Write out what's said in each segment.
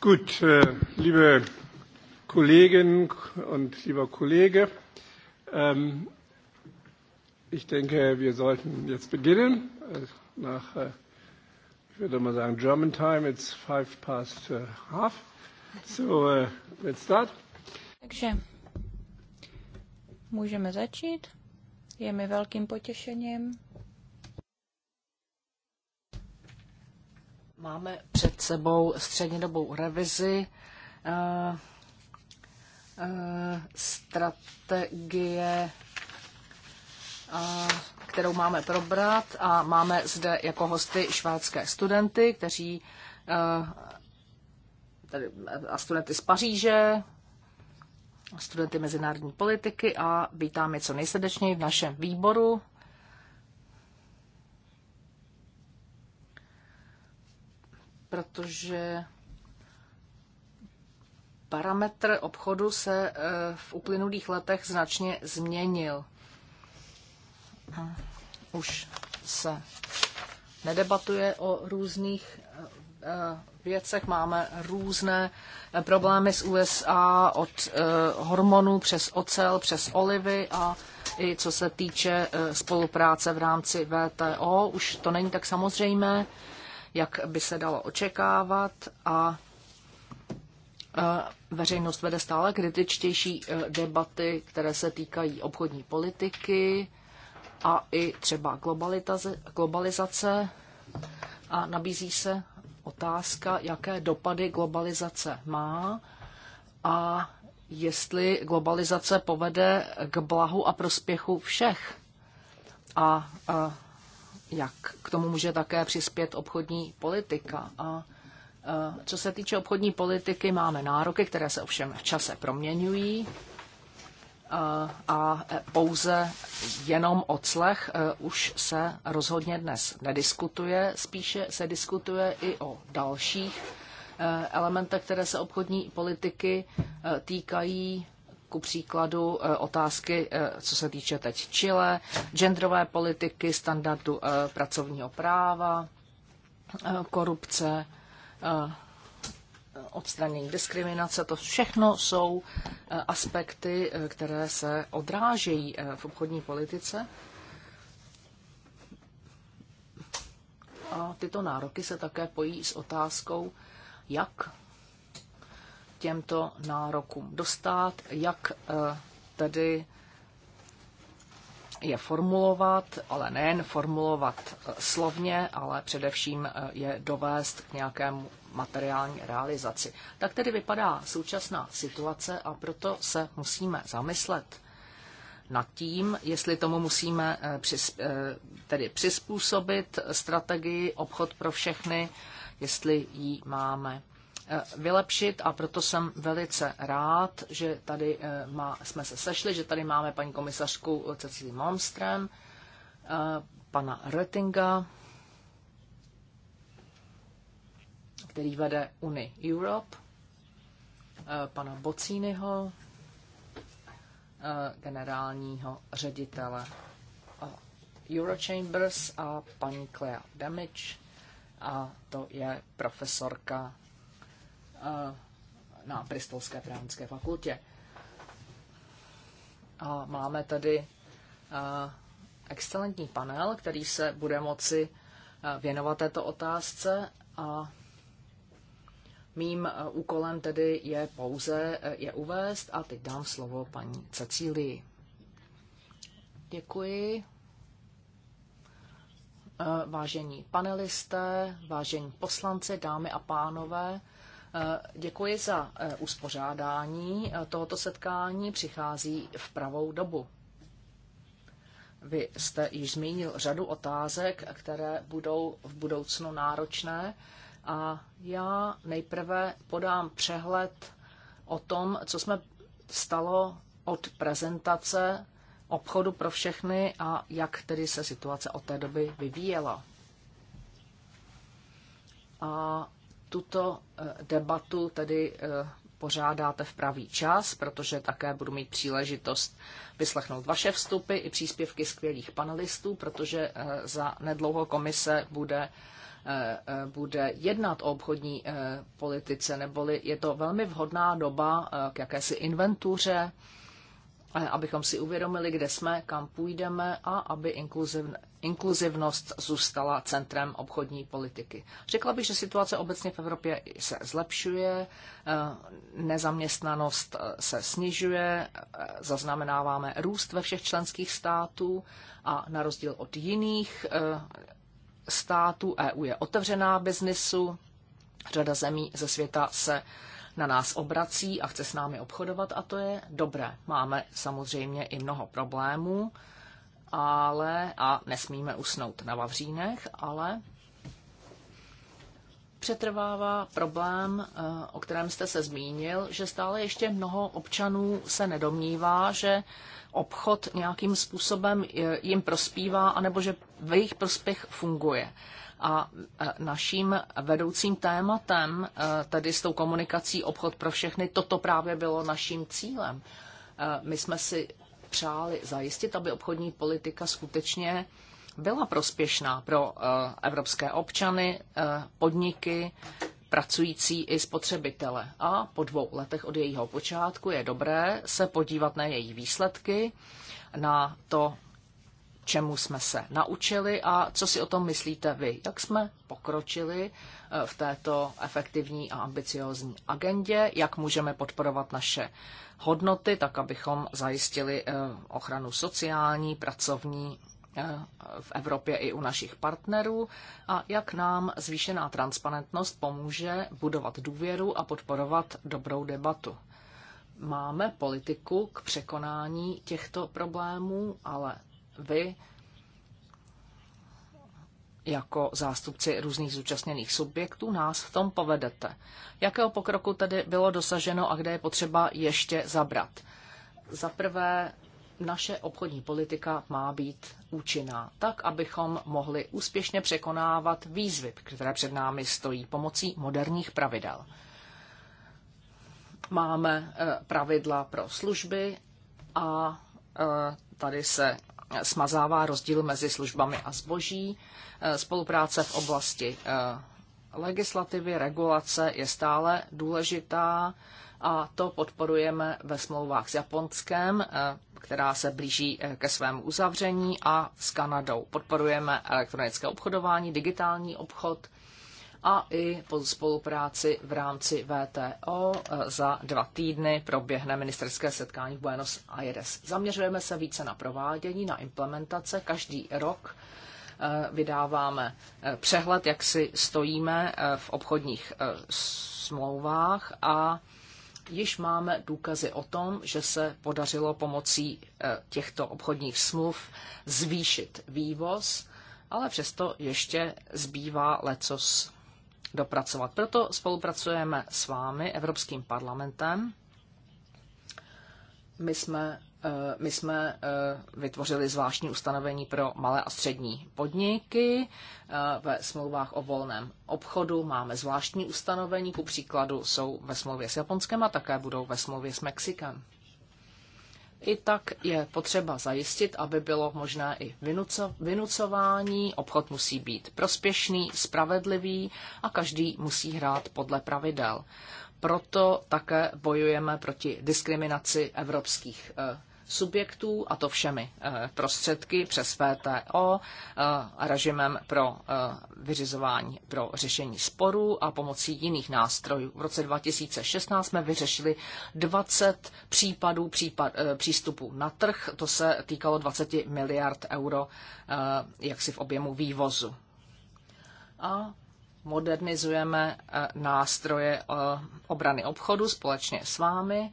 Gut, äh, liebe Kolleginnen und lieber Kollege, ähm, ich denke, wir sollten jetzt beginnen. Äh, nach, äh, ich würde mal sagen, German time, it's five past uh, half. So, uh, let's start. Takže můžeme začít. Je mi velkým potěšením Máme před sebou střednědobou revizi eh, eh, strategie, eh, kterou máme probrat a máme zde jako hosty švédské studenty, kteří tady, a studenty z Paříže, studenty mezinárodní politiky a vítám je co nejsrdečněji v našem výboru. protože parametr obchodu se eh, v uplynulých letech značně změnil. Už se nedebatuje o různých eh, věcech. Máme různé eh, problémy s USA od hormonů přes ocel, přes olivy a i co se týče spolupráce v rámci VTO. Už to není tak samozřejmé jak by se dalo očekávat a veřejnost vede stále kritičtější e, debaty, které se týkají obchodní politiky a i třeba globalizace. A nabízí se otázka, jaké dopady globalizace má a jestli globalizace povede k blahu a prospěchu všech. A, a jak k tomu může také přispět obchodní politika. A e, co se týče obchodní politiky, máme nároky, které se ovšem v čase proměňují e, a pouze jenom o clech e, už se rozhodně dnes nediskutuje, spíše se diskutuje i o dalších elementech, které se obchodní politiky týkají ku příkladu eh, otázky, eh, co se týče teď Chile, genderové politiky, standardu eh, pracovního práva, korupce, odstranění diskriminace, to všechno jsou aspekty, které se odrážejí v obchodní politice. A tyto nároky se také pojí s otázkou, jak těmto nárokům dostat, jak eh, tedy je formulovat, ale nejen formulovat eh, slovně, ale především eh, je dovést k nějakému materiální realizaci. Tak tedy vypadá současná situace a proto se musíme zamyslet nad tím, jestli tomu musíme tedy přizpůsobit strategii obchod pro všechny, jestli ji máme Eh, vylepšit a proto jsem velice rád, že tady eh, má, jsme se sešli, že tady máme paní komisařku Cecily Malmström, eh, pana Rettinga, který vede Uni Europe, pana Bocínyho, generálního ředitele Eurochambers a paní Clea Damage a to je profesorka Eh, na Bristolské právnické fakultě. A máme tady eh, excelentní panel, který se bude moci eh, věnovat této otázce a mým úkolem tedy je pouze je uvést a teď dám slovo paní Cecílii. Děkuji. Vážení panelisté, vážení poslanci, dámy a pánové, Eh, děkuji za eh, uspořádání eh, tohoto setkání. Přichází v pravou dobu. Vy jste již zmínil řadu otázek, které budou v budoucnu náročné. A já nejprve podám přehled o tom, co jsme stalo od prezentace obchodu pro všechny a jak tedy se situace od té doby vyvíjela. A tuto eh, debatu tedy eh, pořádáte v pravý čas, protože také budu mít příležitost vyslechnout vaše vstupy i příspěvky skvělých panelistů, protože eh, za nedlouho komise bude bude jednat o obchodní politice, neboli je to velmi vhodná doba k jakési inventuře abychom si uvědomili, kde jsme, kam půjdeme a aby inkluzivnost zůstala centrem obchodní politiky. Řekla bych, že situace obecně v Evropě se zlepšuje, eh, nezaměstnanost eh, se snižuje, eh, zaznamenáváme růst ve všech členských států a na rozdíl od jiných států EU je otevřená biznisu, řada zemí ze světa se na nás obrací a chce s námi obchodovat a to je dobré. Máme samozřejmě i mnoho problémů, ale a nesmíme usnout na vavřínech, ale přetrvává problém, eh, o kterém jste se zmínil, že stále ještě mnoho občanů se nedomnívá, že obchod nějakým způsobem eh, jim prospívá, anebo že ve jejich prospěch funguje. A naším vedoucím tématem, e, tedy s tou komunikací obchod pro všechny, toto právě bylo naším cílem. E, my jsme si přáli zajistit, aby obchodní politika skutečně byla prospěšná pro e, evropské občany, podniky, pracující i spotřebitele. A po dvou letech od jejího počátku je dobré se podívat na její výsledky, na to, čemu jsme se naučili a co si o tom myslíte vy. Jak jsme pokročili eh, v této efektivní a ambiciózní agendě, jak můžeme podporovat naše hodnoty, tak abychom zajistili eh, ochranu sociální, pracovní eh, v Evropě i u našich partnerů a jak nám zvýšená transparentnost pomůže budovat důvěru a podporovat dobrou debatu. Máme politiku k překonání těchto problémů, ale vy jako zástupci různých zúčastněných subjektů nás v tom povedete. Jakého pokroku tedy bylo dosaženo a kde je potřeba ještě zabrat? Za prvé, naše obchodní politika má být účinná, tak abychom mohli úspěšně překonávat výzvy, které před námi stojí pomocí moderních pravidel. Máme eh, pravidla pro služby a eh, tady se smazává rozdíl mezi službami a zboží. Eh, spolupráce v oblasti eh, legislativy, regulace je stále důležitá a to podporujeme ve smlouvách s Japonskem, eh, která se blíží ke svému uzavření a s Kanadou. Podporujeme elektronické obchodování, digitální obchod a i po spolupráci v rámci VTO e, za dva týdny proběhne ministerské setkání v Buenos Aires. Zaměřujeme se více na provádění, na implementace. Každý rok e, vydáváme e, přehled, jak si stojíme v obchodních smlouvách a již máme důkazy o tom, že se podařilo pomocí těchto obchodních smluv zvýšit vývoz, ale přesto ještě zbývá lecos dopracovat. Proto spolupracujeme s vámi, Evropským parlamentem. My jsme, eh, my jsme eh, vytvořili zvláštní ustanovení pro malé a střední podniky. Eh, ve smlouvách o volném obchodu máme zvláštní ustanovení, ku příkladu jsou ve smlouvě s Japonskem a také budou ve smlouvě s Mexikem. I tak je potřeba zajistit, aby bylo možné i vynuco, vynucování. Obchod musí být prospěšný, spravedlivý a každý musí hrát podle pravidel. Proto také bojujeme proti diskriminaci evropských eh, subjektů, a to všemi eh, prostředky přes VTO, eh, režimem pro eh, vyřizování pro řešení sporů a pomocí jiných nástrojů. V roce 2016 jsme vyřešili 20 případů případ, přístupu na trh, to se týkalo 20 miliard euro jaksi v objemu vývozu. A modernizujeme nástroje obrany obchodu společně s vámi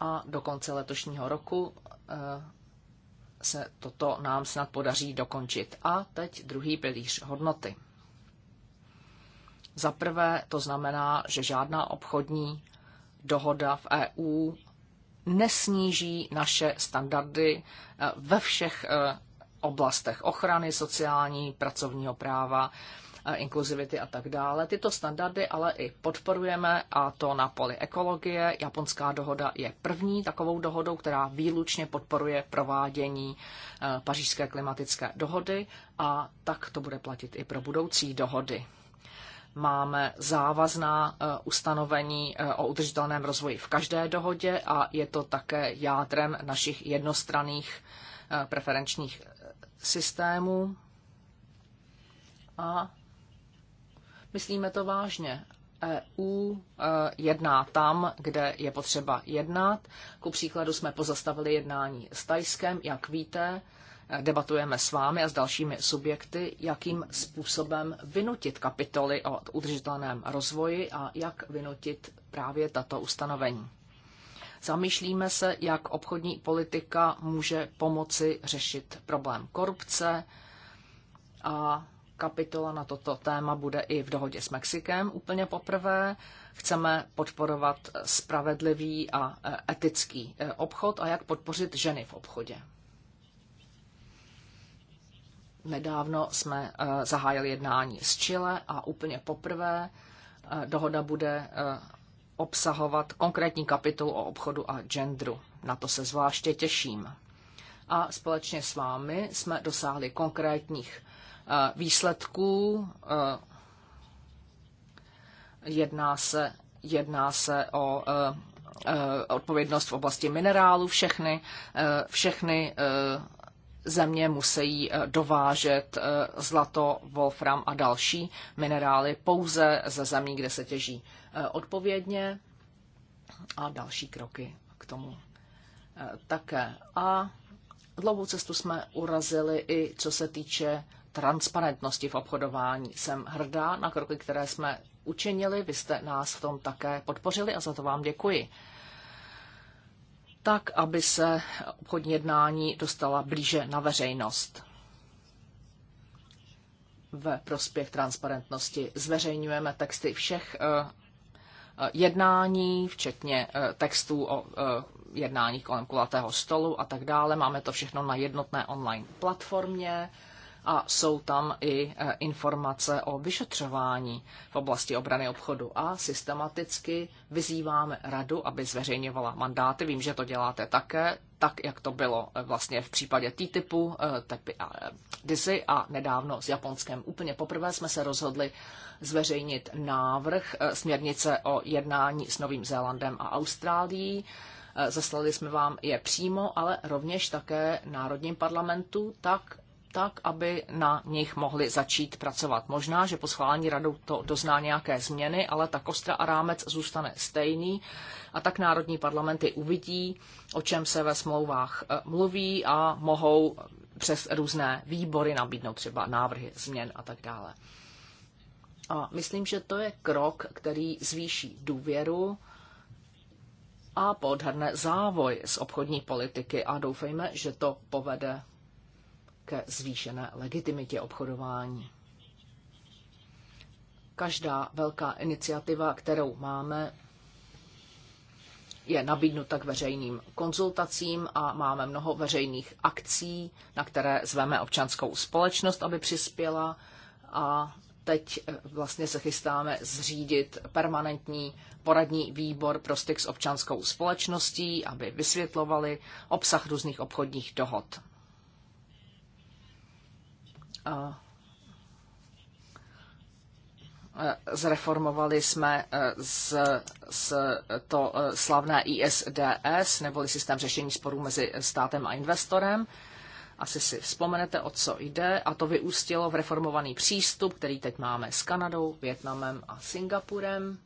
a do konce letošního roku eh, se toto nám snad podaří dokončit. A teď druhý pilíř hodnoty. Za prvé to znamená, že žádná obchodní dohoda v EU nesníží naše standardy eh, ve všech eh, oblastech ochrany sociální, pracovního práva, Eh, inkluzivity a tak dále. Tyto standardy ale i podporujeme a to na poli ekologie. Japonská dohoda je první takovou dohodou, která výlučně podporuje provádění eh, pařížské klimatické dohody a tak to bude platit i pro budoucí dohody máme závazná eh, ustanovení o udržitelném rozvoji v každé dohodě a je to také jádrem našich jednostranných preferenčních systémů. A Myslíme to vážně. EU e, jedná tam, kde je potřeba jednat. Ku příkladu jsme pozastavili jednání s Tajskem, jak víte, e, debatujeme s vámi a s dalšími subjekty, jakým způsobem vynutit kapitoly o udržitelném rozvoji a jak vynutit právě tato ustanovení. Zamýšlíme se, jak obchodní politika může pomoci řešit problém korupce a kapitola na toto téma bude i v dohodě s Mexikem úplně poprvé. Chceme podporovat spravedlivý a e, etický e, obchod a jak podpořit ženy v obchodě. Nedávno jsme e, zahájili jednání s Chile a úplně poprvé dohoda bude obsahovat konkrétní kapitolu o obchodu a genderu. Na to se zvláště těším. A společně s vámi jsme dosáhli konkrétních Eh, výsledků. Eh, jedná se, jedná se o eh, odpovědnost v oblasti minerálu. Všechny, všechny země musí dovážet zlato, wolfram a další minerály pouze ze zemí, kde se těží odpovědně a další kroky k tomu také. A dlouhou cestu jsme urazili i co se týče transparentnosti v obchodování. Jsem hrdá na kroky, které jsme učinili. Vy jste nás v tom také podpořili a za to vám děkuji. Tak, aby se obchodní jednání dostala blíže na veřejnost ve prospěch transparentnosti. Zveřejňujeme texty všech eh, eh, jednání, včetně eh, textů o jednání kolem kulatého stolu a tak dále. Máme to všechno na jednotné online platformě a jsou tam i e, informace o vyšetřování v oblasti obrany obchodu a systematicky vyzýváme radu, aby zveřejňovala mandáty. Vím, že to děláte také, tak jak to bylo e, vlastně v případě TTIPu, e, TEPI a DISY a nedávno s Japonskem. Úplně poprvé jsme se rozhodli zveřejnit návrh směrnice o jednání s Novým Zélandem a Austrálií. Zaslali jsme vám je přímo, ale rovněž také Národním parlamentu, tak tak, aby na nich mohli začít pracovat. Možná, že po schválení radou to dozná nějaké změny, ale ta kostra a rámec zůstane stejný a tak národní parlamenty uvidí, o čem se ve smlouvách e, mluví a mohou přes různé výbory nabídnout třeba návrhy změn a tak dále. A myslím, že to je krok, který zvýší důvěru a podhrne závoj z obchodní politiky a doufejme, že to povede ke zvýšené legitimitě obchodování. Každá velká iniciativa, kterou máme, je nabídnuta k veřejným konzultacím a máme mnoho veřejných akcí, na které zveme občanskou společnost, aby přispěla a teď eh, vlastně se chystáme zřídit permanentní poradní výbor pro styk s občanskou společností, aby vysvětlovali obsah různých obchodních dohod zreformovali jsme e, z, z to e, slavné ISDS, neboli systém řešení sporů mezi státem a investorem. Asi si vzpomenete, o co jde, a to vyústilo v reformovaný přístup, který teď máme s Kanadou, Větnamem a Singapurem.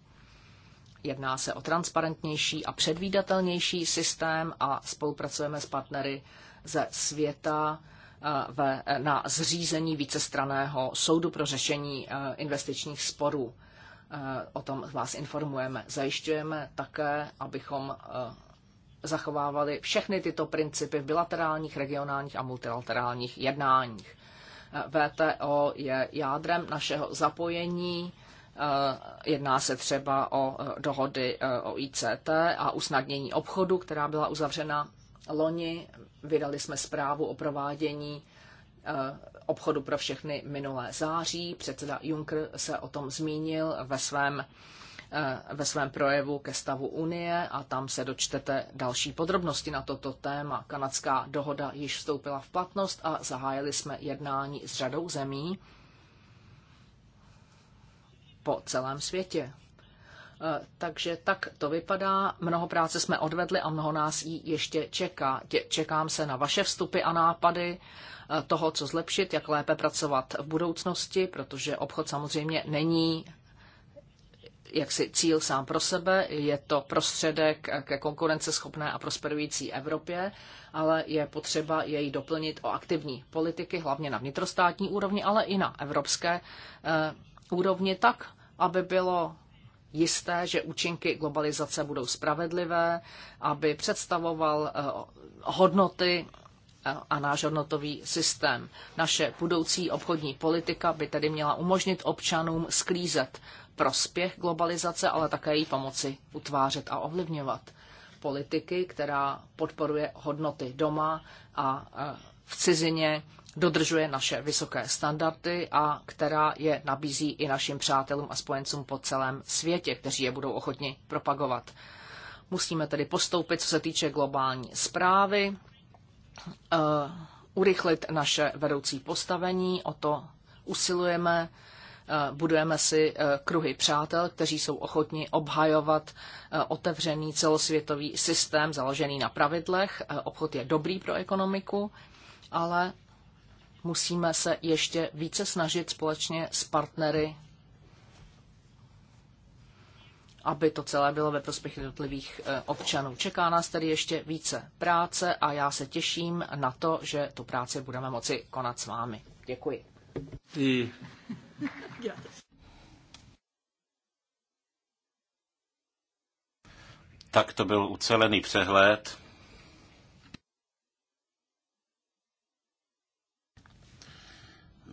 Jedná se o transparentnější a předvídatelnější systém a spolupracujeme s partnery ze světa, Eh, na zřízení vícestraného soudu pro řešení eh, investičních sporů. Eh, o tom vás informujeme. Zajišťujeme také, abychom zachovávali všechny tyto principy v bilaterálních, regionálních a multilaterálních jednáních. VTO je jádrem našeho zapojení. Jedná se třeba o dohody o ICT a usnadnění obchodu, která byla uzavřena loni Vydali jsme zprávu o provádění eh, obchodu pro všechny minulé září. Předseda Juncker se o tom zmínil ve svém, eh, ve svém projevu ke stavu Unie a tam se dočtete další podrobnosti na toto téma. Kanadská dohoda již vstoupila v platnost a zahájili jsme jednání s řadou zemí po celém světě. Eh, takže tak to vypadá. Mnoho práce jsme odvedli a mnoho nás jí ještě čeká. Čekám se na vaše vstupy a nápady eh, toho, co zlepšit, jak lépe pracovat v budoucnosti, protože obchod samozřejmě není eh, jaksi cíl sám pro sebe, je to prostředek ke konkurenceschopné a prosperující Evropě, ale je potřeba jej doplnit o aktivní politiky, hlavně na vnitrostátní úrovni, ale i na evropské úrovni tak, aby bylo jisté, že účinky globalizace budou spravedlivé, aby představoval eh, hodnoty eh, a náš hodnotový systém. Naše budoucí obchodní politika by tedy měla umožnit občanům sklízet prospěch globalizace, ale také jí pomoci utvářet a ovlivňovat. Politiky, která podporuje hodnoty doma a eh, v cizině, dodržuje naše vysoké standardy a která je nabízí i našim přátelům a spojencům po celém světě, kteří je budou ochotni propagovat. Musíme tedy postoupit, co se týče globální zprávy, eh, urychlit naše vedoucí postavení, o to usilujeme, eh, budujeme si eh, kruhy přátel, kteří jsou ochotni obhajovat otevřený celosvětový systém založený na pravidlech. Obchod je dobrý pro ekonomiku, ale musíme se ještě více snažit společně s partnery, aby to celé bylo ve prospěch jednotlivých eh, občanů. Čeká nás tedy ještě více práce a já se těším na to, že tu práci budeme moci konat s vámi. Děkuji. Tak to byl ucelený přehled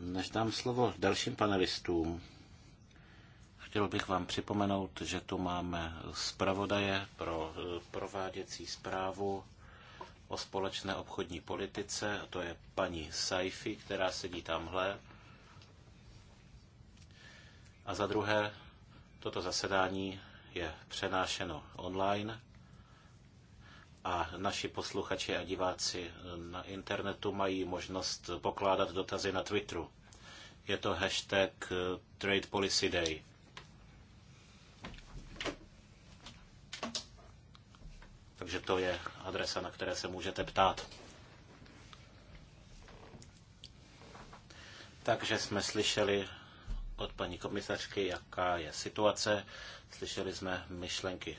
Než dám slovo dalším panelistům, chtěl bych vám připomenout, že tu máme zpravodaje pro eh, prováděcí zprávu o společné obchodní politice, a to je paní Saifi, která sedí tamhle. A za druhé, toto zasedání je přenášeno online a naši posluchači a diváci na internetu mají možnost pokládat dotazy na Twitteru. Je to hashtag eh, Trade Policy Day. Takže to je adresa, na které se můžete ptát. Takže jsme slyšeli od paní komisařky, jaká je situace. Slyšeli jsme myšlenky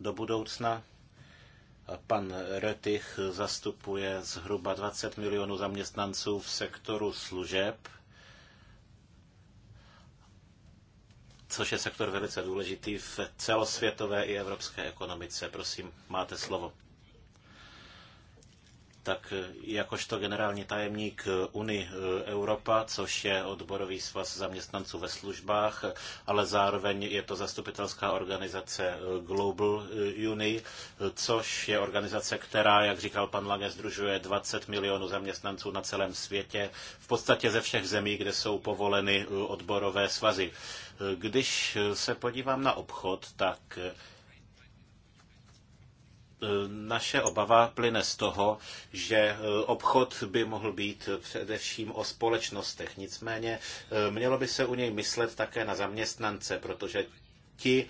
do budoucna. Pan Retich zastupuje zhruba 20 milionů zaměstnanců v sektoru služeb, což je sektor velice důležitý v celosvětové i evropské ekonomice. Prosím, máte slovo tak eh, jakožto generální tajemník eh, Uni Europa, eh, což je odborový svaz zaměstnanců ve službách, ale zároveň je to zastupitelská organizace Global Uni, což je organizace, která, jak říkal pan Lange, združuje 20 milionů zaměstnanců na celém světě, v podstatě ze všech zemí, kde jsou povoleny odborové svazy. Když se podívám na obchod, tak naše obava plyne z toho, že e, obchod by mohl být především o společnostech. Nicméně e, mělo by se u něj myslet také na zaměstnance, protože ti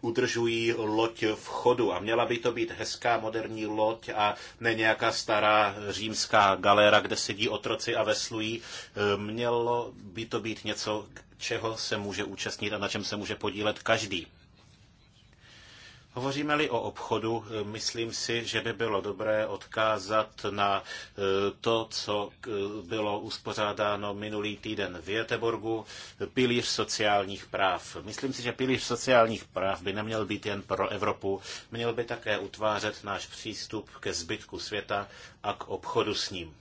udržují loď v chodu a měla by to být hezká moderní loď a ne nějaká stará římská galéra, kde sedí otroci a veslují. E, mělo by to být něco, čeho se může účastnit a na čem se může podílet každý. Hovoříme-li o obchodu, eh, myslím si, že by bylo dobré odkázat na eh, to, co eh, bylo uspořádáno minulý týden v Jeteborgu, pilíř sociálních práv. Myslím si, že pilíř sociálních práv by neměl být jen pro Evropu, měl by také utvářet náš přístup ke zbytku světa a k obchodu s ním.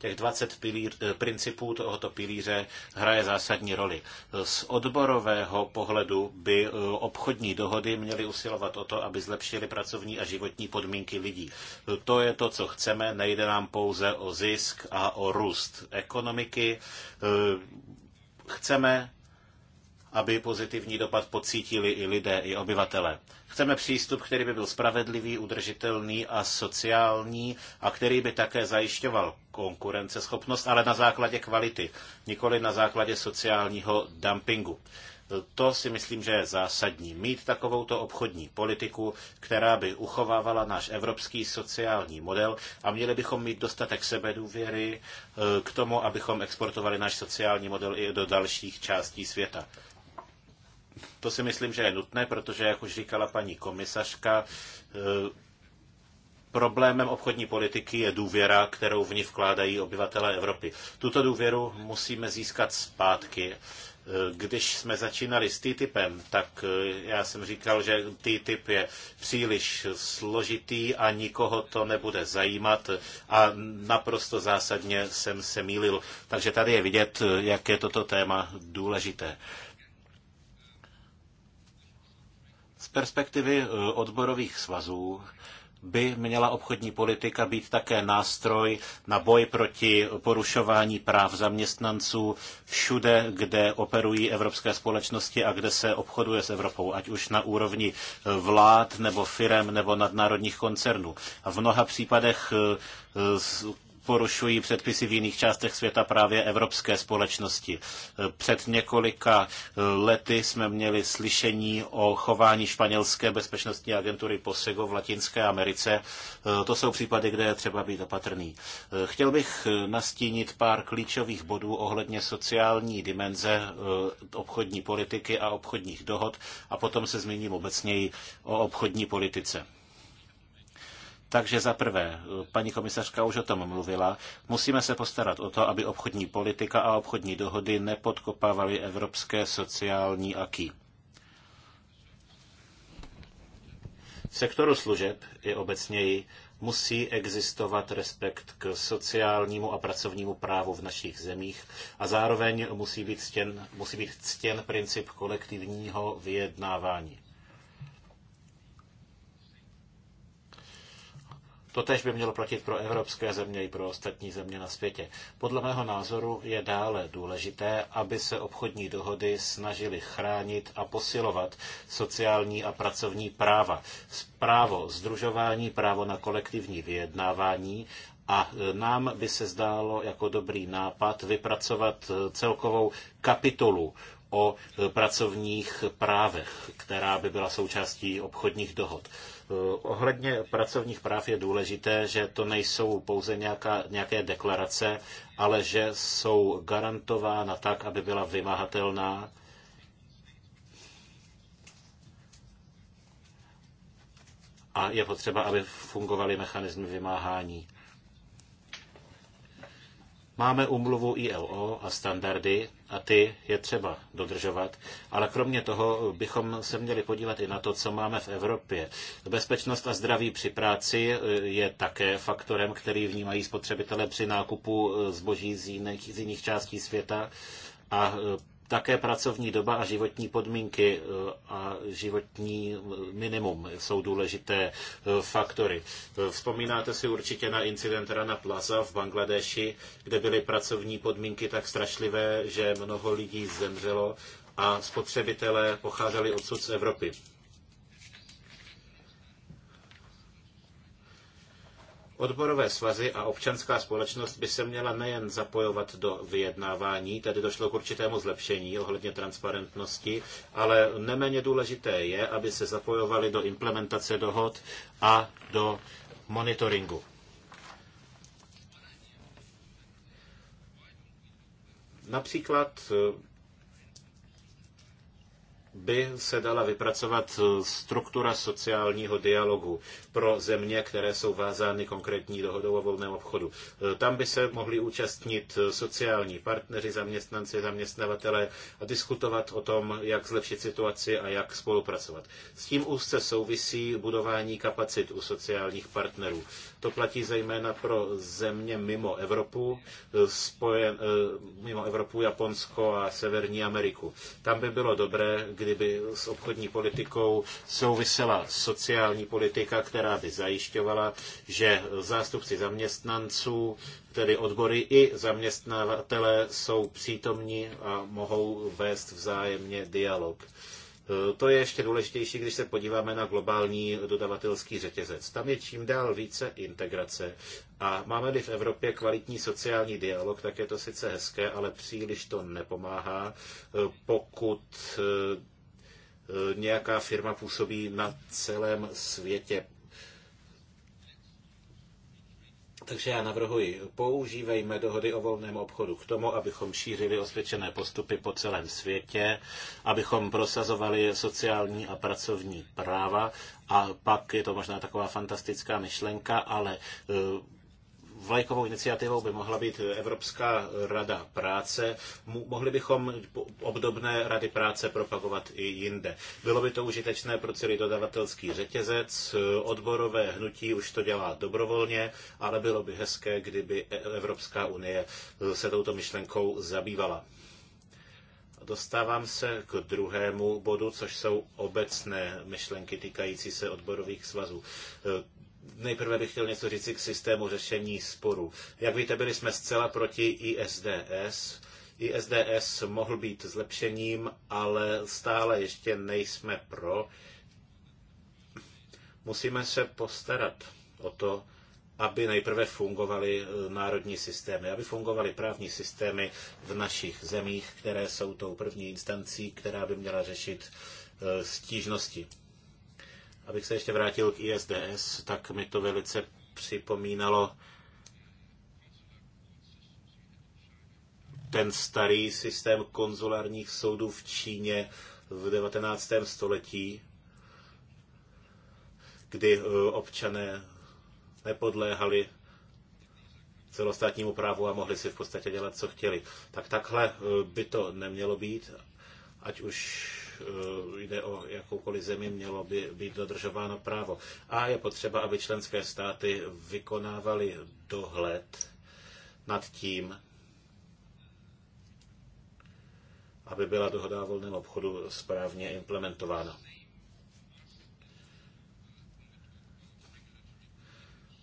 Těch 20 pilíř, eh, principů tohoto pilíře hraje zásadní roli. Z odborového pohledu by eh, obchodní dohody měly usilovat o to, aby zlepšily pracovní a životní podmínky lidí. To je to, co chceme. Nejde nám pouze o zisk a o růst ekonomiky. Eh, chceme aby pozitivní dopad pocítili i lidé, i obyvatele. Chceme přístup, který by byl spravedlivý, udržitelný a sociální a který by také zajišťoval konkurenceschopnost, ale na základě kvality, nikoli na základě sociálního dumpingu. To si myslím, že je zásadní. Mít takovouto obchodní politiku, která by uchovávala náš evropský sociální model a měli bychom mít dostatek sebedůvěry eh, k tomu, abychom exportovali náš sociální model i do dalších částí světa. To si myslím, že je nutné, protože, jak už říkala paní komisařka, e, Problémem obchodní politiky je důvěra, kterou v ní vkládají obyvatelé Evropy. Tuto důvěru musíme získat zpátky. E, když jsme začínali s TTIPem, tak e, já jsem říkal, že TTIP je příliš složitý a nikoho to nebude zajímat a naprosto zásadně jsem se mýlil. Takže tady je vidět, jak je toto téma důležité. perspektivy eh, odborových svazů by měla obchodní politika být také nástroj na boj proti porušování práv zaměstnanců všude, kde operují evropské společnosti a kde se obchoduje s Evropou, ať už na úrovni eh, vlád nebo firem nebo nadnárodních koncernů. A v mnoha případech eh, porušují předpisy v jiných částech světa právě evropské společnosti. Před několika eh, lety jsme měli slyšení o chování španělské bezpečnostní agentury POSEGO v Latinské Americe. Eh, to jsou případy, kde je třeba být opatrný. Eh, chtěl bych nastínit pár klíčových bodů ohledně sociální dimenze obchodní politiky a obchodních dohod a potom se zmíním obecněji o obchodní politice. Takže za prvé, paní komisařka už o tom mluvila, musíme se postarat o to, aby obchodní politika a obchodní dohody nepodkopávaly evropské sociální aky. V sektoru služeb i obecněji musí existovat respekt k sociálnímu a pracovnímu právu v našich zemích a zároveň musí být ctěn, musí být ctěn princip kolektivního vyjednávání. To by mělo platit pro evropské země i pro ostatní země na světě. Podle mého názoru je dále důležité, aby se obchodní dohody snažily chránit a posilovat sociální a pracovní práva. Právo združování, právo na kolektivní vyjednávání a e, nám by se zdálo jako dobrý nápad vypracovat e, celkovou kapitolu o e, pracovních právech, která by byla součástí obchodních dohod. Eh, ohledně pracovních práv je důležité, že to nejsou pouze nějaká, nějaké deklarace, ale že jsou garantována tak, aby byla vymahatelná. A je potřeba, aby fungovaly mechanismy vymáhání. Máme umluvu ILO a standardy a ty je třeba dodržovat, ale kromě toho bychom se měli podívat i na to, co máme v Evropě. Bezpečnost a zdraví při práci eh, je také faktorem, který vnímají spotřebitelé při nákupu eh, zboží z jiných, z jiných částí světa a eh, také pracovní doba a životní podmínky e, a životní e, minimum jsou důležité e, faktory. Vzpomínáte si určitě na incident Rana Plaza v Bangladeši, kde byly pracovní podmínky tak strašlivé, že mnoho lidí zemřelo a spotřebitelé pocházeli odsud z Evropy. Odborové svazy a občanská společnost by se měla nejen zapojovat do vyjednávání, tady došlo k určitému zlepšení ohledně transparentnosti, ale neméně důležité je, aby se zapojovali do implementace dohod a do monitoringu. Například by se dala vypracovat eh, struktura sociálního dialogu pro země, které jsou vázány konkrétní dohodou o volném obchodu. Eh, tam by se mohli účastnit eh, sociální partneři, zaměstnanci, zaměstnavatele a diskutovat o tom, jak zlepšit situaci a jak spolupracovat. S tím úzce souvisí budování kapacit u sociálních partnerů. To platí zejména pro země mimo Evropu, spojen, mimo Evropu Japonsko a Severní Ameriku. Tam by bylo dobré, kdy kdyby s obchodní politikou souvisela sociální politika, která by zajišťovala, že zástupci zaměstnanců, tedy odbory i zaměstnavatele, jsou přítomní a mohou vést vzájemně dialog. To je ještě důležitější, když se podíváme na globální dodavatelský řetězec. Tam je čím dál více integrace. A máme-li v Evropě kvalitní sociální dialog, tak je to sice hezké, ale příliš to nepomáhá, pokud Eh, nějaká firma působí na celém světě. Takže já navrhuji, používejme dohody o volném obchodu k tomu, abychom šířili osvědčené postupy po celém světě, abychom prosazovali sociální a pracovní práva a pak je to možná taková fantastická myšlenka, ale eh, vlajkovou iniciativou by mohla být Evropská rada práce. Mohli bychom obdobné rady práce propagovat i jinde. Bylo by to užitečné pro celý dodavatelský řetězec, odborové hnutí už to dělá dobrovolně, ale bylo by hezké, kdyby e, Evropská unie se touto myšlenkou zabývala. Dostávám se k druhému bodu, což jsou obecné myšlenky týkající se odborových svazů. Nejprve bych chtěl něco říci k systému řešení sporů. Jak víte, byli jsme zcela proti ISDS. ISDS mohl být zlepšením, ale stále ještě nejsme pro. Musíme se postarat o to, aby nejprve fungovaly eh, národní systémy, aby fungovaly právní systémy v našich zemích, které jsou tou první instancí, která by měla řešit eh, stížnosti. Abych se ještě vrátil k ISDS, tak mi to velice připomínalo ten starý systém konzulárních soudů v Číně v 19. století, kdy e, občané nepodléhali celostátnímu právu a mohli si v podstatě dělat, co chtěli. Tak takhle e, by to nemělo být, ať už Eh, jde o jakoukoliv zemi, mělo by být dodržováno právo. A je potřeba, aby členské státy vykonávaly dohled nad tím, aby byla dohoda o volném obchodu správně implementována.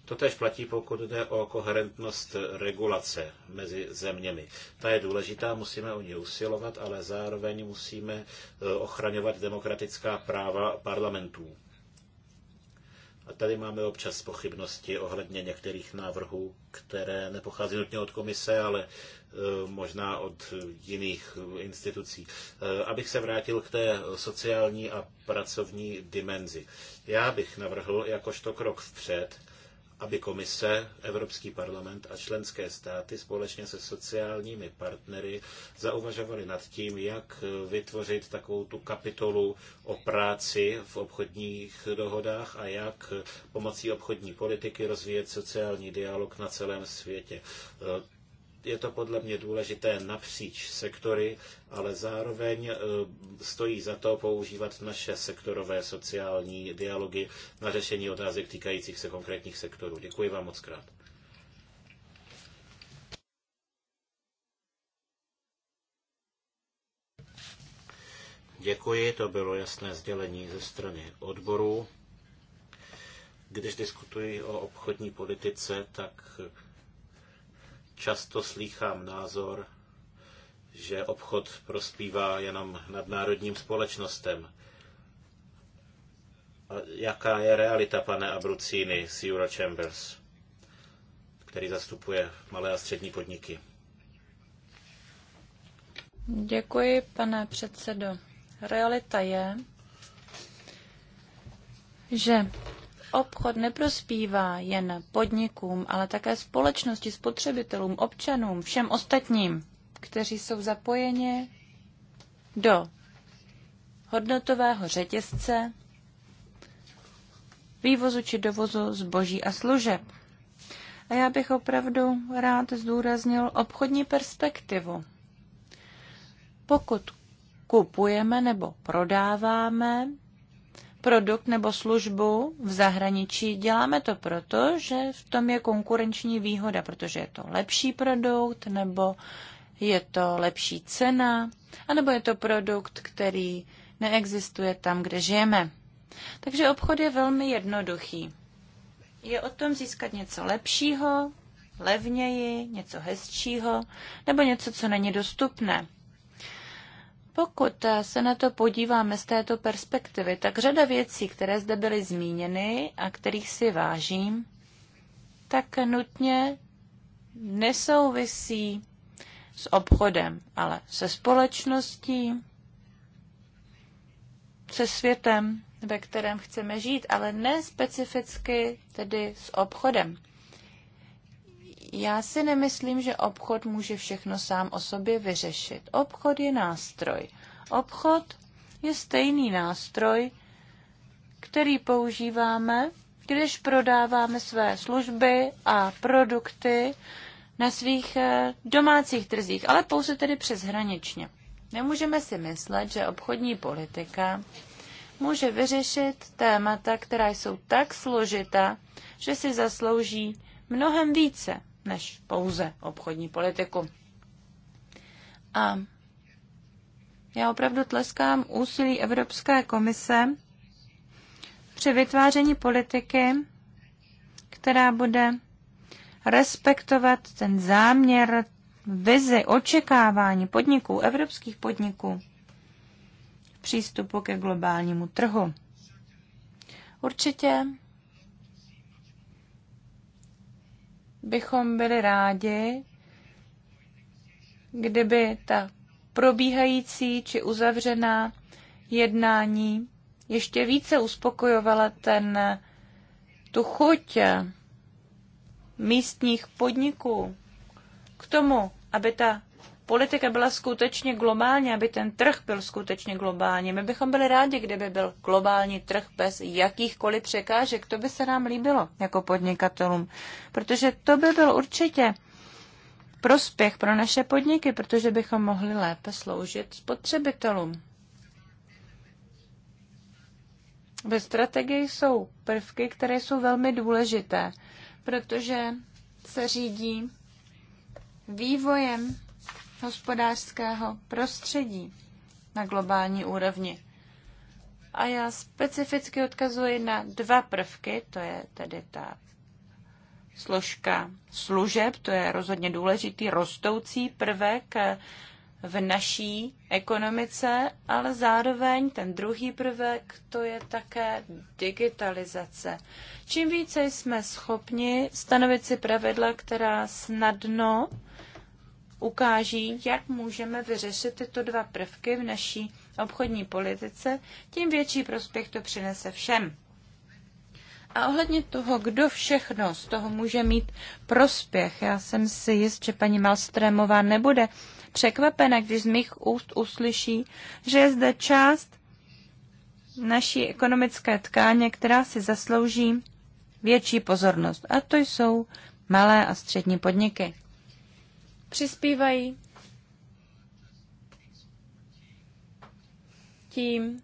Totež platí, pokud jde o koherentnost regulace mezi zeměmi. Ta je důležitá, musíme o ní usilovat, ale zároveň musíme e, ochraňovat demokratická práva parlamentů. A tady máme občas pochybnosti ohledně některých návrhů, které nepochází nutně od komise, ale e, možná od jiných institucí. E, abych se vrátil k té sociální a pracovní dimenzi. Já bych navrhl jakožto krok vpřed, aby komise, Evropský parlament a členské státy společně se sociálními partnery zauvažovali nad tím, jak vytvořit takovou tu kapitolu o práci v obchodních dohodách a jak pomocí obchodní politiky rozvíjet sociální dialog na celém světě je to podle mě důležité napříč sektory, ale zároveň eh, stojí za to používat naše sektorové sociální dialogy na řešení otázek týkajících se konkrétních sektorů. Děkuji vám moc krát. Děkuji, to bylo jasné sdělení ze strany odborů. Když diskutuji o obchodní politice, tak Často slýchám názor, že obchod prospívá jenom nadnárodním společnostem. A jaká je realita, pane Abrucíny z Euro Chambers, který zastupuje malé a střední podniky? Děkuji, pane předsedo. Realita je, že obchod neprospívá jen podnikům, ale také společnosti, spotřebitelům, občanům, všem ostatním, kteří jsou zapojeni do hodnotového řetězce, vývozu či dovozu zboží a služeb. A já bych opravdu rád zdůraznil obchodní perspektivu. Pokud kupujeme nebo prodáváme produkt nebo službu v zahraničí, děláme to proto, že v tom je konkurenční výhoda, protože je to lepší produkt nebo je to lepší cena, anebo je to produkt, který neexistuje tam, kde žijeme. Takže obchod je velmi jednoduchý. Je o tom získat něco lepšího, levněji, něco hezčího, nebo něco, co není dostupné. Pokud se na to podíváme z této perspektivy, tak řada věcí, které zde byly zmíněny a kterých si vážím, tak nutně nesouvisí s obchodem, ale se společností, se světem, ve kterém chceme žít, ale ne specificky tedy s obchodem. Já si nemyslím, že obchod může všechno sám o sobě vyřešit. Obchod je nástroj. Obchod je stejný nástroj, který používáme, když prodáváme své služby a produkty na svých eh, domácích trzích, ale pouze tedy přeshraničně. Nemůžeme si myslet, že obchodní politika může vyřešit témata, která jsou tak složitá, že si zaslouží mnohem více než pouze obchodní politiku. A já opravdu tleskám úsilí Evropské komise při vytváření politiky, která bude respektovat ten záměr, vizi, očekávání podniků, evropských podniků přístupu ke globálnímu trhu. Určitě bychom byli rádi, kdyby ta probíhající či uzavřená jednání ještě více uspokojovala ten, tu chuť místních podniků k tomu, aby ta politika byla skutečně globální, aby ten trh byl skutečně globální. My bychom byli rádi, kdyby byl globální trh bez jakýchkoliv překážek. To by se nám líbilo jako podnikatelům, protože to by byl určitě prospěch pro naše podniky, protože bychom mohli lépe sloužit spotřebitelům. Ve strategii jsou prvky, které jsou velmi důležité, protože se řídí vývojem hospodářského prostředí na globální úrovni. A já specificky odkazuji na dva prvky, to je tedy ta složka služeb, to je rozhodně důležitý rostoucí prvek v naší ekonomice, ale zároveň ten druhý prvek, to je také digitalizace. Čím více jsme schopni stanovit si pravidla, která snadno ukáží, jak můžeme vyřešit tyto dva prvky v naší obchodní politice, tím větší prospěch to přinese všem. A ohledně toho, kdo všechno z toho může mít prospěch, já jsem si jist, že paní Malstrémová nebude překvapena, když z mých úst uslyší, že je zde část naší ekonomické tkáně, která si zaslouží větší pozornost. A to jsou malé a střední podniky přispívají tím,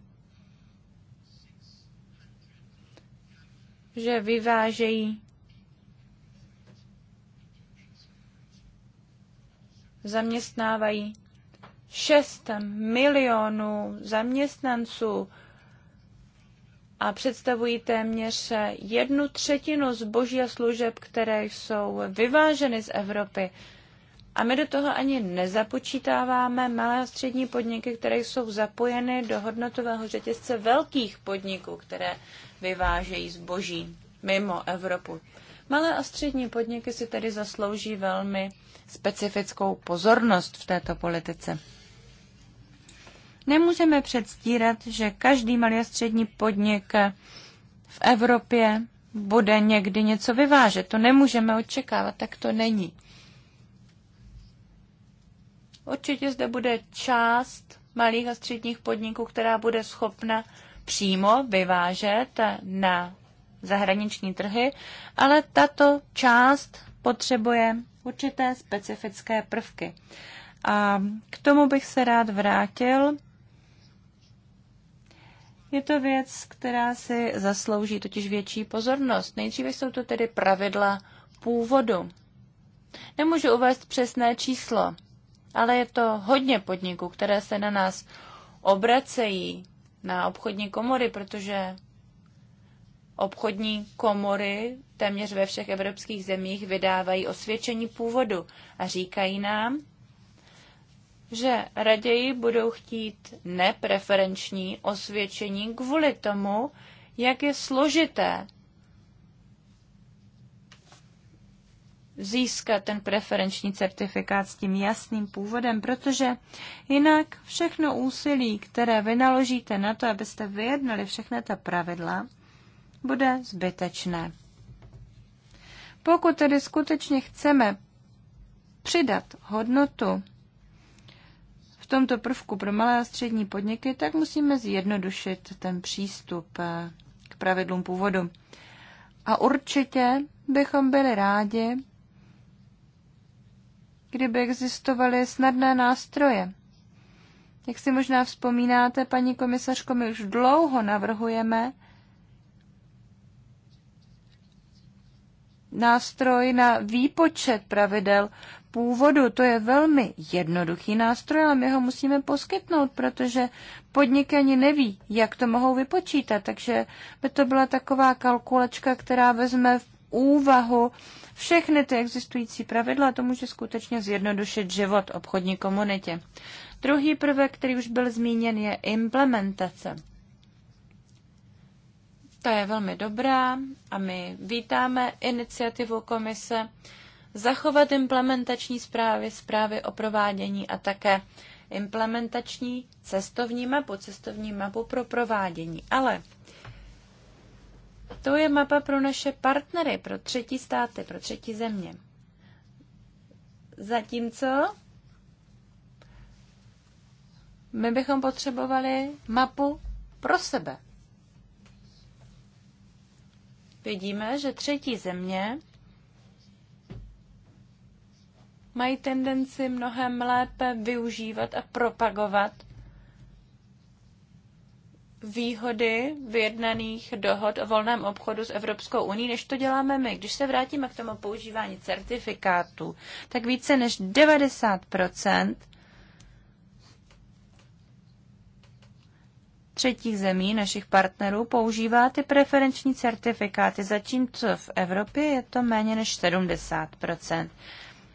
že vyvážejí zaměstnávají 6 milionů zaměstnanců a představují téměř jednu třetinu zboží a služeb, které jsou vyváženy z Evropy. A my do toho ani nezapočítáváme malé a střední podniky, které jsou zapojeny do hodnotového řetězce velkých podniků, které vyvážejí zboží mimo Evropu. Malé a střední podniky si tedy zaslouží velmi specifickou pozornost v této politice. Nemůžeme předstírat, že každý malý a střední podnik v Evropě bude někdy něco vyvážet. To nemůžeme očekávat, tak to není. Určitě zde bude část malých a středních podniků, která bude schopna přímo vyvážet na zahraniční trhy, ale tato část potřebuje určité specifické prvky. A k tomu bych se rád vrátil. Je to věc, která si zaslouží totiž větší pozornost. Nejdříve jsou to tedy pravidla původu. Nemůžu uvést přesné číslo, ale je to hodně podniků, které se na nás obracejí na obchodní komory, protože obchodní komory téměř ve všech evropských zemích vydávají osvědčení původu a říkají nám, že raději budou chtít nepreferenční osvědčení kvůli tomu, jak je složité získat ten preferenční certifikát s tím jasným původem, protože jinak všechno úsilí, které vynaložíte na to, abyste vyjednali všechna ta pravidla, bude zbytečné. Pokud tedy skutečně chceme přidat hodnotu v tomto prvku pro malé a střední podniky, tak musíme zjednodušit ten přístup eh, k pravidlům původu. A určitě bychom byli rádi, kdyby existovaly snadné nástroje. Jak si možná vzpomínáte, paní komisařko, my už dlouho navrhujeme nástroj na výpočet pravidel původu. To je velmi jednoduchý nástroj, ale my ho musíme poskytnout, protože podniky ani neví, jak to mohou vypočítat. Takže by to byla taková kalkulačka, která vezme v úvahu všechny ty existující pravidla, to může skutečně zjednodušit život obchodní komunitě. Druhý prvek, který už byl zmíněn, je implementace. Ta je velmi dobrá a my vítáme iniciativu komise zachovat implementační zprávy, zprávy o provádění a také implementační cestovní mapu, cestovní mapu pro provádění. Ale to je mapa pro naše partnery, pro třetí státy, pro třetí země. Zatímco my bychom potřebovali mapu pro sebe. Vidíme, že třetí země mají tendenci mnohem lépe využívat a propagovat výhody vyjednaných dohod o volném obchodu s Evropskou uní, než to děláme my. Když se vrátíme k tomu používání certifikátů, tak více než 90 třetích zemí, našich partnerů, používá ty preferenční certifikáty, zatímco v Evropě je to méně než 70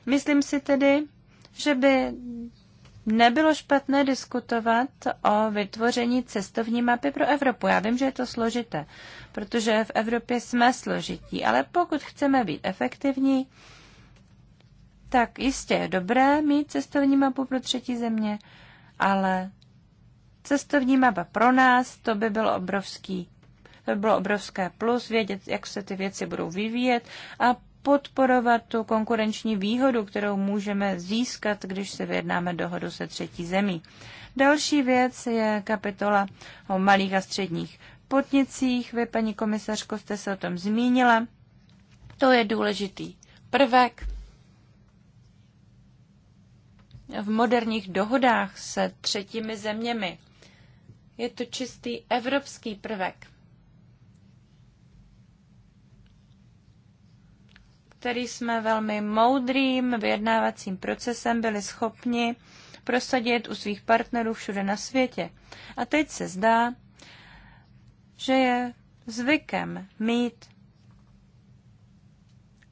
Myslím si tedy, že by nebylo špatné diskutovat o vytvoření cestovní mapy pro Evropu. Já vím, že je to složité, protože v Evropě jsme složití, ale pokud chceme být efektivní, tak jistě je dobré mít cestovní mapu pro třetí země, ale cestovní mapa pro nás, to by bylo obrovský to by bylo obrovské plus, vědět, jak se ty věci budou vyvíjet a podporovat tu konkurenční výhodu, kterou můžeme získat, když se vyjednáme dohodu se třetí zemí. Další věc je kapitola o malých a středních podnicích. Vy, paní komisařko, jste se o tom zmínila. To je důležitý prvek. V moderních dohodách se třetími zeměmi je to čistý evropský prvek. který jsme velmi moudrým vyjednávacím procesem byli schopni prosadit u svých partnerů všude na světě. A teď se zdá, že je zvykem mít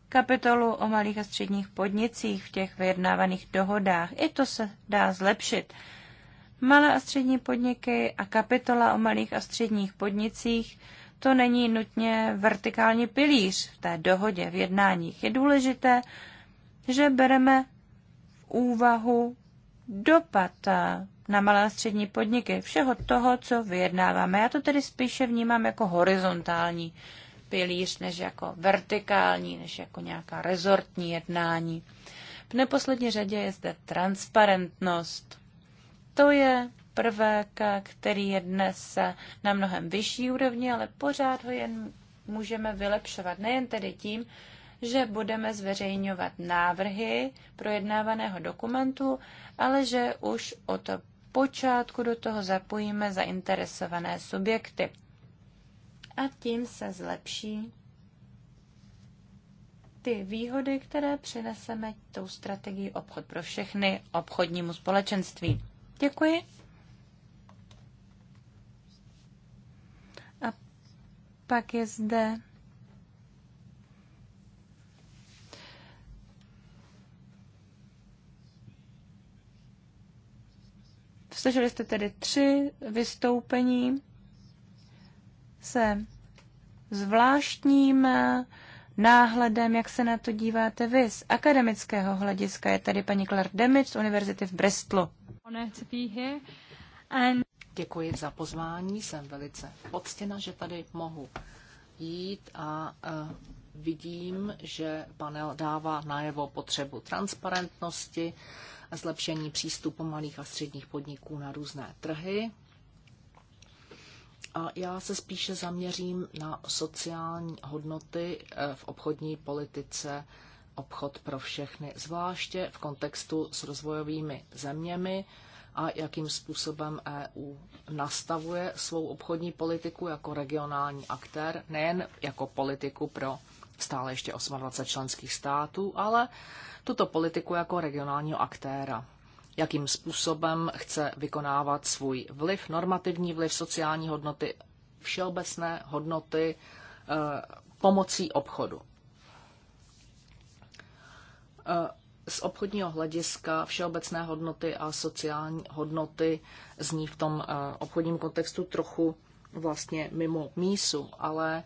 kapitolu o malých a středních podnicích v těch vyjednávaných dohodách. I to se dá zlepšit. Malé a střední podniky a kapitola o malých a středních podnicích to není nutně vertikální pilíř v té dohodě, v jednáních. Je důležité, že bereme v úvahu dopad eh, na malé a střední podniky, všeho toho, co vyjednáváme. Já to tedy spíše vnímám jako horizontální pilíř, než jako vertikální, než jako nějaká rezortní jednání. V neposlední řadě je zde transparentnost. To je prvek, který je dnes na mnohem vyšší úrovni, ale pořád ho jen můžeme vylepšovat. Nejen tedy tím, že budeme zveřejňovat návrhy projednávaného dokumentu, ale že už od počátku do toho zapojíme zainteresované subjekty. A tím se zlepší ty výhody, které přineseme tou strategií obchod pro všechny obchodnímu společenství. Děkuji. Pak je zde Slyšeli jste tedy tři vystoupení se zvláštním náhledem, jak se na to díváte vy. Z akademického hlediska je tady paní Claire Demitz z Univerzity v Bristolu. Děkuji za pozvání, jsem velice poctěna, že tady mohu jít a e, vidím, že panel dává najevo potřebu transparentnosti, a zlepšení přístupu malých a středních podniků na různé trhy. A já se spíše zaměřím na sociální hodnoty e, v obchodní politice obchod pro všechny, zvláště v kontextu s rozvojovými zeměmi, a jakým způsobem EU nastavuje svou obchodní politiku jako regionální aktér, nejen jako politiku pro stále ještě 28 členských států, ale tuto politiku jako regionálního aktéra. Jakým způsobem chce vykonávat svůj vliv, normativní vliv, sociální hodnoty, všeobecné hodnoty e, pomocí obchodu e, z obchodního hlediska všeobecné hodnoty a sociální hodnoty zní v tom eh, obchodním kontextu trochu vlastně mimo mísu, ale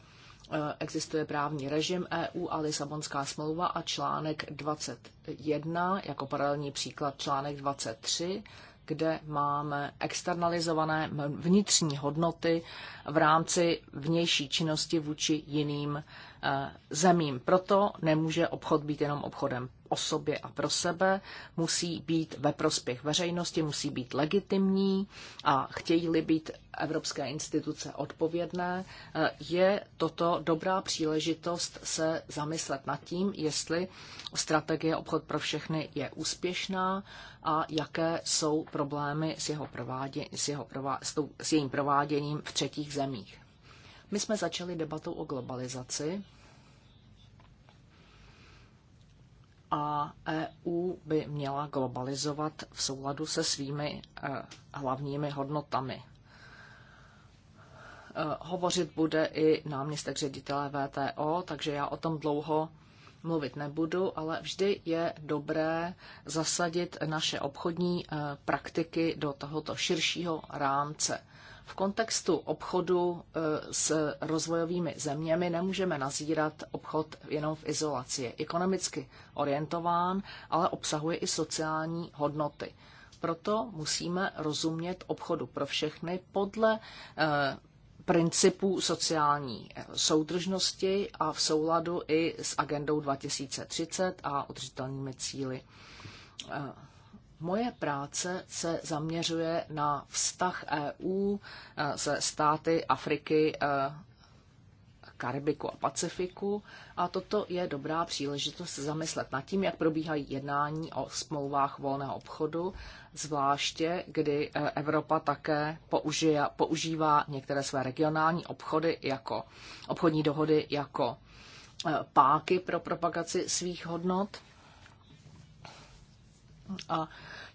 eh, existuje právní režim EU a Lisabonská smlouva a článek 21, jako paralelní příklad článek 23, kde máme externalizované vnitřní hodnoty v rámci vnější činnosti vůči jiným eh, zemím. Proto nemůže obchod být jenom obchodem o sobě a pro sebe, musí být ve prospěch veřejnosti, musí být legitimní a chtějí-li být evropské instituce odpovědné, eh, je toto dobrá příležitost se zamyslet nad tím, jestli strategie obchod pro všechny je úspěšná a jaké jsou problémy s, jeho provádě, s, jeho prová, s, tou, s jejím prováděním v třetích zemích. My jsme začali debatou o globalizaci a EU by měla globalizovat v souladu se svými eh, hlavními hodnotami. Eh, hovořit bude i náměstek ředitele VTO, takže já o tom dlouho mluvit nebudu, ale vždy je dobré zasadit naše obchodní eh, praktiky do tohoto širšího rámce. V kontextu obchodu e, s rozvojovými zeměmi nemůžeme nazírat obchod jenom v izolaci. Je ekonomicky orientován, ale obsahuje i sociální hodnoty. Proto musíme rozumět obchodu pro všechny podle e, principů sociální e, soudržnosti a v souladu i s agendou 2030 a udržitelnými cíly Moje práce se zaměřuje na vztah EU eh, se státy Afriky, eh, Karibiku a Pacifiku a toto je dobrá příležitost zamyslet nad tím, jak probíhají jednání o smlouvách volného obchodu, zvláště kdy eh, Evropa také použije, používá některé své regionální obchody jako obchodní dohody jako páky pro propagaci svých hodnot. A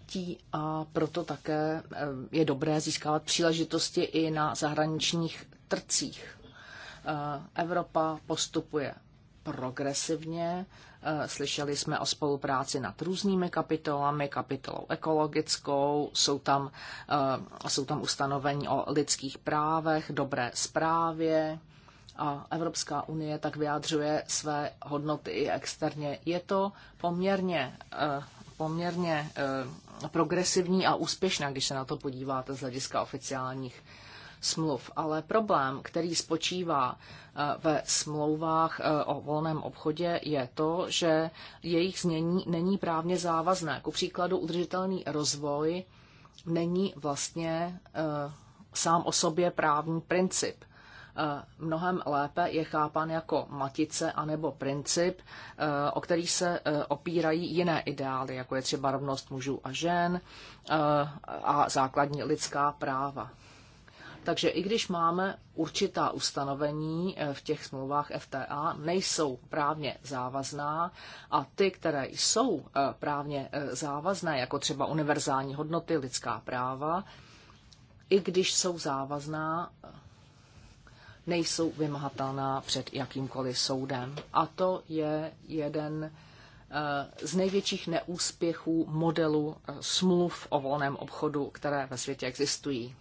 dětí a proto také eh, je dobré získávat příležitosti i na zahraničních trcích. Eh, Evropa postupuje progresivně. Eh, slyšeli jsme o spolupráci nad různými kapitolami, kapitolou ekologickou, jsou tam, jsou tam ustanovení o lidských právech, dobré zprávě a Evropská unie tak vyjádřuje své hodnoty i externě. Je to poměrně, poměrně progresivní a úspěšná, když se na to podíváte z hlediska oficiálních smluv. Ale problém, který spočívá eh, ve smlouvách eh, o volném obchodě, je to, že jejich znění není právně závazné. Ku příkladu udržitelný rozvoj není vlastně eh, sám o sobě právní princip. Eh, mnohem lépe je chápán jako matice anebo princip, eh, o který se eh, opírají jiné ideály, jako je třeba rovnost mužů a žen a základní lidská práva. Takže i když máme určitá ustanovení v těch smlouvách FTA, nejsou právně závazná a ty, které jsou právně závazné, jako třeba univerzální hodnoty, lidská práva, i když jsou závazná, nejsou vymahatelná před jakýmkoliv soudem. A to je jeden eh, z největších neúspěchů modelu eh, smluv o volném obchodu, které ve světě existují.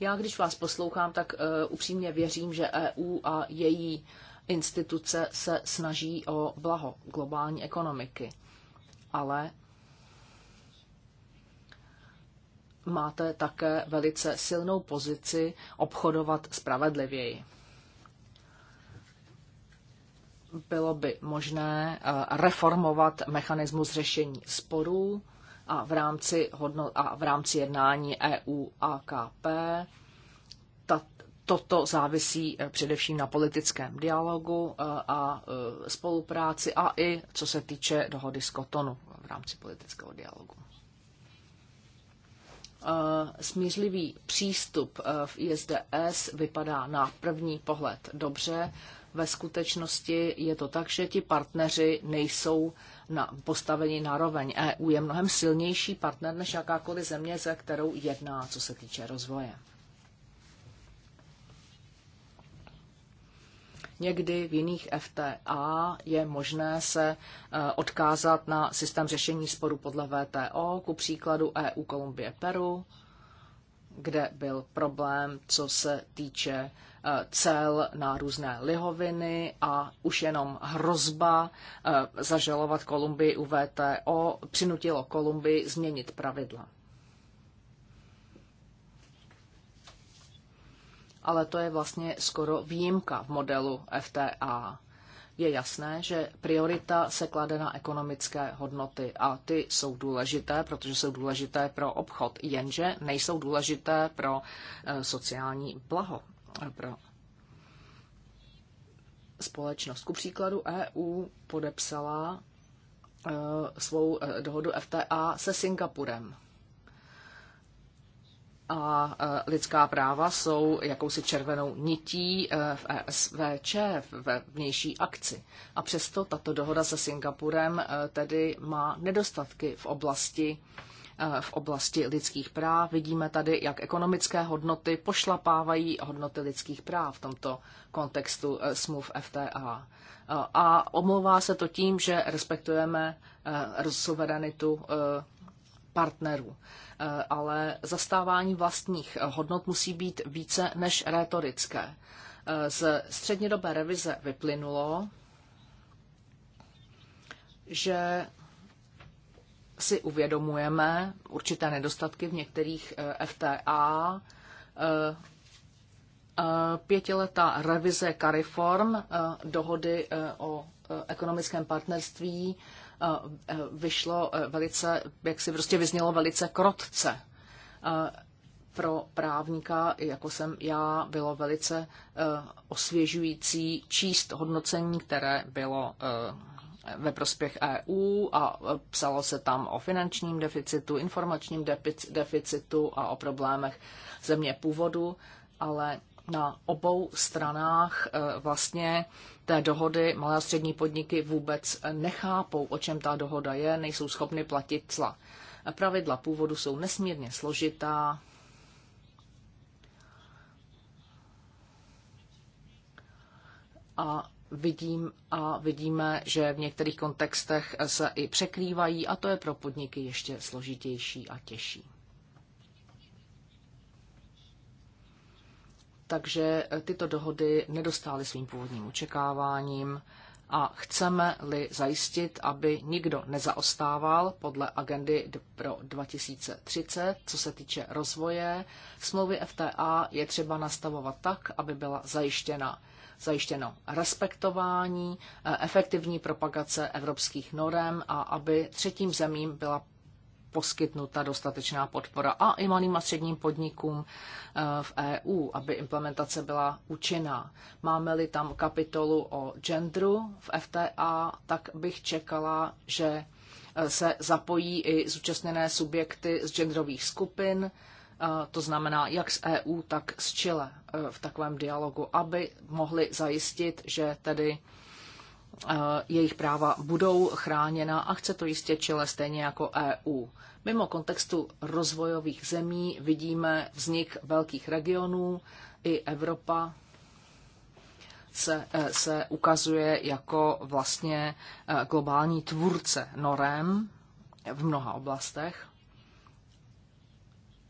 Já, když vás poslouchám, tak eh, upřímně věřím, že EU a její instituce se snaží o blaho globální ekonomiky. Ale máte také velice silnou pozici obchodovat spravedlivěji. Bylo by možné eh, reformovat mechanismus řešení sporů a v rámci, hodno, a v rámci jednání EU AKP. KP. toto závisí eh, především na politickém dialogu eh, a spolupráci a i co se týče dohody z Kotonu v rámci politického dialogu. Eh, smířlivý přístup eh, v ISDS vypadá na první pohled dobře. Ve skutečnosti je to tak, že ti partneři nejsou na, na roveň. EU je mnohem silnější partner než jakákoliv země, ze kterou jedná, co se týče rozvoje. Někdy v jiných FTA je možné se eh, odkázat na systém řešení sporu podle VTO, ku příkladu EU Kolumbie Peru, kde byl problém, co se týče eh, cel na různé lihoviny a už jenom hrozba eh, zažalovat Kolumbii u VTO přinutilo Kolumbii změnit pravidla. ale to je vlastně skoro výjimka v modelu FTA. Je jasné, že priorita se klade na ekonomické hodnoty a ty jsou důležité, protože jsou důležité pro obchod, jenže nejsou důležité pro eh, sociální blaho, eh, pro společnost. Ku příkladu EU podepsala eh, svou dohodu FTA se Singapurem a e, lidská práva jsou jakousi červenou nití e, v ESVČ, ve vnější akci. A přesto tato dohoda se Singapurem e, tedy má nedostatky v oblasti v oblasti lidských práv. Vidíme tady, jak ekonomické hodnoty pošlapávají hodnoty lidských práv v tomto kontextu smluv FTA. A omlouvá se to tím, že respektujeme suverenitu partnerů. Eh, ale zastávání vlastních hodnot musí být více než rétorické. Eh, z střednědobé revize vyplynulo, že si uvědomujeme určité nedostatky v některých eh, FTA. Pětiletá revize CARIFORM, dohody o ekonomickém partnerství, vyšlo e, velice, jak si prostě vyznělo velice krotce. E, pro právníka, jako jsem já, bylo velice e, osvěžující číst hodnocení, které bylo ve prospěch EU a psalo se tam o finančním deficitu, informačním deficitu a o problémech země původu, ale na obou stranách e, vlastně té dohody malé a střední podniky vůbec nechápou, o čem ta dohoda je, nejsou schopny platit cla. Pravidla původu jsou nesmírně složitá. A vidím a vidíme, že v některých kontextech se i překrývají a to je pro podniky ještě složitější a těžší. takže eh, tyto dohody nedostály svým původním očekáváním a chceme-li zajistit, aby nikdo nezaostával podle agendy pro 2030, co se týče rozvoje, smlouvy FTA je třeba nastavovat tak, aby byla zajištěna zajištěno respektování, eh, efektivní propagace evropských norem a aby třetím zemím byla poskytnuta dostatečná podpora a i malým a středním podnikům eh, v EU, aby implementace byla účinná. Máme-li tam kapitolu o genderu v FTA, tak bych čekala, že eh, se zapojí i zúčastněné subjekty z genderových skupin, eh, to znamená jak z EU, tak z Chile v takovém dialogu, aby mohli zajistit, že tedy Eh, jejich práva budou chráněna a chce to jistě Chile stejně jako EU. Mimo kontextu rozvojových zemí vidíme vznik velkých regionů, i Evropa se, eh, se ukazuje jako vlastně eh, globální tvůrce norem v mnoha oblastech.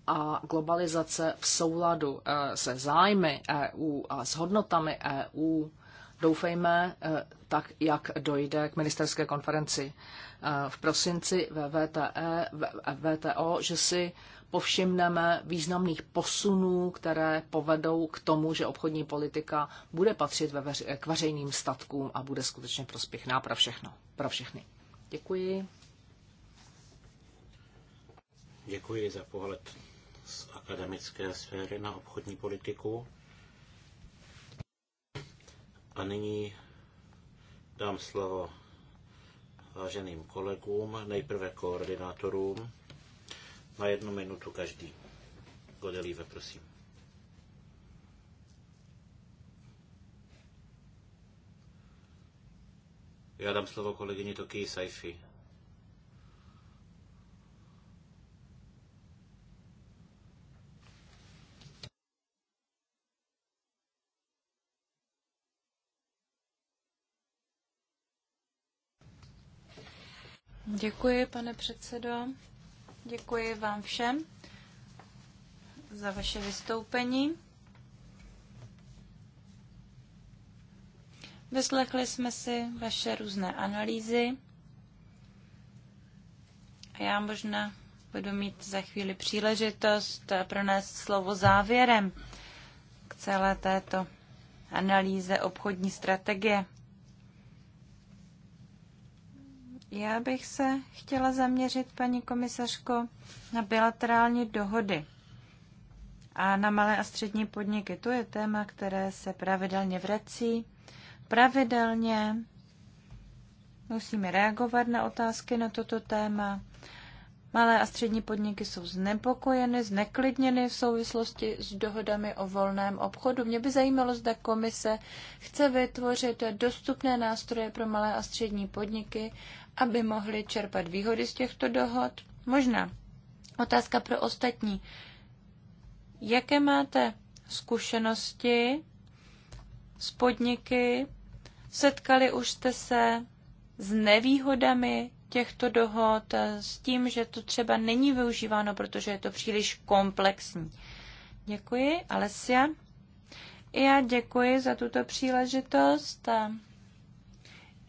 A globalizace v souladu se zájmy EU a s hodnotami EU, doufejme, tak jak dojde k ministerské konferenci eh, v prosinci ve VTE, VTO, eh, že si povšimneme významných posunů, které povedou k tomu, že obchodní politika bude patřit ve veř- eh, k veřejným statkům a bude skutečně prospěchná pro všechno, pro všechny. Děkuji. Děkuji za pohled z akademické sféry na obchodní politiku. A nyní Dám slovo váženým kolegům, nejprve koordinátorům, na jednu minutu každý. Godelíve, prosím. Já dám slovo kolegyni Toky Saifi. Děkuji, pane předsedo. Děkuji vám všem za vaše vystoupení. Vyslechli jsme si vaše různé analýzy a já možná budu mít za chvíli příležitost pronést slovo závěrem k celé této analýze obchodní strategie. Já bych se chtěla zaměřit, paní komisařko, na bilaterální dohody a na malé a střední podniky. To je téma, které se pravidelně vrací. Pravidelně musíme reagovat na otázky na toto téma. Malé a střední podniky jsou znepokojeny, zneklidněny v souvislosti s dohodami o volném obchodu. Mě by zajímalo, zda komise chce vytvořit dostupné nástroje pro malé a střední podniky, aby mohli čerpat výhody z těchto dohod? Možná. Otázka pro ostatní. Jaké máte zkušenosti s podniky? Setkali už jste se s nevýhodami těchto dohod, s tím, že to třeba není využíváno, protože je to příliš komplexní. Děkuji, Alessia. I já děkuji za tuto příležitost.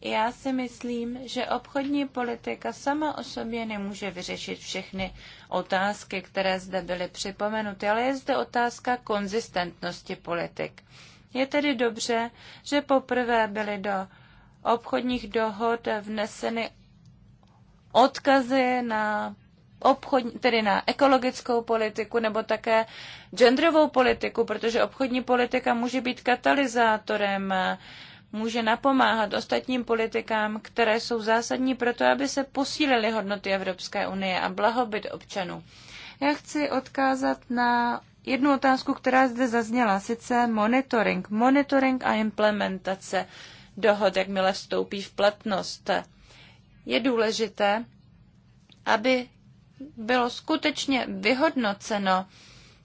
Já si myslím, že obchodní politika sama o sobě nemůže vyřešit všechny otázky, které zde byly připomenuty, ale je zde otázka konzistentnosti politik. Je tedy dobře, že poprvé byly do obchodních dohod vneseny odkazy na obchod, tedy na ekologickou politiku nebo také genderovou politiku, protože obchodní politika může být katalyzátorem uh, může napomáhat ostatním politikám, které jsou zásadní pro to, aby se posílily hodnoty Evropské unie a blahobyt občanů. Já chci odkázat na jednu otázku, která zde zazněla, sice monitoring. Monitoring a implementace dohod, jakmile vstoupí v platnost. Je důležité, aby bylo skutečně vyhodnoceno,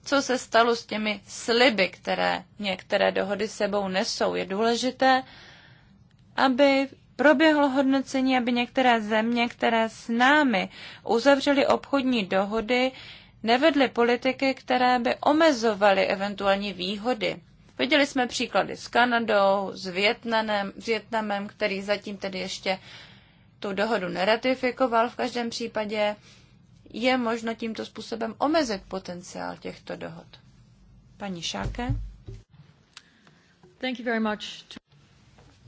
co se stalo s těmi sliby, které některé dohody sebou nesou. Je důležité, aby proběhlo hodnocení, aby některé země, které s námi uzavřely obchodní dohody, nevedly politiky, které by omezovaly eventuální výhody. Viděli jsme příklady s Kanadou, s Větnamem, Větnamem který zatím tedy ještě tu dohodu neratifikoval v každém případě je možno tímto způsobem omezit potenciál těchto dohod. Paní Šáke. Thank you very much.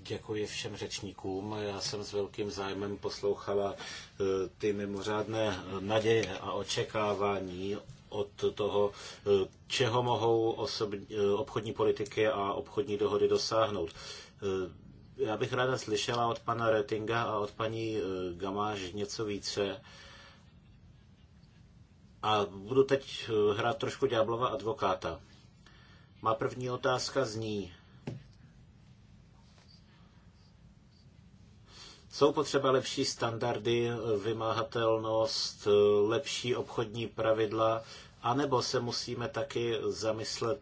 Děkuji všem řečníkům. Já jsem s velkým zájmem poslouchala eh, ty mimořádné eh, naděje a očekávání od toho, eh, čeho mohou osobní, obchodní politiky a obchodní dohody dosáhnout. Já bych ráda slyšela od pana Rettinga a od paní Gamáž něco více a budu teď eh, hrát trošku ďáblova advokáta. Má první otázka zní, Jsou potřeba lepší standardy, eh, vymahatelnost, eh, lepší obchodní pravidla, anebo se musíme taky zamyslet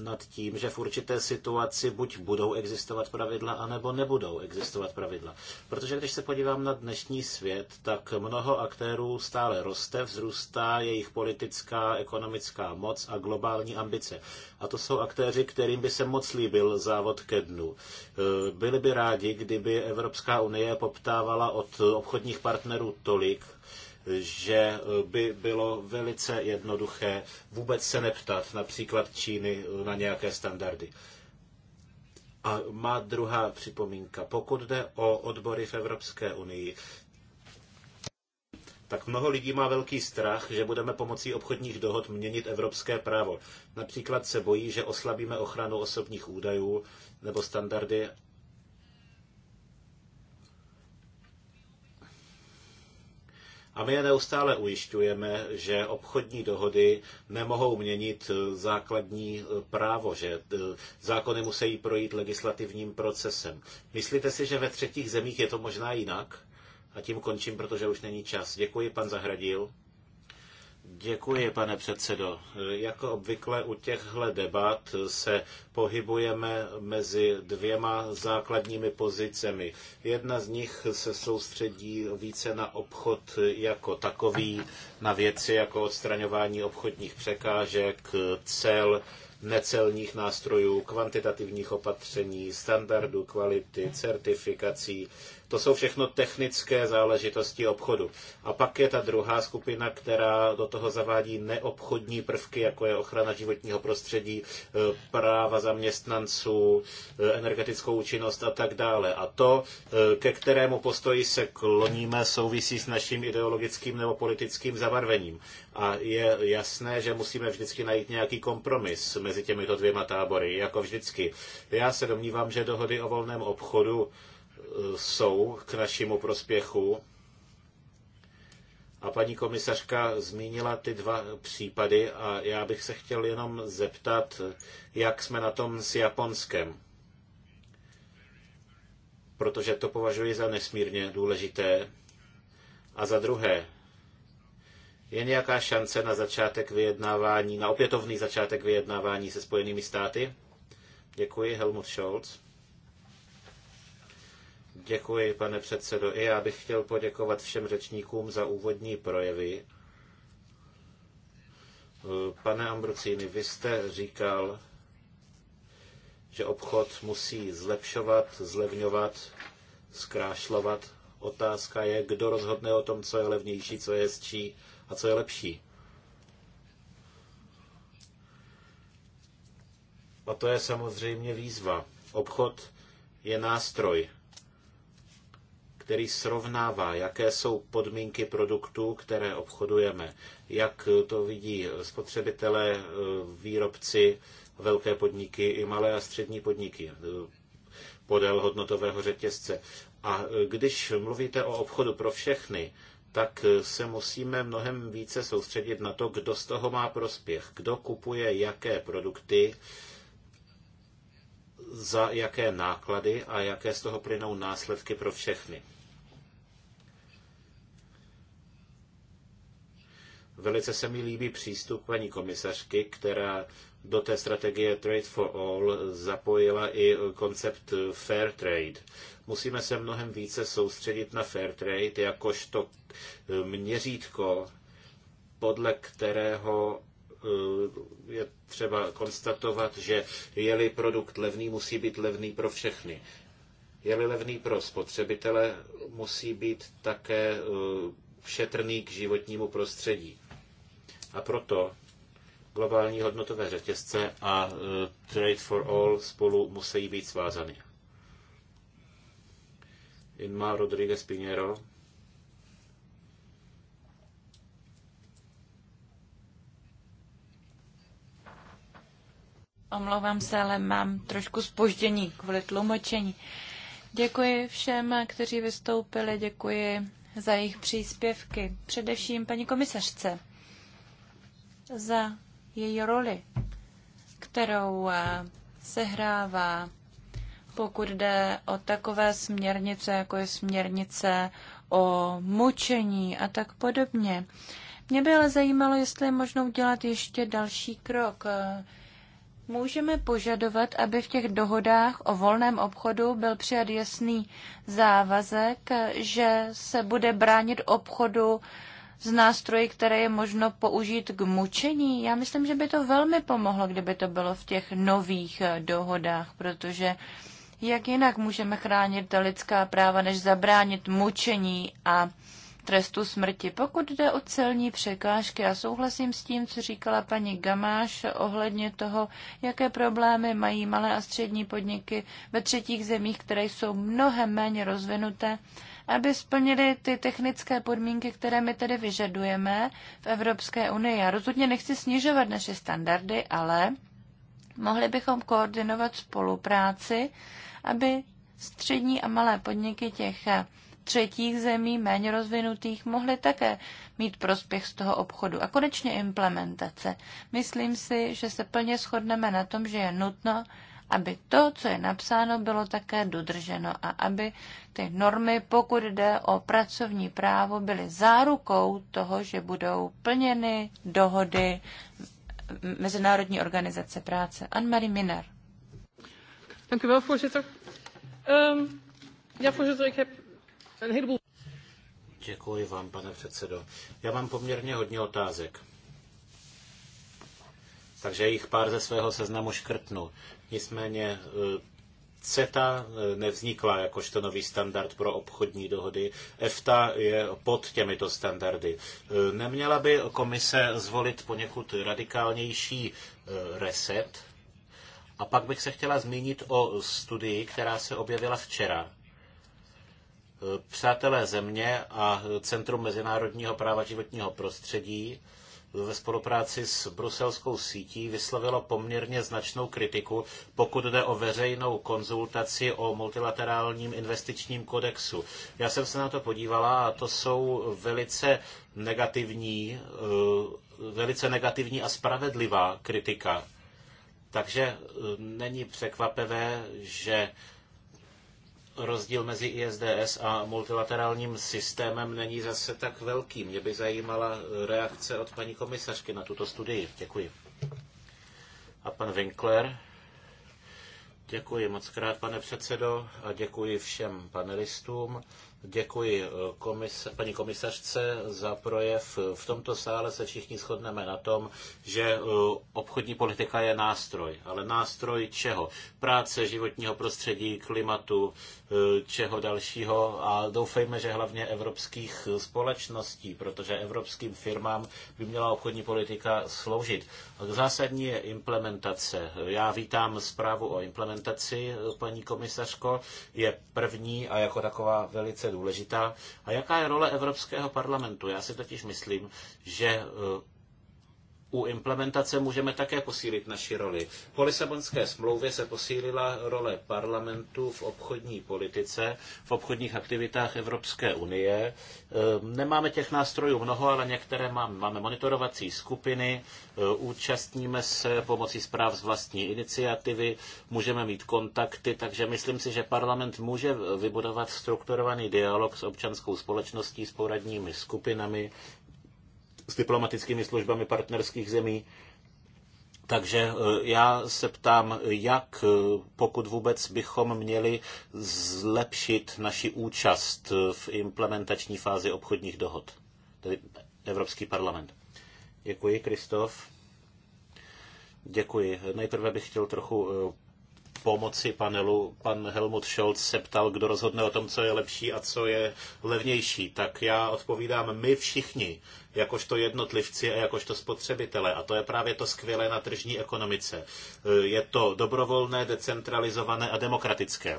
nad tím, že v určité situaci buď budou existovat pravidla, anebo nebudou existovat pravidla. Protože když se podívám na dnešní svět, tak mnoho aktérů stále roste, vzrůstá jejich politická, ekonomická moc a globální ambice. A to jsou aktéři, kterým by se moc líbil závod ke dnu. E, byli by rádi, kdyby Evropská unie poptávala od obchodních partnerů tolik, že eh, by bylo velice jednoduché vůbec se neptat například Číny eh, na nějaké standardy. A má druhá připomínka. Pokud jde o odbory v Evropské unii, tak mnoho lidí má velký strach, že budeme pomocí obchodních dohod měnit evropské právo. Například se bojí, že oslabíme ochranu osobních údajů nebo standardy A my je neustále ujišťujeme, že obchodní dohody nemohou měnit základní eh, právo, že eh, zákony musí projít legislativním procesem. Myslíte si, že ve třetích zemích je to možná jinak? A tím končím, protože už není čas. Děkuji, pan Zahradil. Děkuji, pane předsedo. Jako obvykle u těchto debat se pohybujeme mezi dvěma základními pozicemi. Jedna z nich se soustředí více na obchod jako takový, na věci jako odstraňování obchodních překážek, cel, necelních nástrojů, kvantitativních opatření, standardů kvality, certifikací, to jsou všechno technické záležitosti obchodu. A pak je ta druhá skupina, která do toho zavádí neobchodní prvky, jako je ochrana životního prostředí, e, práva zaměstnanců, e, energetickou účinnost a tak dále. A to, e, ke kterému postoji se kloníme, souvisí s naším ideologickým nebo politickým zabarvením. A je jasné, že musíme vždycky najít nějaký kompromis mezi těmito dvěma tábory, jako vždycky. Já se domnívám, že dohody o volném obchodu jsou k našemu prospěchu. A paní komisařka zmínila ty dva případy a já bych se chtěl jenom zeptat, jak jsme na tom s Japonskem. Protože to považuji za nesmírně důležité. A za druhé, je nějaká šance na začátek vyjednávání, na opětovný začátek vyjednávání se Spojenými státy? Děkuji, Helmut Scholz. Děkuji, pane předsedo. I já bych chtěl poděkovat všem řečníkům za úvodní projevy. Pane Ambrucíny, vy jste říkal, že obchod musí zlepšovat, zlevňovat, zkrášlovat. Otázka je, kdo rozhodne o tom, co je levnější, co je hezčí a co je lepší. A to je samozřejmě výzva. Obchod je nástroj, který srovnává, jaké jsou podmínky produktů, které obchodujeme, jak to vidí spotřebitelé, e, výrobci, velké podniky i malé a střední podniky e, podél hodnotového řetězce. A e, když mluvíte o obchodu pro všechny, tak se musíme mnohem více soustředit na to, kdo z toho má prospěch, kdo kupuje jaké produkty, za jaké náklady a jaké z toho plynou následky pro všechny. Velice se mi líbí přístup paní komisařky, která do té strategie Trade for All zapojila i koncept Fair Trade. Musíme se mnohem více soustředit na Fair Trade jakožto měřítko, podle kterého Eh, je třeba konstatovat, že je-li produkt levný, musí být levný pro všechny. Je-li levný pro spotřebitele, musí být také eh, šetrný k životnímu prostředí. A proto globální hodnotové řetězce a eh, Trade for All spolu musí být svázany. Inma Rodriguez Pinheiro Omlouvám se, ale mám trošku spoždění kvůli tlumočení. Děkuji všem, kteří vystoupili, děkuji za jejich příspěvky, především paní komisařce za její roli, kterou eh, sehrává, pokud jde o takové směrnice, jako je směrnice o mučení a tak podobně. Mě by ale zajímalo, jestli je možno udělat ještě další krok. Eh, Můžeme požadovat, aby v těch dohodách o volném obchodu byl přijat jasný závazek, že se bude bránit obchodu z nástroji, které je možno použít k mučení. Já myslím, že by to velmi pomohlo, kdyby to bylo v těch nových eh, dohodách, protože jak jinak můžeme chránit lidská práva, než zabránit mučení a trestu smrti. Pokud jde o celní překážky, já souhlasím s tím, co říkala paní Gamáš ohledně toho, jaké problémy mají malé a střední podniky ve třetích zemích, které jsou mnohem méně rozvinuté, aby splnili ty technické podmínky, které my tedy vyžadujeme v Evropské unii. Já rozhodně nechci snižovat naše standardy, ale mohli bychom koordinovat spolupráci, aby střední a malé podniky těch třetích zemí, méně rozvinutých, mohly také mít prospěch z toho obchodu. A konečně implementace. Myslím si, že se plně shodneme na tom, že je nutno, aby to, co je napsáno, bylo také dodrženo a aby ty normy, pokud jde o pracovní právo, byly zárukou toho, že budou plněny dohody Mezinárodní organizace práce. Anne-Marie Miner. Dank u wel, voorzitter. Um, ja, voorzitter, ik heb Děkuji vám, pane předsedo. Já mám poměrně hodně otázek. Takže jich pár ze svého seznamu škrtnu. Nicméně eh, CETA eh, nevznikla jakožto nový standard pro obchodní dohody. EFTA je pod těmito standardy. Eh, neměla by komise zvolit poněkud radikálnější reset? A pak bych se chtěla zmínit o studii, která se objevila včera Přátelé země a Centrum mezinárodního práva životního prostředí ve spolupráci s bruselskou sítí vyslovilo poměrně značnou kritiku, pokud jde o veřejnou konzultaci o multilaterálním investičním kodexu. Já jsem se na to podívala a to jsou velice negativní, eh, velice negativní a spravedlivá kritika. Takže eh, není překvapivé, že rozdíl mezi ISDS a multilaterálním systémem není zase tak velký. Mě by zajímala reakce od paní komisařky na tuto studii. Děkuji. A pan Winkler. Děkuji moc krát, pane předsedo, a děkuji všem panelistům. Děkuji eh, komise, paní komisařce za projev. V tomto sále se všichni shodneme na tom, že eh, obchodní politika je nástroj. Ale nástroj čeho? Práce, životního prostředí, klimatu, Eh, čeho dalšího a doufejme, že hlavně evropských společností, protože evropským firmám by měla obchodní politika sloužit. Zásadní je implementace. Já vítám zprávu o implementaci, eh, paní komisařko, je první a jako taková velice důležitá. A jaká je role Evropského parlamentu? Já si totiž myslím, že eh, u implementace můžeme také posílit naši roli. Po Lisabonské smlouvě se posílila role parlamentu v obchodní politice, v obchodních aktivitách Evropské unie. E, nemáme těch nástrojů mnoho, ale některé máme. Máme monitorovací skupiny, e, účastníme se pomocí zpráv z vlastní iniciativy, můžeme mít kontakty, takže myslím si, že parlament může vybudovat strukturovaný dialog s občanskou společností, s poradními skupinami s diplomatickými službami partnerských zemí. Takže e, já se ptám, jak, e, pokud vůbec bychom měli zlepšit naši účast e, v implementační fázi obchodních dohod, tedy Evropský parlament. Děkuji, Kristof. Děkuji. Nejprve bych chtěl trochu pomoci panelu pan Helmut Scholz se ptal, kdo rozhodne o tom, co je lepší a co je levnější. Tak já odpovídám, my všichni, jakožto jednotlivci a jakožto spotřebitele. A to je právě to skvělé na tržní ekonomice. Je to dobrovolné, decentralizované a demokratické.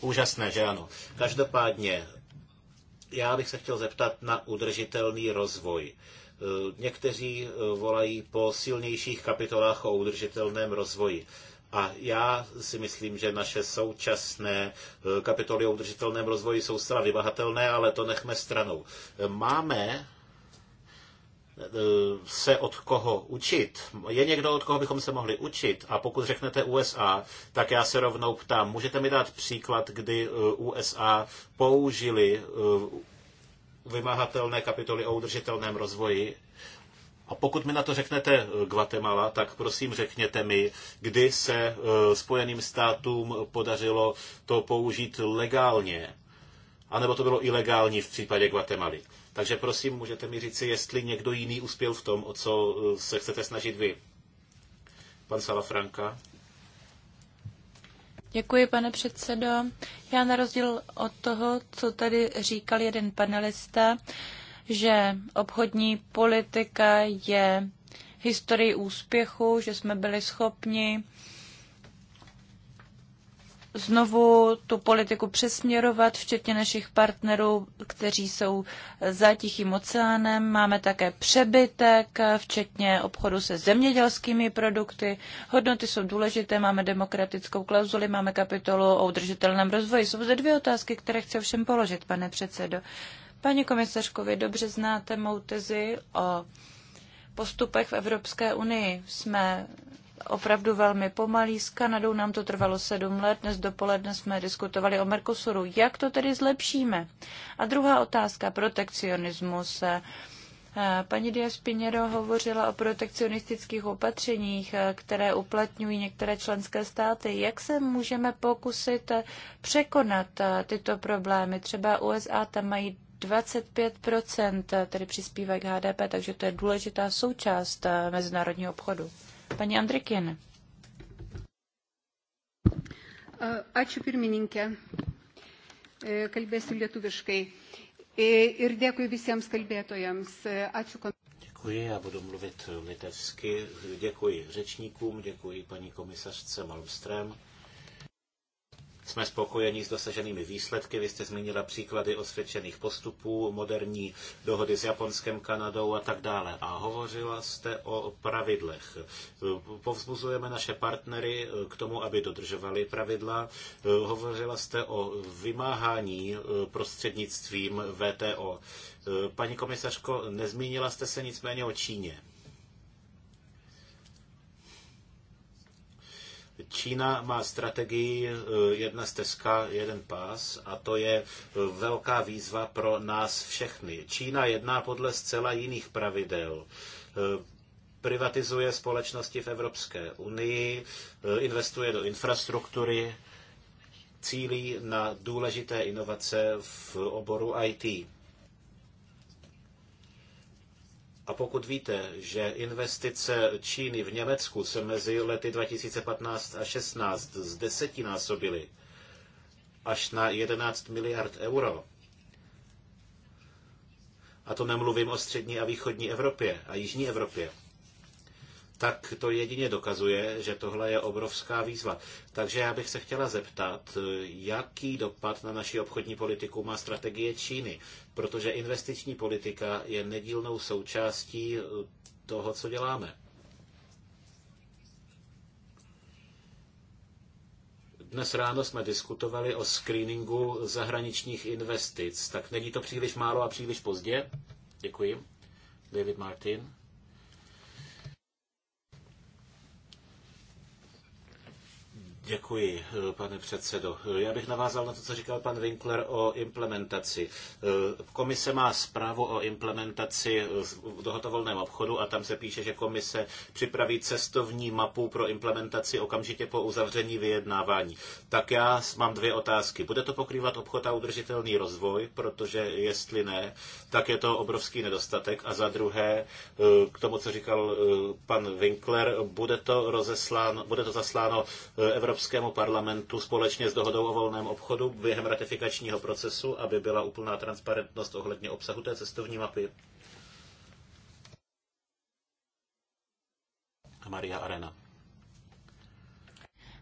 Úžasné, že ano? Každopádně, já bych se chtěl zeptat na udržitelný rozvoj. Někteří volají po silnějších kapitolách o udržitelném rozvoji. A já si myslím, že naše současné eh, kapitoly o udržitelném rozvoji jsou zcela vymahatelné, ale to nechme stranou. Máme eh, se od koho učit. Je někdo, od koho bychom se mohli učit? A pokud řeknete USA, tak já se rovnou ptám, můžete mi dát příklad, kdy eh, USA použili vymahatelné kapitoly o udržitelném rozvoji a pokud mi na to řeknete eh, Guatemala, tak prosím řekněte mi, kdy se eh, Spojeným státům podařilo to použít legálně, anebo to bylo ilegální v případě Guatemaly. Takže prosím, můžete mi říci, jestli někdo jiný uspěl v tom, o co eh, se chcete snažit vy. Pan Salafranka. Děkuji, pane předsedo. Já na rozdíl od toho, co tady říkal jeden panelista, že obchodní politika je historii úspěchu, že jsme byli schopni znovu tu politiku přesměrovat, včetně našich partnerů, kteří jsou za Tichým oceánem. Máme také přebytek, včetně obchodu se zemědělskými produkty. Hodnoty jsou důležité, máme demokratickou klauzuli, máme kapitolu o udržitelném rozvoji. Jsou zde dvě otázky, které chci všem položit, pane předsedo. Paní komisařko, vy dobře znáte mou tezi o postupech v Evropské unii. Jsme opravdu velmi pomalí, s Kanadou nám to trvalo sedm let, dnes dopoledne jsme diskutovali o Mercosuru. Jak to tedy zlepšíme? A druhá otázka, protekcionismus. Eh, paní Diaz Pinero hovořila o protekcionistických opatřeních, eh, které uplatňují některé členské státy. Jak se můžeme pokusit eh, překonat tyto problémy? Třeba USA tam mají 25 tedy přispívají k HDP, takže to je důležitá součást eh, mezinárodního obchodu. Paní Andrikin. Ačiū pirmininkė. E, kalbėsiu lietuviškai. E, ir dėkui visiems kalbėtojams. E, ačiū. Děkuji, já budu mluvit litevsky. Děkuji řečníkům, děkuji paní komisařce Malmström. Jsme spokojeni s dosaženými výsledky. Vy jste zmínila příklady osvědčených postupů, moderní dohody s Japonskem, Kanadou a tak dále. A hovořila jste o pravidlech. Povzbuzujeme naše partnery eh, k tomu, aby dodržovali pravidla. Eh, hovořila jste o vymáhání eh, prostřednictvím VTO. Paní komisařko, nezmínila jste se nicméně o Číně. Čína má strategii eh, jedna stezka, jeden pás a to je eh, velká výzva pro nás všechny. Čína jedná podle zcela jiných pravidel eh, privatizuje společnosti v Evropské unii, investuje do infrastruktury, cílí na důležité inovace v oboru IT. A pokud víte, že investice Číny v Německu se mezi lety 2015 a 16 z násobily až na 11 miliard euro, a to nemluvím o střední a východní Evropě a jižní Evropě, tak to jedině dokazuje, že tohle je obrovská výzva. Takže já bych se chtěla zeptat, jaký dopad na naši obchodní politiku má strategie Číny, protože investiční politika je nedílnou součástí toho, co děláme. Dnes ráno jsme diskutovali o screeningu zahraničních investic. Tak není to příliš málo a příliš pozdě? Děkuji. David Martin. Děkuji, pane předsedo. Já bych navázal na to, co říkal pan Winkler o implementaci. Komise má zprávu o implementaci dohod o obchodu a tam se píše, že komise připraví cestovní mapu pro implementaci okamžitě po uzavření vyjednávání. Tak já mám dvě otázky. Bude to pokrývat obchod a udržitelný rozvoj, protože jestli ne, tak je to obrovský nedostatek. A za druhé, k tomu, co říkal eh, pan Winkler, bude to rozesláno, bude to zasláno eh, Evropské Evropskému parlamentu společně s dohodou o volném obchodu během ratifikačního procesu, aby byla úplná transparentnost ohledně obsahu té cestovní mapy? Maria Arena.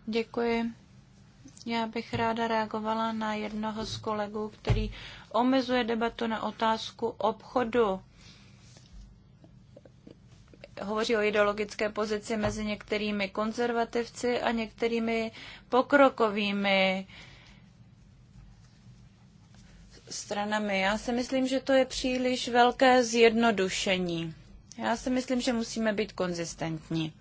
Děkuji. Já bych ráda reagovala na jednoho z kolegů, který omezuje debatu na otázku obchodu hovoří o ideologické pozici mezi některými konzervativci a některými pokrokovými stranami. Já si myslím, že to je příliš velké zjednodušení. Já si myslím, že musíme být konzistentní.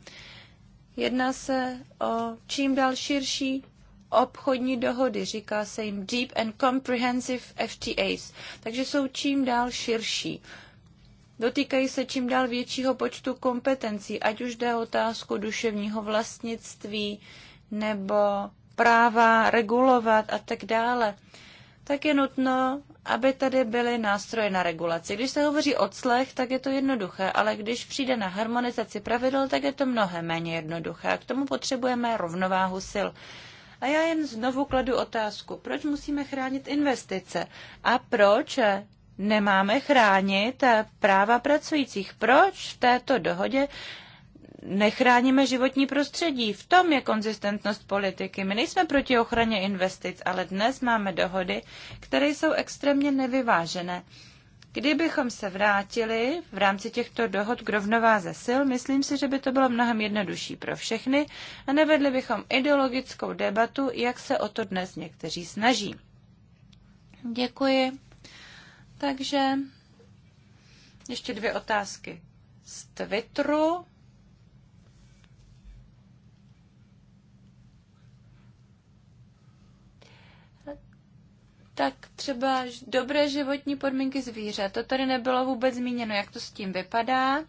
Jedná se o čím dál širší obchodní dohody, říká se jim Deep and Comprehensive FTAs, takže jsou čím dál širší dotýkají se čím dál většího počtu kompetencí, ať už jde o otázku duševního vlastnictví nebo práva regulovat a tak dále, tak je nutno, aby tady byly nástroje na regulaci. Když se hovoří o clech, tak je to jednoduché, ale když přijde na harmonizaci pravidel, tak je to mnohem méně jednoduché. A k tomu potřebujeme rovnováhu sil. A já jen znovu kladu otázku, proč musíme chránit investice a proč nemáme chránit práva pracujících. Proč v této dohodě nechráníme životní prostředí? V tom je konzistentnost politiky. My nejsme proti ochraně investic, ale dnes máme dohody, které jsou extrémně nevyvážené. Kdybychom se vrátili v rámci těchto dohod k rovnováze sil, myslím si, že by to bylo mnohem jednodušší pro všechny a nevedli bychom ideologickou debatu, jak se o to dnes někteří snaží. Děkuji. Takže ještě dvě otázky z Twitteru. tak třeba dobré životní podmínky zvířat. To tady nebylo vůbec zmíněno, jak to s tím vypadá.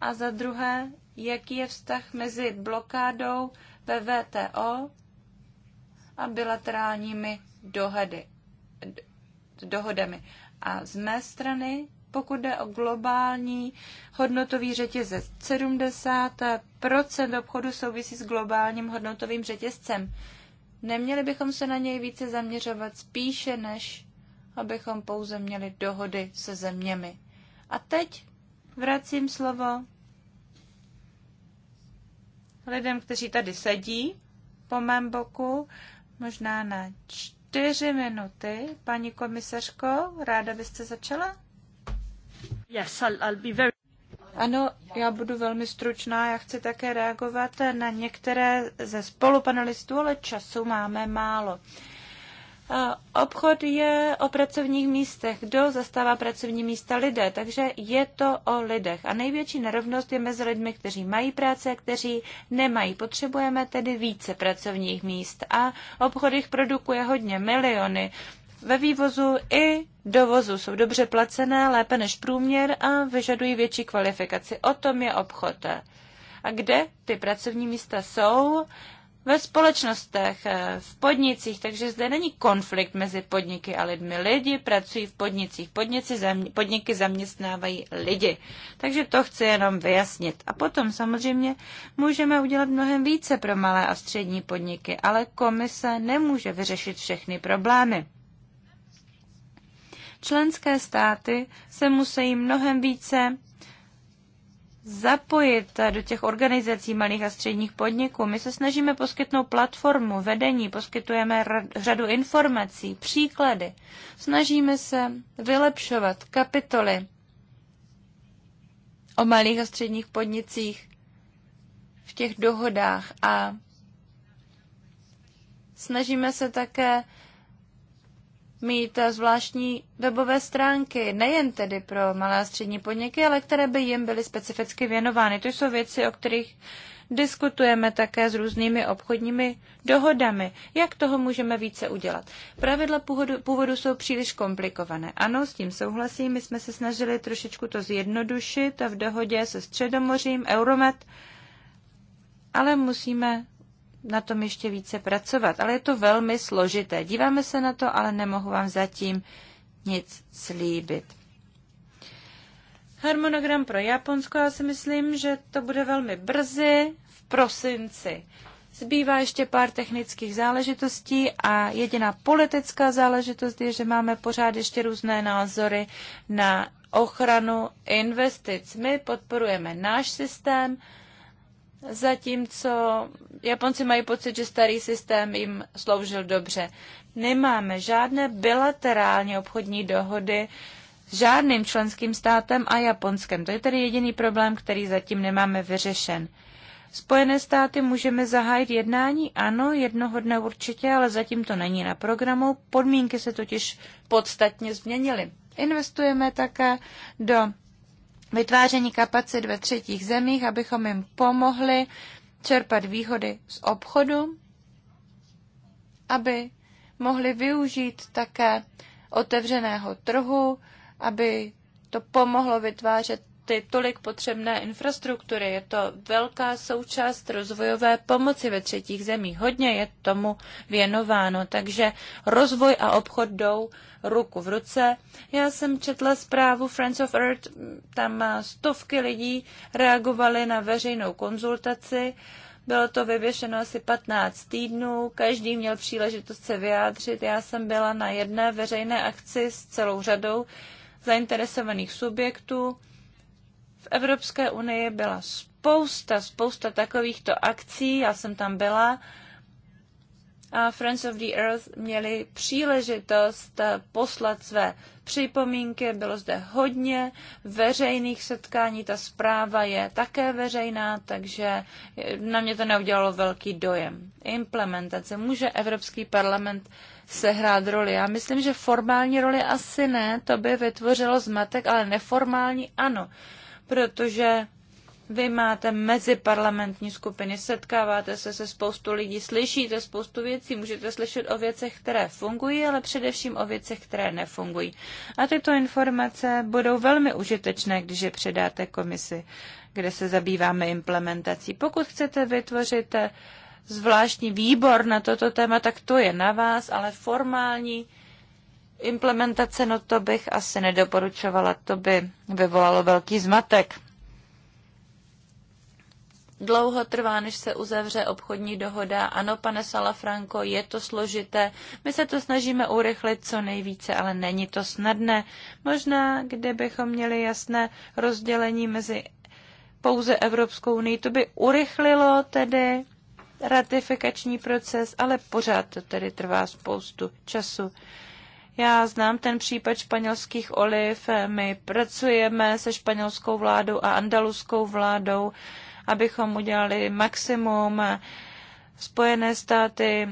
A za druhé, jaký je vztah mezi blokádou ve VTO a bilaterálními dohady, dohodami. A z mé strany, pokud jde o globální hodnotový řetězec, 70 obchodu souvisí s globálním hodnotovým řetězcem. Neměli bychom se na něj více zaměřovat spíše, než abychom pouze měli dohody se zeměmi. A teď vracím slovo lidem, kteří tady sedí po mém boku, možná na čtyři minuty. Paní komisařko, ráda byste začala? Yes, I'll, I'll be very... Ano, já budu velmi stručná. Já chci také reagovat na některé ze spolupanelistů, ale času máme málo. Obchod je o pracovních místech. Kdo zastává pracovní místa? Lidé. Takže je to o lidech. A největší nerovnost je mezi lidmi, kteří mají práce a kteří nemají. Potřebujeme tedy více pracovních míst. A obchod jich produkuje hodně, miliony. Ve vývozu i dovozu jsou dobře placené, lépe než průměr a vyžadují větší kvalifikaci. O tom je obchod. A kde ty pracovní místa jsou, ve společnostech, eh, v podnicích, takže zde není konflikt mezi podniky a lidmi. Lidi pracují v podnicích, Podnici zamě, podniky zaměstnávají lidi. Takže to chci jenom vyjasnit. A potom samozřejmě můžeme udělat mnohem více pro malé a střední podniky, ale komise nemůže vyřešit všechny problémy. Členské státy se musí mnohem více zapojit do těch organizací malých a středních podniků. My se snažíme poskytnout platformu, vedení, poskytujeme řadu informací, příklady. Snažíme se vylepšovat kapitoly o malých a středních podnicích v těch dohodách a snažíme se také mít zvláštní webové stránky, nejen tedy pro malé a střední podniky, ale které by jim byly specificky věnovány. To jsou věci, o kterých diskutujeme také s různými obchodními dohodami. Jak toho můžeme více udělat? Pravidla původu, původu jsou příliš komplikované. Ano, s tím souhlasím, my jsme se snažili trošičku to zjednodušit a v dohodě se Středomořím, Euromet, ale musíme na tom ještě více pracovat, ale je to velmi složité. Díváme se na to, ale nemohu vám zatím nic slíbit. Harmonogram pro Japonsko, já si myslím, že to bude velmi brzy v prosinci. Zbývá ještě pár technických záležitostí a jediná politická záležitost je, že máme pořád ještě různé názory na ochranu investic. My podporujeme náš systém, zatímco Japonci mají pocit, že starý systém jim sloužil dobře. Nemáme žádné bilaterální obchodní dohody s žádným členským státem a Japonskem. To je tedy jediný problém, který zatím nemáme vyřešen. Spojené státy můžeme zahájit jednání? Ano, jednoho dne určitě, ale zatím to není na programu. Podmínky se totiž podstatně změnily. Investujeme také do vytváření kapacit ve třetích zemích, abychom jim pomohli čerpat výhody z obchodu, aby mohli využít také otevřeného trhu, aby to pomohlo vytvářet ty tolik potřebné infrastruktury. Je to velká součást rozvojové pomoci ve třetích zemích. Hodně je tomu věnováno, takže rozvoj a obchod jdou ruku v ruce. Já jsem četla zprávu Friends of Earth, tam stovky lidí reagovaly na veřejnou konzultaci. Bylo to vyvěšeno asi 15 týdnů, každý měl příležitost se vyjádřit. Já jsem byla na jedné veřejné akci s celou řadou zainteresovaných subjektů. V Evropské unii byla spousta, spousta takovýchto akcí, já jsem tam byla, a Friends of the Earth měli příležitost poslat své připomínky. Bylo zde hodně veřejných setkání, ta zpráva je také veřejná, takže na mě to neudělalo velký dojem. Implementace. Může Evropský parlament sehrát roli? Já myslím, že formální roli asi ne, to by vytvořilo zmatek, ale neformální ano protože vy máte meziparlamentní skupiny, setkáváte se se spoustu lidí, slyšíte spoustu věcí, můžete slyšet o věcech, které fungují, ale především o věcech, které nefungují. A tyto informace budou velmi užitečné, když je předáte komisi, kde se zabýváme implementací. Pokud chcete vytvořit eh, zvláštní výbor na toto téma, tak to je na vás, ale formální implementace, no to bych asi nedoporučovala, to by vyvolalo velký zmatek. Dlouho trvá, než se uzavře obchodní dohoda. Ano, pane Salafranko, je to složité. My se to snažíme urychlit co nejvíce, ale není to snadné. Možná, kdybychom měli jasné rozdělení mezi pouze Evropskou unii, to by urychlilo tedy ratifikační proces, ale pořád to tedy trvá spoustu času. Já znám ten případ španělských oliv. My pracujeme se španělskou vládou a andaluskou vládou, abychom udělali maximum. Spojené státy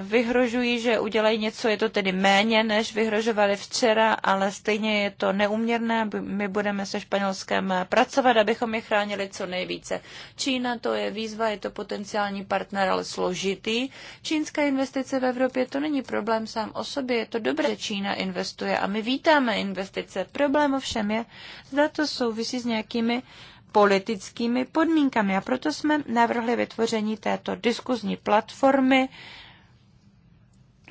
vyhrožují, že udělají něco, je to tedy méně, než vyhrožovali včera, ale stejně je to neuměrné. My budeme se Španělskem pracovat, abychom je chránili co nejvíce. Čína to je výzva, je to potenciální partner, ale složitý. Čínská investice v Evropě to není problém sám o sobě, je to dobré, že Čína investuje a my vítáme investice. Problém ovšem je, zda to souvisí s nějakými politickými podmínkami. A proto jsme navrhli vytvoření této diskuzní platformy,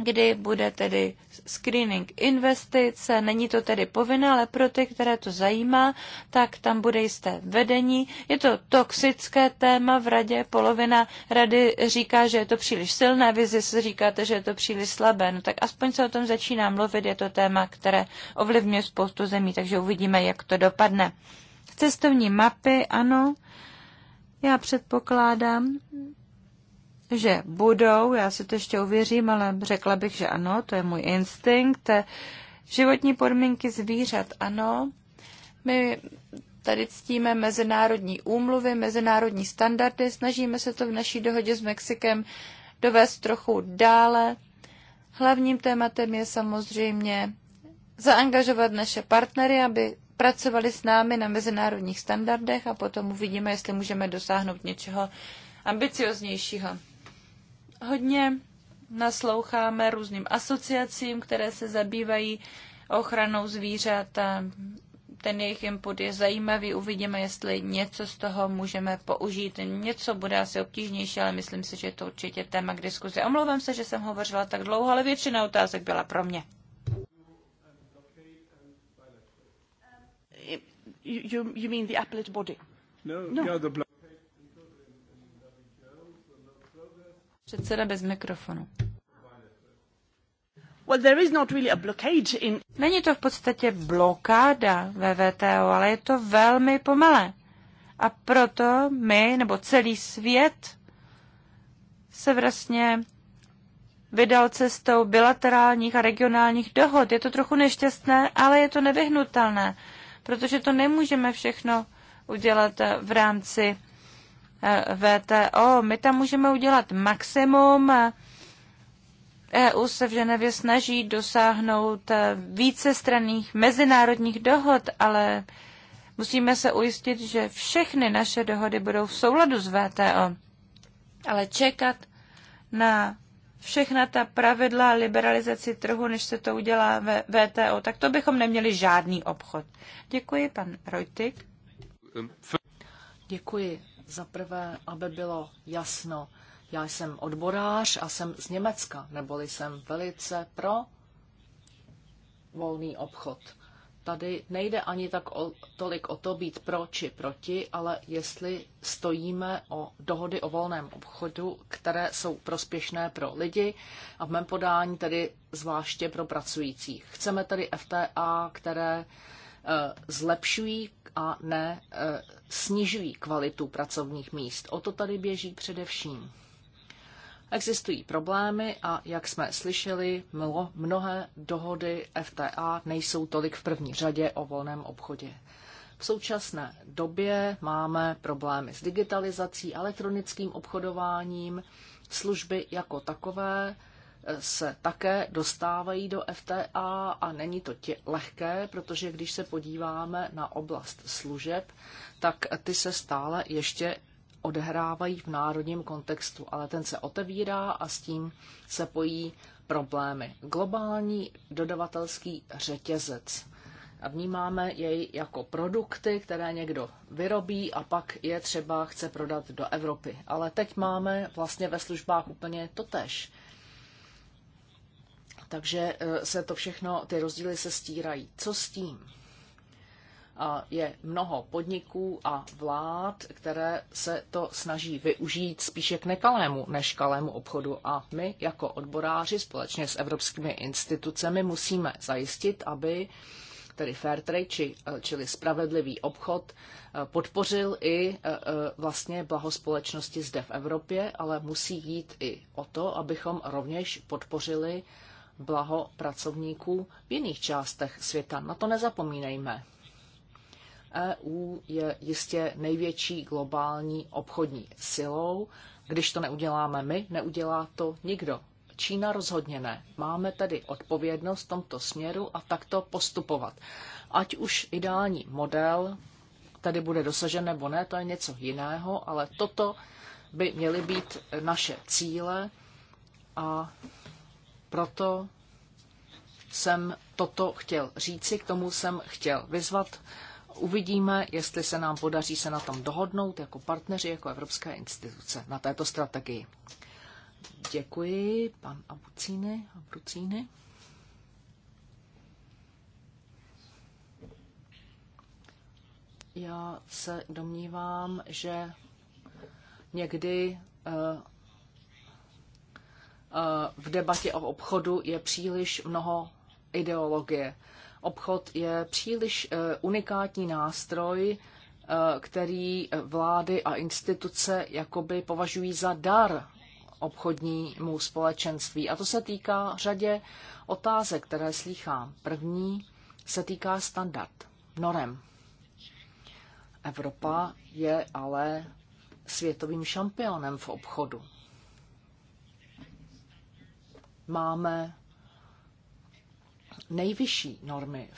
kdy bude tedy screening investice. Není to tedy povinné, ale pro ty, které to zajímá, tak tam bude jisté vedení. Je to toxické téma v radě. Polovina rady říká, že je to příliš silné, vy si říkáte, že je to příliš slabé. No tak aspoň se o tom začíná mluvit. Je to téma, které ovlivňuje spoustu zemí, takže uvidíme, jak to dopadne. Cestovní mapy, ano. Já předpokládám, že budou, já si to ještě uvěřím, ale řekla bych, že ano, to je můj instinkt. Životní podmínky zvířat, ano. My tady ctíme mezinárodní úmluvy, mezinárodní standardy, snažíme se to v naší dohodě s Mexikem dovést trochu dále. Hlavním tématem je samozřejmě zaangažovat naše partnery, aby pracovali s námi na mezinárodních standardech a potom uvidíme, jestli můžeme dosáhnout něčeho ambicioznějšího. Hodně nasloucháme různým asociacím, které se zabývají ochranou zvířat a ten jejich input je zajímavý. Uvidíme, jestli něco z toho můžeme použít. Něco bude asi obtížnější, ale myslím si, že je to určitě téma k diskuzi. Omlouvám se, že jsem hovořila tak dlouho, ale většina otázek byla pro mě. You, you mean the appellate body? No, no. The Předseda bez mikrofonu. Well, there is not really a in... Není to v podstatě blokáda ve VTO, ale je to velmi pomalé. A proto my, nebo celý svět, se vlastně vydal cestou bilaterálních a regionálních dohod. Je to trochu nešťastné, ale je to nevyhnutelné, protože to nemůžeme všechno udělat v rámci E, VTO. My tam můžeme udělat maximum. EU e se v Ženevě snaží dosáhnout e, vícestranných mezinárodních dohod, ale musíme se ujistit, že všechny naše dohody budou v souladu s VTO. Ale čekat na všechna ta pravidla liberalizaci trhu, než se to udělá ve VTO, tak to bychom neměli žádný obchod. Děkuji, pan Rojtik. Děkuji za prvé, aby bylo jasno, já jsem odborář a jsem z Německa, neboli jsem velice pro volný obchod. Tady nejde ani tak o, tolik o to být pro či proti, ale jestli stojíme o dohody o volném obchodu, které jsou prospěšné pro lidi a v mém podání tedy zvláště pro pracující. Chceme tedy FTA, které Eh, zlepšují a ne eh, snižují kvalitu pracovních míst. O to tady běží především. Existují problémy a, jak jsme slyšeli, mnohé dohody FTA nejsou tolik v první řadě o volném obchodě. V současné době máme problémy s digitalizací, elektronickým obchodováním, služby jako takové se také dostávají do FTA a není to tě lehké, protože když se podíváme na oblast služeb, tak ty se stále ještě odehrávají v národním kontextu, ale ten se otevírá a s tím se pojí problémy. Globální dodavatelský řetězec. A vnímáme jej jako produkty, které někdo vyrobí a pak je třeba chce prodat do Evropy. Ale teď máme vlastně ve službách úplně totež takže e, se to všechno, ty rozdíly se stírají. Co s tím? Je mnoho podniků a vlád, které se to snaží využít spíše k nekalému než kalému obchodu. A my jako odboráři společně s evropskými institucemi musíme zajistit, aby tedy fair trade, či, e, čili spravedlivý obchod, e, podpořil i vlastně blaho společnosti zde v Evropě, ale musí jít i o to, abychom rovněž podpořili blaho pracovníků v jiných částech světa. Na to nezapomínejme. EU je jistě největší globální obchodní silou. Když to neuděláme my, neudělá to nikdo. Čína rozhodně ne. Máme tedy odpovědnost v tomto směru a takto postupovat. Ať už ideální model tady bude dosažen nebo ne, to je něco jiného, ale toto by měly být naše cíle a proto jsem toto chtěl říci, k tomu jsem chtěl vyzvat. Uvidíme, jestli se nám podaří se na tom dohodnout jako partneři, jako evropské instituce na této strategii. Děkuji, pan Abucíny. Abucíny. Já se domnívám, že někdy eh, v debatě o obchodu je příliš mnoho ideologie. Obchod je příliš eh, unikátní nástroj, eh, který vlády a instituce jakoby považují za dar obchodnímu společenství. A to se týká řadě otázek, které slýchám. První se týká standard, norem. Evropa je ale světovým šampionem v obchodu máme nejvyšší normy,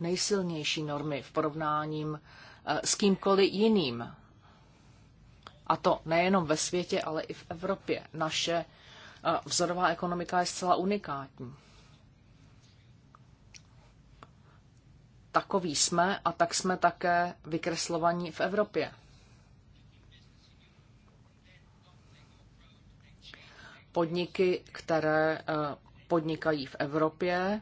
nejsilnější normy v porovnáním eh, s kýmkoliv jiným. A to nejenom ve světě, ale i v Evropě. Naše eh, vzorová ekonomika je zcela unikátní. Takový jsme a tak jsme také vykreslovaní v Evropě. podniky, které eh, podnikají v Evropě,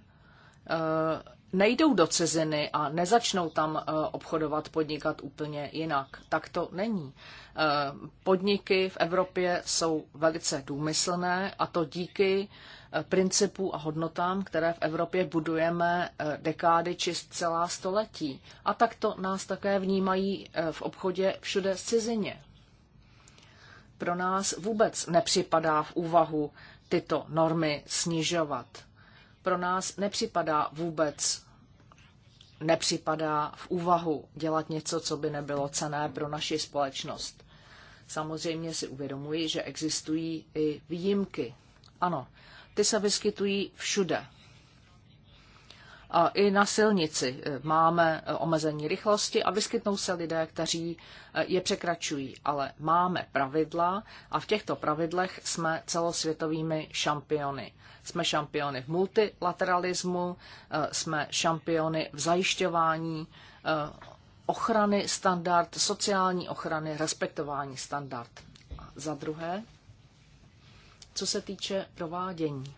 eh, nejdou do ciziny a nezačnou tam eh, obchodovat, podnikat úplně jinak. Tak to není. Podniky v Evropě jsou velice důmyslné a to díky principů a hodnotám, které v Evropě budujeme dekády či celá století. A tak to nás také vnímají v obchodě všude z cizině pro nás vůbec nepřipadá v úvahu tyto normy snižovat. Pro nás nepřipadá vůbec nepřipadá v úvahu dělat něco, co by nebylo cené pro naši společnost. Samozřejmě si uvědomuji, že existují i výjimky. Ano, ty se vyskytují všude i na silnici eh, máme eh, omezení rychlosti a vyskytnou se lidé, kteří eh, je překračují, ale máme pravidla a v těchto pravidlech jsme celosvětovými šampiony. Jsme šampiony v multilateralismu, jsme šampiony v zajišťování ochrany standard, sociální ochrany, respektování standard. A za druhé, co se týče provádění.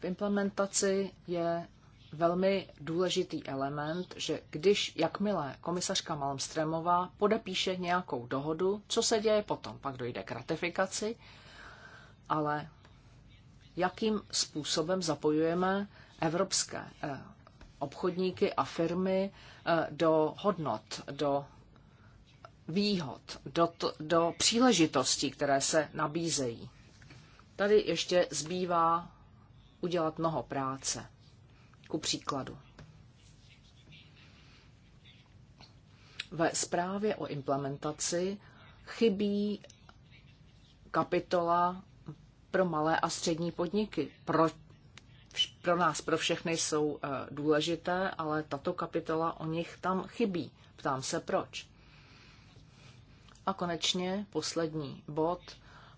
v implementaci je velmi důležitý element, že když jakmile komisařka Malmstremová podepíše nějakou dohodu, co se děje potom? Pak dojde k ratifikaci, ale jakým způsobem zapojujeme evropské eh, obchodníky a firmy eh, do hodnot, do výhod, do, do příležitostí, které se nabízejí. Tady ještě zbývá udělat mnoho práce. Ku příkladu. Ve zprávě o implementaci chybí kapitola pro malé a střední podniky. Pro, pro nás, pro všechny jsou eh, důležité, ale tato kapitola o nich tam chybí. Ptám se proč. A konečně poslední bod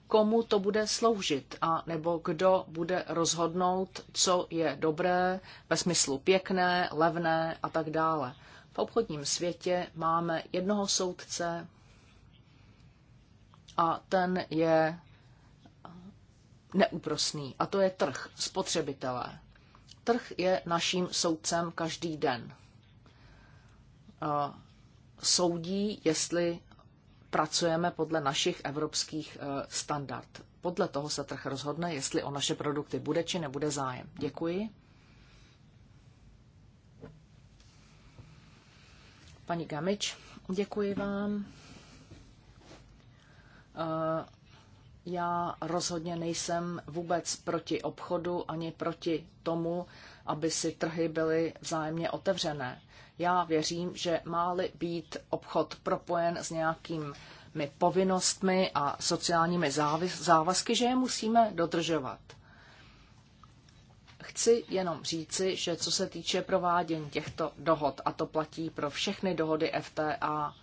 komu to bude sloužit a nebo kdo bude rozhodnout, co je dobré, ve smyslu pěkné, levné a tak dále. V obchodním světě máme jednoho soudce a ten je neúprosný a to je trh, spotřebitelé. Trh je naším soudcem každý den. Soudí, jestli pracujeme podle našich evropských eh, standard. Podle toho se trh rozhodne, jestli o naše produkty bude či nebude zájem. Děkuji. Paní Gamič, děkuji vám. Eh, já rozhodně nejsem vůbec proti obchodu ani proti tomu, aby si trhy byly vzájemně otevřené. Já věřím, že má být obchod propojen s nějakými povinnostmi a sociálními závazky, že je musíme dodržovat. Chci jenom říci, že co se týče provádění těchto dohod, a to platí pro všechny dohody FTA,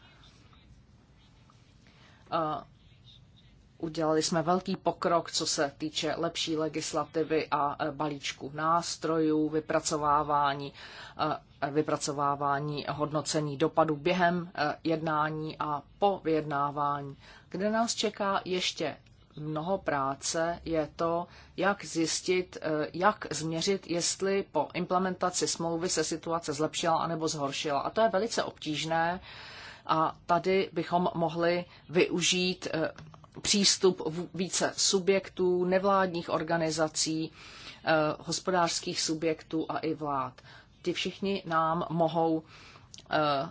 Udělali jsme velký pokrok, co se týče lepší legislativy a e, balíčku nástrojů, vypracovávání, e, vypracovávání hodnocení dopadu během e, jednání a po vyjednávání. Kde nás čeká ještě mnoho práce, je to, jak zjistit, jak změřit, jestli po implementaci smlouvy se situace zlepšila anebo zhoršila. A to je velice obtížné. A tady bychom mohli využít přístup více subjektů, nevládních organizací, eh, hospodářských subjektů a i vlád. Ti všichni nám mohou eh,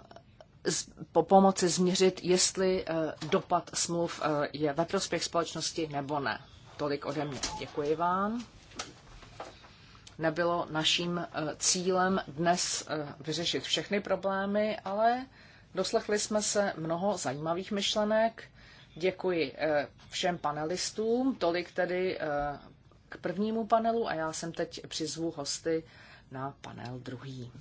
po pomoci změřit, jestli eh, dopad smluv je ve prospěch společnosti nebo ne. Tolik ode mě. Děkuji vám. Nebylo naším cílem dnes vyřešit všechny problémy, ale doslechli jsme se mnoho zajímavých myšlenek Děkuji eh, všem panelistům, tolik tedy eh, k prvnímu panelu a já jsem teď přizvu hosty na panel druhý.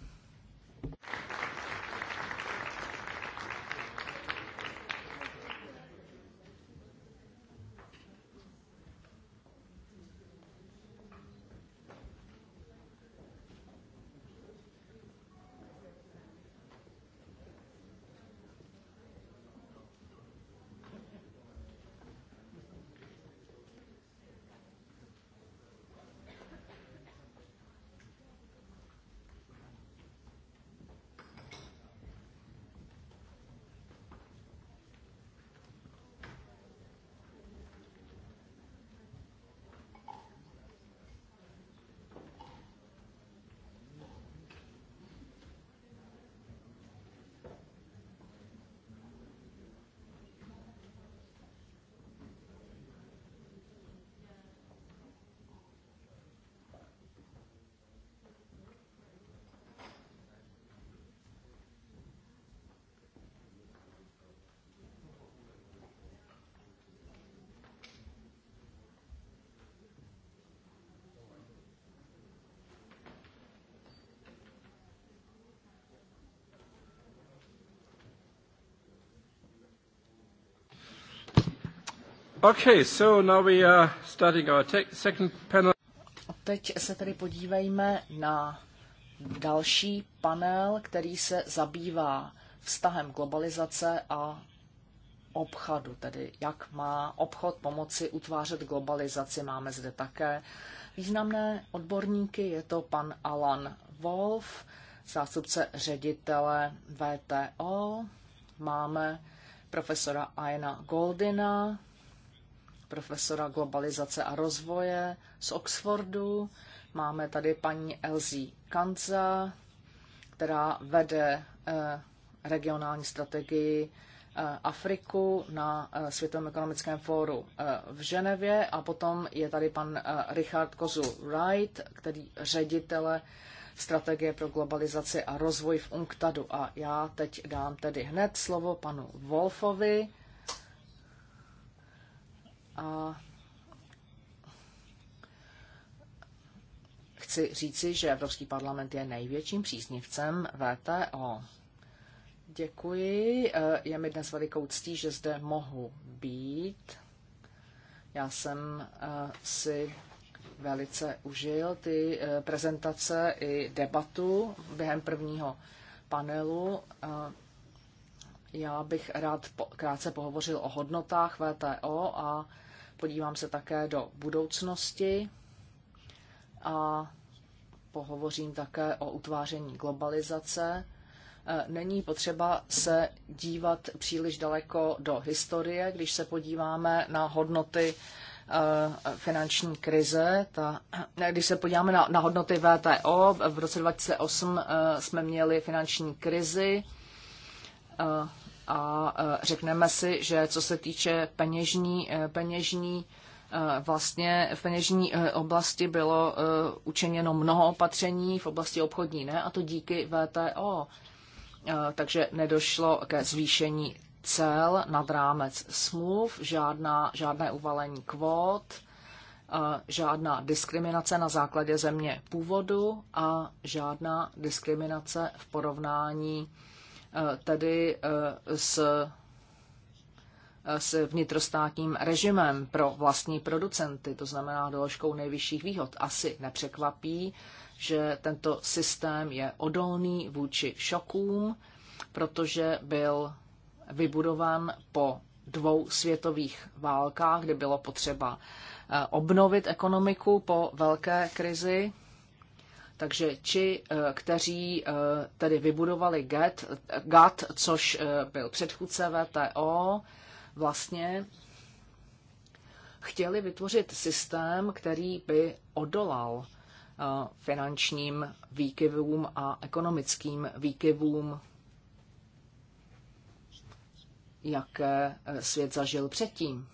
Okay, so now we are starting our second panel. Teď se tedy podívejme na další panel, který se zabývá vztahem globalizace a obchodu, tedy jak má obchod pomoci utvářet globalizaci. Máme zde také významné odborníky, je to pan Alan Wolf, zástupce ředitele VTO, máme profesora Aina Goldina, profesora globalizace a rozvoje z Oxfordu. Máme tady paní Elzí Kanza, která vede eh, regionální strategii eh, Afriku na eh, Světovém ekonomickém fóru v Ženevě a potom je tady pan Richard Kozu Wright, který ředitele strategie pro globalizaci a rozvoj v UNCTADu. A já teď dám tedy hned slovo panu Wolfovi, a chci říci, že Evropský parlament je největším příznivcem VTO. Děkuji. Eh, je mi dnes velikou ctí, že zde mohu být. Já jsem eh, si velice užil ty eh, prezentace i debatu během prvního panelu. Já bych rád krátce pohovořil o hodnotách VTO a podívám se také do budoucnosti a pohovořím také o utváření globalizace. E, není potřeba se dívat příliš daleko do historie, když se podíváme na hodnoty e, finanční krize. Ta, když se podíváme na, na hodnoty VTO, v roce 2008 e, jsme měli finanční krizi a e, řekneme si, že co se týče peněžní, e, peněžní e, vlastně v peněžní oblasti bylo učiněno mnoho opatření, v oblasti obchodní ne, a to díky VTO. Takže nedošlo ke zvýšení cel nad rámec smluv, žádná, žádné uvalení kvót, žádná diskriminace na základě země původu a žádná diskriminace v porovnání tedy e, s, e, s vnitrostátním režimem pro vlastní producenty, to znamená doložkou nejvyšších výhod. Asi nepřekvapí, že tento systém je odolný vůči šokům, protože byl vybudovan po dvou světových válkách, kdy bylo potřeba e, obnovit ekonomiku po velké krizi takže či, eh, kteří eh, tedy vybudovali GATT, e GATT což eh, byl předchůdce VTO, vlastně chtěli vytvořit systém, který by odolal finančním výkyvům a ekonomickým výkyvům, jaké svět zažil předtím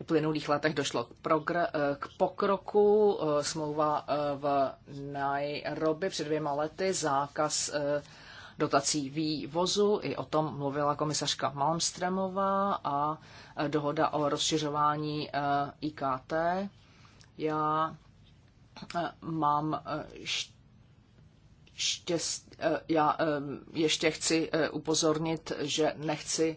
uplynulých letech došlo k, progr- eh, k pokroku. Eh, smlouva eh, v Nairobi před dvěma lety, zákaz dotací vývozu, i o tom mluvila komisařka Malmströmová a dohoda o rozšiřování IKT. Já mám štěst, já ještě chci upozornit, že nechci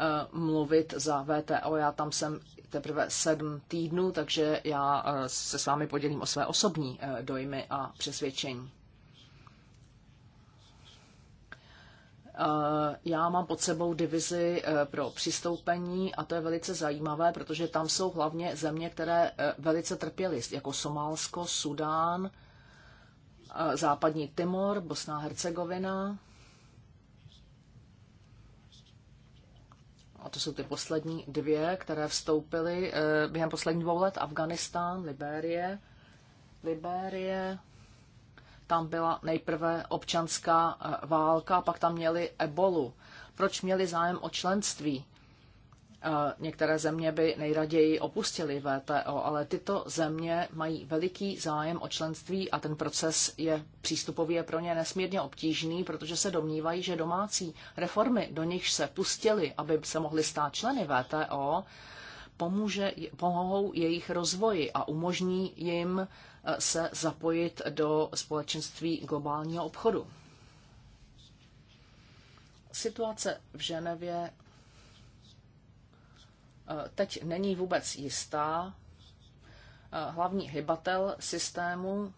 Eh, mluvit za VTO. Já tam jsem teprve sedm týdnů, takže já eh, se s vámi podělím o své osobní eh, dojmy a přesvědčení. Já mám pod sebou divizi pro přistoupení a to je velice zajímavé, protože tam jsou hlavně země, které velice trpěly, jako Somálsko, Sudán, Západní Timor, Bosná Hercegovina. a to jsou ty poslední dvě, které vstoupily eh, během posledních dvou let, Afganistán, Libérie, Libérie, tam byla nejprve občanská eh, válka, pak tam měli ebolu. Proč měli zájem o členství? Některé země by nejraději opustily VTO, ale tyto země mají veliký zájem o členství a ten proces je přístupově pro ně nesmírně obtížný, protože se domnívají, že domácí reformy, do nichž se pustili, aby se mohli stát členy VTO, pomůže, pomohou jejich rozvoji a umožní jim eh, se zapojit do společenství globálního obchodu. Situace v Ženevě Eh, teď není vůbec jistá. Eh, hlavní hybatel systému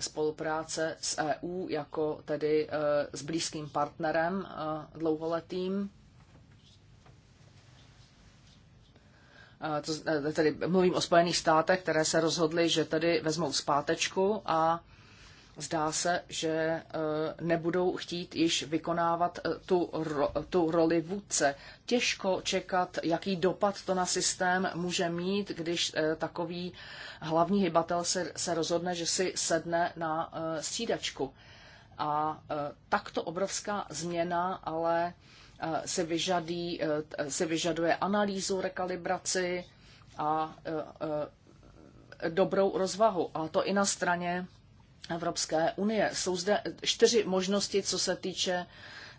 spolupráce s EU jako tedy eh, s blízkým partnerem dlouholetým. To, tedy mluvím o Spojených státech, které se rozhodly, že tedy vezmou zpátečku a zdá se, že eh, nebudou chtít již vykonávat eh, tu, ro, tu roli vůdce. Těžko čekat, jaký dopad to na systém může mít, když eh, takový hlavní hybatel se, se rozhodne, že si sedne na střídačku. A takto obrovská změna, ale se, vyžadí, se vyžaduje analýzu, rekalibraci a dobrou rozvahu. A to i na straně Evropské unie. Jsou zde čtyři možnosti, co se týče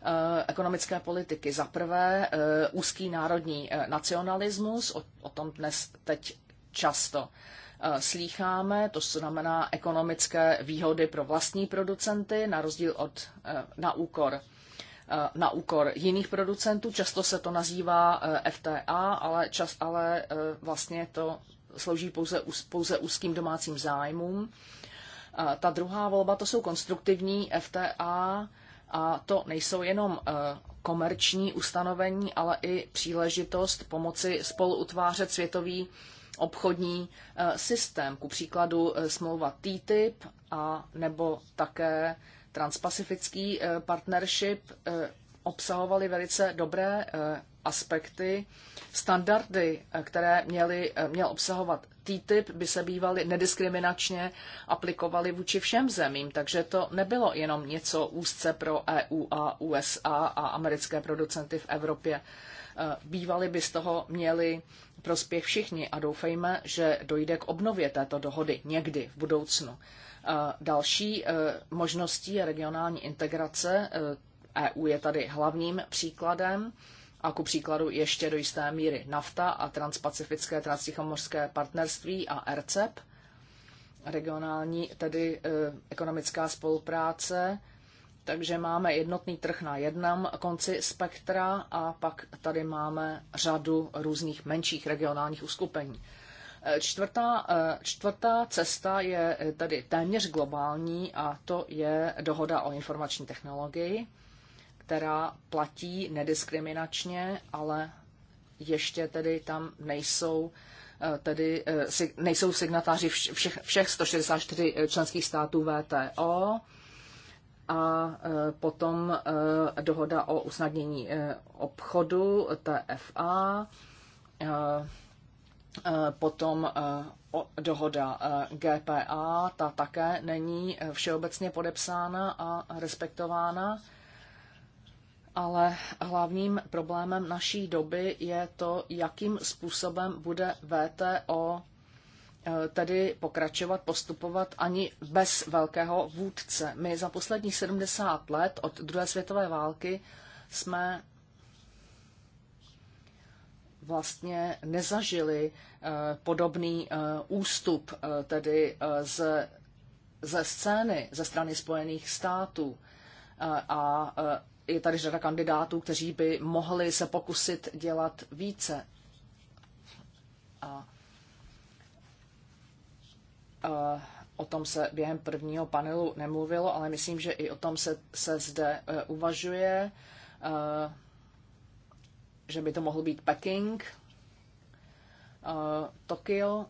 eh, ekonomické politiky. Za prvé eh, úzký národní eh, nacionalismus, o, tom dnes teď často slýcháme, to znamená ekonomické výhody pro vlastní producenty na rozdíl od na úkor na úkor jiných producentů. Často se to nazývá FTA, ale, čas, ale vlastně to slouží pouze, pouze úzkým domácím zájmům. Ta druhá volba to jsou konstruktivní FTA a to nejsou jenom eh, komerční ustanovení, ale i příležitost pomoci spolu utvářet světový obchodní eh, systém, ku příkladu eh, smlouva TTIP a nebo také transpacifický partnership obsahovaly velice dobré aspekty. Standardy, které měly, měl obsahovat TTIP, by se bývaly nediskriminačně aplikovaly vůči všem zemím, takže to nebylo jenom něco úzce pro EU a USA a americké producenty v Evropě. E, bývali by z toho měli prospěch všichni a doufejme, že dojde k obnově této dohody někdy v budoucnu. E, další e, možností je regionální integrace. EU je tady hlavním příkladem a ku příkladu ještě do jisté míry NAFTA a Transpacifické transtichomorské partnerství a RCEP, regionální tedy e, ekonomická spolupráce, takže máme jednotný trh na jednom konci spektra a pak tady máme řadu různých menších regionálních uskupení. E, čtvrtá, e, čtvrtá cesta je tedy téměř globální a to je dohoda o informační technologii která platí nediskriminačně, ale ještě tedy tam nejsou eh, tedy eh, nejsou signatáři všech, všech 164 eh, členských států VTO a potom dohoda o usnadnění obchodu TFA, potom dohoda GPA, ta také není všeobecně podepsána a respektována ale hlavním problémem naší doby je to, jakým způsobem bude VTO e, tedy pokračovat, postupovat ani bez velkého vůdce. My za posledních 70 let od druhé světové války jsme vlastně nezažili e, podobný e, ústup tedy z, ze scény ze strany Spojených států a je tady řada kandidátů, kteří by mohli se pokusit dělat více. A, a, o tom se během prvního panelu nemluvilo, ale myslím, že i o tom se, se zde e, uvažuje, e, že by to mohl být Peking, e, Tokio.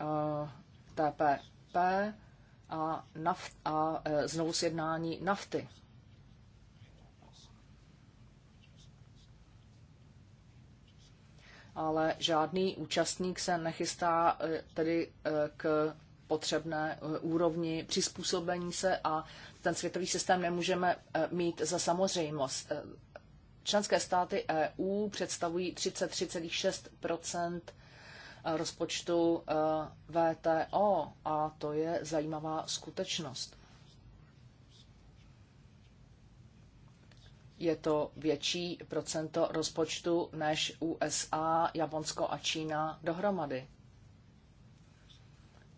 Uh, TPP a, naft, a e, znovu sjednání nafty. Ale žádný účastník se nechystá e, tedy e, k potřebné úrovni přizpůsobení se a ten světový systém nemůžeme mít za samozřejmost. Členské státy EU představují 33,6 rozpočtu eh, VTO a to je zajímavá skutečnost. Je to větší procento rozpočtu než USA, Japonsko a Čína dohromady.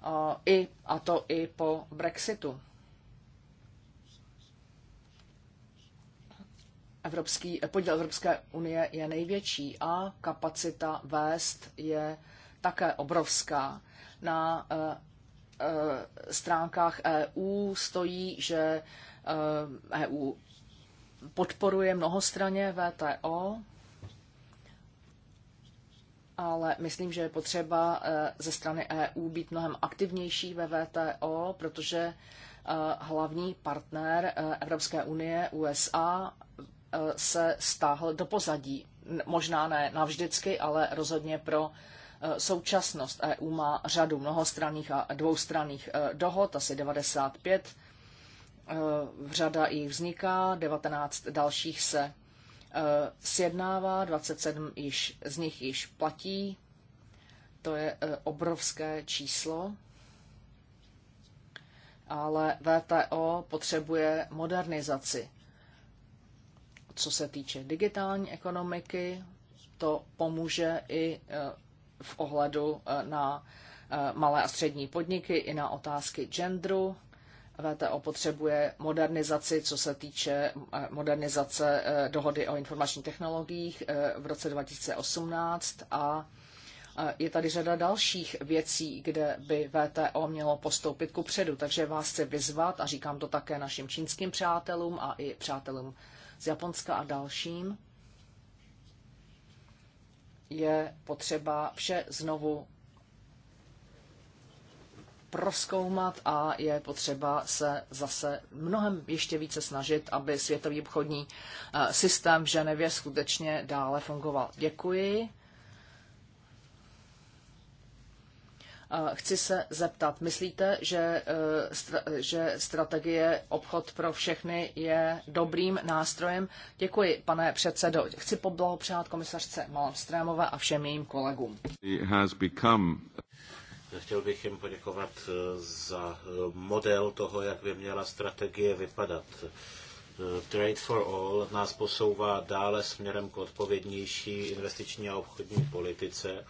A, eh, I, a to i po Brexitu. Evropský, podíl Evropské unie je největší a kapacita vést je také obrovská. Na eh, eh, stránkách EU stojí, že EU eh, e podporuje mnohostraně VTO, ale myslím, že je potřeba ze strany EU být mnohem aktivnější ve VTO, protože hlavní partner Evropské unie, USA, se stáhl do pozadí. Možná ne navždycky, ale rozhodně pro Eh, současnost. EU má řadu mnohostranných a dvoustranných eh, dohod, asi 95. Eh, řada jich vzniká, 19 dalších se sjednává, 27 již, z nich již platí. To je obrovské číslo. Ale VTO potřebuje modernizaci. Co se týče digitální ekonomiky, to pomůže i v ohledu eh, na eh, malé a střední podniky i na otázky genderu. VTO potřebuje modernizaci, co se týče eh, modernizace dohody o informačních technologiích v roce 2018 a je tady řada dalších věcí, kde by VTO mělo postoupit ku předu. Takže vás chci vyzvat a říkám to také našim čínským přátelům a i přátelům z Japonska a dalším je potřeba vše znovu proskoumat a je potřeba se zase mnohem ještě více snažit, aby světový obchodní eh, systém v Ženevě skutečně dále fungoval. Děkuji. Chci se zeptat, myslíte, že, eh, že strategie obchod pro všechny je dobrým nástrojem? Děkuji, pane předsedo. Chci poblahopřát komisařce Malmströmové a všem jejím kolegům. Chtěl bych jim poděkovat eh, za eh, model toho, jak by měla strategie vypadat. Trade for All nás posouvá dále směrem k odpovědnější investiční a obchodní politice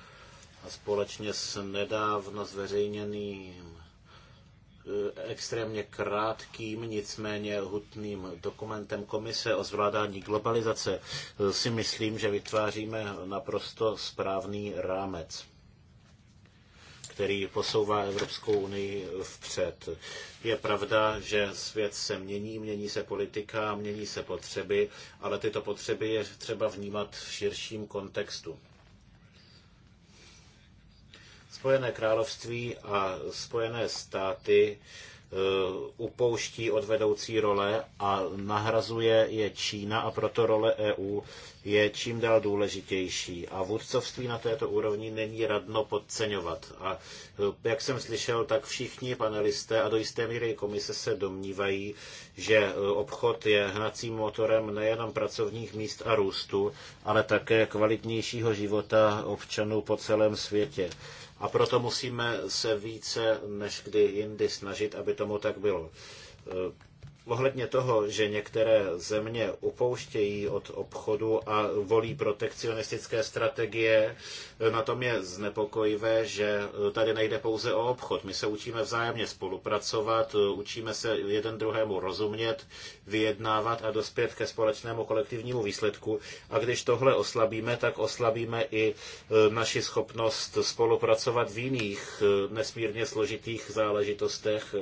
a společně s nedávno zveřejněným eh, extrémně krátkým, nicméně hutným dokumentem Komise o zvládání globalizace eh, si myslím, že vytváříme naprosto správný rámec který posouvá Evropskou unii vpřed. Je pravda, že svět se mění, mění se politika, mění se potřeby, ale tyto potřeby je třeba vnímat v širším kontextu. Spojené království a Spojené státy e, upouští od vedoucí role a nahrazuje je Čína a proto role EU je čím dál důležitější a vůdcovství na této úrovni není radno podceňovat. A eh, jak jsem slyšel, tak všichni panelisté a do jisté míry komise se domnívají, že eh, obchod je hnacím motorem nejenom pracovních míst a růstu, ale také kvalitnějšího života občanů po celém světě. A proto musíme se více než kdy jindy snažit, aby tomu tak bylo eh, ohledně toho, že některé země upouštějí od obchodu a volí protekcionistické strategie, na tom je znepokojivé, že tady nejde pouze o obchod. My se učíme vzájemně spolupracovat, učíme se jeden druhému rozumět, vyjednávat a dospět ke společnému kolektivnímu výsledku. A když tohle oslabíme, tak oslabíme i eh, naši schopnost spolupracovat v jiných eh, nesmírně složitých záležitostech,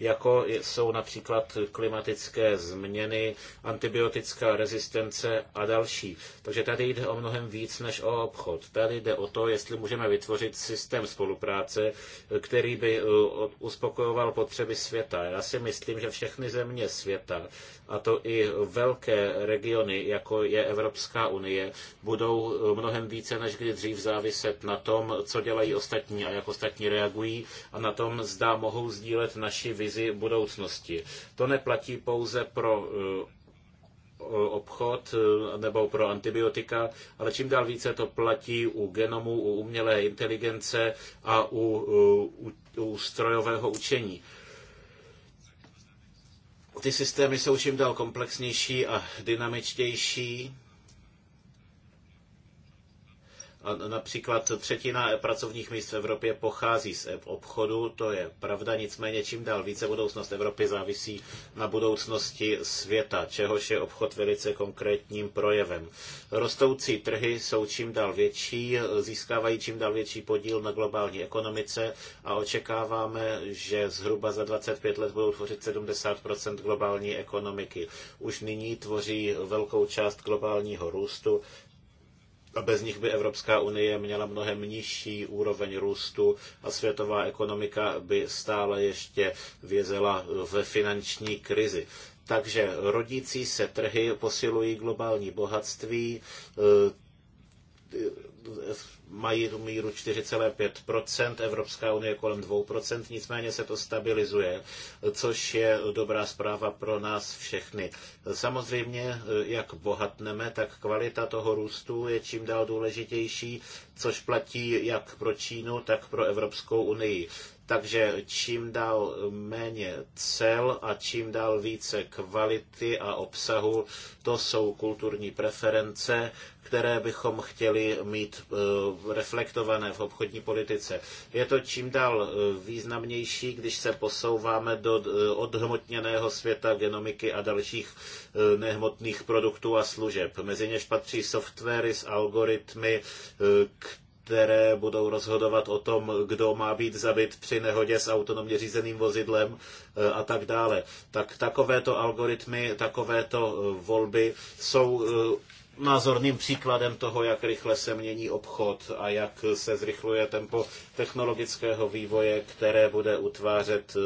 jako jsou například klimatické změny, antibiotická rezistence a další. Takže tady jde o mnohem víc než o obchod. Tady jde o to, jestli můžeme vytvořit systém spolupráce, který by uh, uspokojoval potřeby světa. Já si myslím, že všechny země světa a to i velké regiony, jako je Evropská unie, budou mnohem více než kdy dřív záviset na tom, co dělají ostatní a jak ostatní reagují a na tom, zda mohou sdílet naši vizi budoucnosti. To neplatí pouze pro eh, obchod eh, nebo pro antibiotika, ale čím dál více to platí u genomů, u umělé inteligence a u, eh, u, u strojového učení ty systémy jsou čím dál komplexnější a dynamičtější Například třetina pracovních míst v Evropě pochází z obchodu, to je pravda, nicméně čím dál více budoucnost Evropy závisí na budoucnosti světa, čehož je obchod velice konkrétním projevem. Rostoucí trhy jsou čím dál větší, získávají čím dál větší podíl na globální ekonomice a očekáváme, že zhruba za 25 let budou tvořit 70 globální ekonomiky. Už nyní tvoří velkou část globálního růstu, bez nich by Evropská unie měla mnohem nižší úroveň růstu a světová ekonomika by stále ještě vězela ve finanční krizi. Takže rodící se trhy posilují globální bohatství, mají tu míru 4,5%, Evropská unie kolem 2%, nicméně se to stabilizuje, což je dobrá zpráva pro nás všechny. Samozřejmě, jak bohatneme, tak kvalita toho růstu je čím dál důležitější, což platí jak pro Čínu, tak pro Evropskou unii. Takže čím dál méně cel a čím dál více kvality a obsahu, to jsou kulturní preference, které bychom chtěli mít eh, reflektované v obchodní politice. Je to čím dál eh, významnější, když se posouváme do eh, odhmotněného světa genomiky a dalších nehmotných produktů a služeb. Mezi něž patří softwary s algoritmy, které které budou rozhodovat o tom, kdo má být zabit při nehodě s autonomně řízeným vozidlem eh, a tak dále. Tak takovéto algoritmy, takovéto eh, volby jsou eh, názorným příkladem toho, jak rychle se mění obchod a jak se zrychluje tempo technologického vývoje, které bude utvářet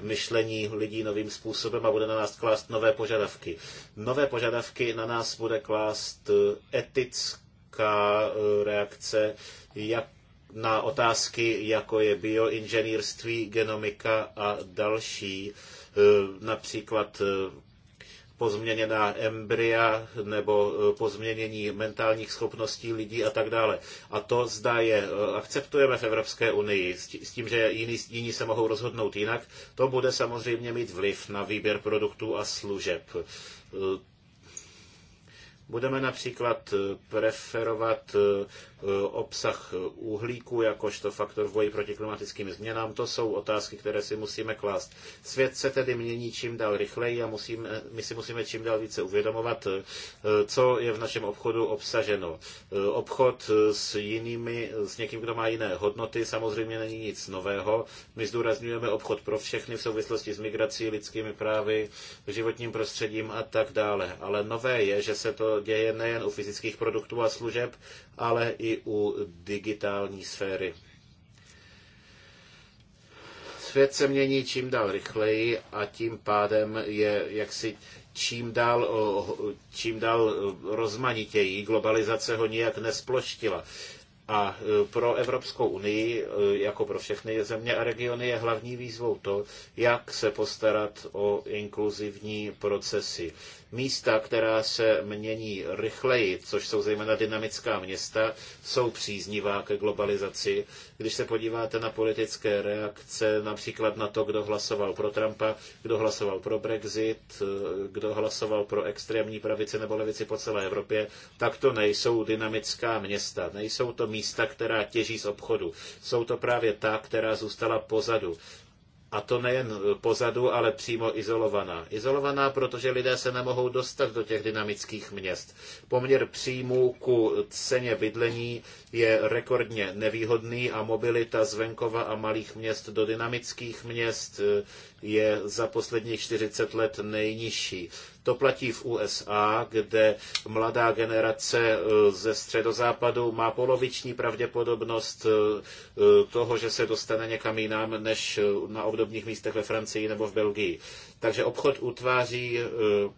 myšlení lidí novým způsobem a bude na nás klást nové požadavky. Nové požadavky na nás bude klást etická reakce jak na otázky, jako je bioinženýrství, genomika a další, eh, například eh, pozměněná embrya nebo eh, pozměnění mentálních schopností lidí a tak dále. A to zdá je, akceptujeme v Evropské unii s tím, že jiní, jiní se mohou rozhodnout jinak, to bude samozřejmě mít vliv na výběr produktů a služeb. Budeme například preferovat Eh, obsah uhlíku jakožto faktor v boji proti klimatickým změnám, to jsou otázky, které si musíme klást. Svět se tedy mění čím dál rychleji a eh, my si musíme čím dál více uvědomovat, eh, co je v našem obchodu obsaženo. Obchod s jinými, s někým, kdo má jiné hodnoty, samozřejmě není nic nového. My zdůrazňujeme obchod pro všechny v souvislosti s migrací, lidskými právy, životním prostředím a tak dále. Ale nové je, že se to děje nejen u fyzických produktů a služeb, ale i u digitální sféry. Svět se mění čím dál rychleji a tím pádem je jaksi čím dál, čím dál rozmanitěji. Globalizace ho nijak nesploštila. A e, pro Evropskou unii, e, jako pro všechny země a regiony, je hlavní výzvou to, jak se postarat o inkluzivní procesy, Místa, která se mění rychleji, což jsou zejména dynamická města, jsou příznivá ke globalizaci. Když se podíváte na politické reakce, například na to, kdo hlasoval pro Trumpa, kdo hlasoval pro Brexit, kdo hlasoval pro extrémní pravici nebo levici po celé Evropě, tak to nejsou dynamická města. Nejsou to místa, která těží z obchodu. Jsou to právě ta, která zůstala pozadu. A to nejen pozadu, ale přímo izolovaná. Izolovaná, protože lidé se nemohou dostat do těch dynamických měst. Poměr příjmů ku ceně bydlení je rekordně nevýhodný a mobilita z venkova a malých měst do dynamických měst eh, je za posledních 40 let nejnižší. To platí v USA, kde mladá generace eh, ze středozápadu má poloviční pravděpodobnost eh, toho, že se dostane někam jinam, než na obdobných místech ve Francii nebo v Belgii. Takže obchod utváří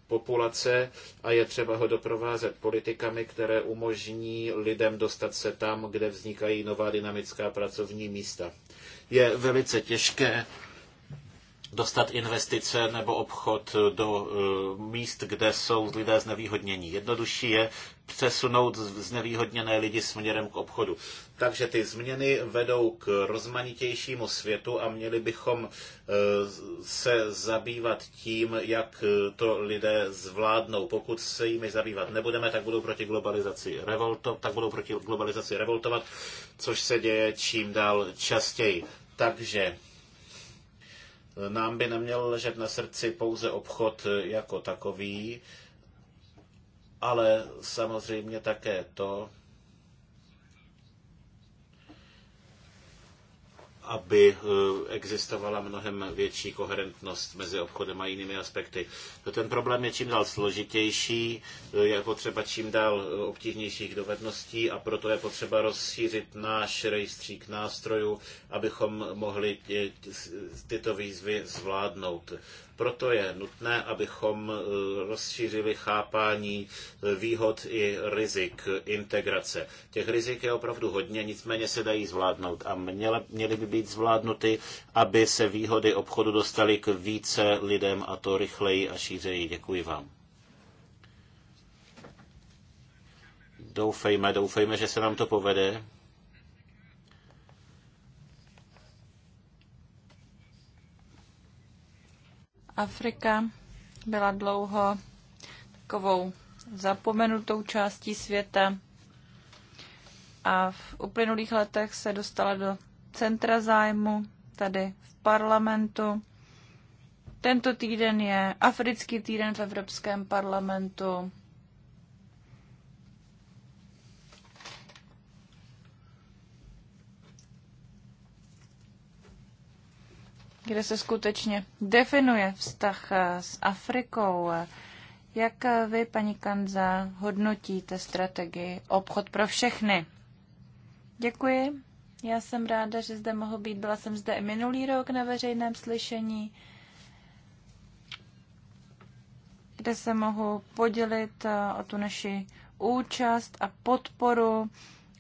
populace a je třeba ho doprovázet politikami, které umožní lidem dostat se tam, tam, kde vznikají nová dynamická pracovní místa. Je velice těžké dostat investice nebo obchod do eh, míst, kde jsou lidé znevýhodnění. Jednodušší je přesunout znevýhodněné lidi směrem k obchodu. Takže ty změny vedou k rozmanitějšímu světu a měli bychom eh, se zabývat tím, jak eh, to lidé zvládnou. Pokud se jimi zabývat nebudeme, tak budou proti globalizaci, revolto, tak budou proti globalizaci revoltovat, což se děje čím dál častěji. Takže nám by neměl ležet na srdci pouze obchod jako takový, ale samozřejmě také to, aby eh, existovala mnohem větší koherentnost mezi obchodem a jinými aspekty. No, ten problém je čím dál složitější, eh, je potřeba čím dál eh, obtížnějších dovedností a proto je potřeba rozšířit náš rejstřík nástrojů, abychom mohli tyto výzvy zvládnout. Proto je nutné, abychom eh, rozšířili chápání eh, výhod i rizik integrace. Těch rizik je opravdu hodně, nicméně se dají zvládnout a měle, měly by být zvládnuty, aby se výhody obchodu dostaly k více lidem a to rychleji a šířeji. Děkuji vám. Doufejme, doufejme, že se nám to povede. Afrika byla dlouho takovou zapomenutou částí světa a v uplynulých letech se dostala do centra zájmu tady v parlamentu. Tento týden je Africký týden v Evropském parlamentu. kde se skutečně definuje vztah eh, s Afrikou. Jak eh, vy, paní Kanza, hodnotíte strategii obchod pro všechny? Děkuji. Já jsem ráda, že zde mohu být. Byla jsem zde i minulý rok na veřejném slyšení, kde se mohu podělit eh, o tu naši účast a podporu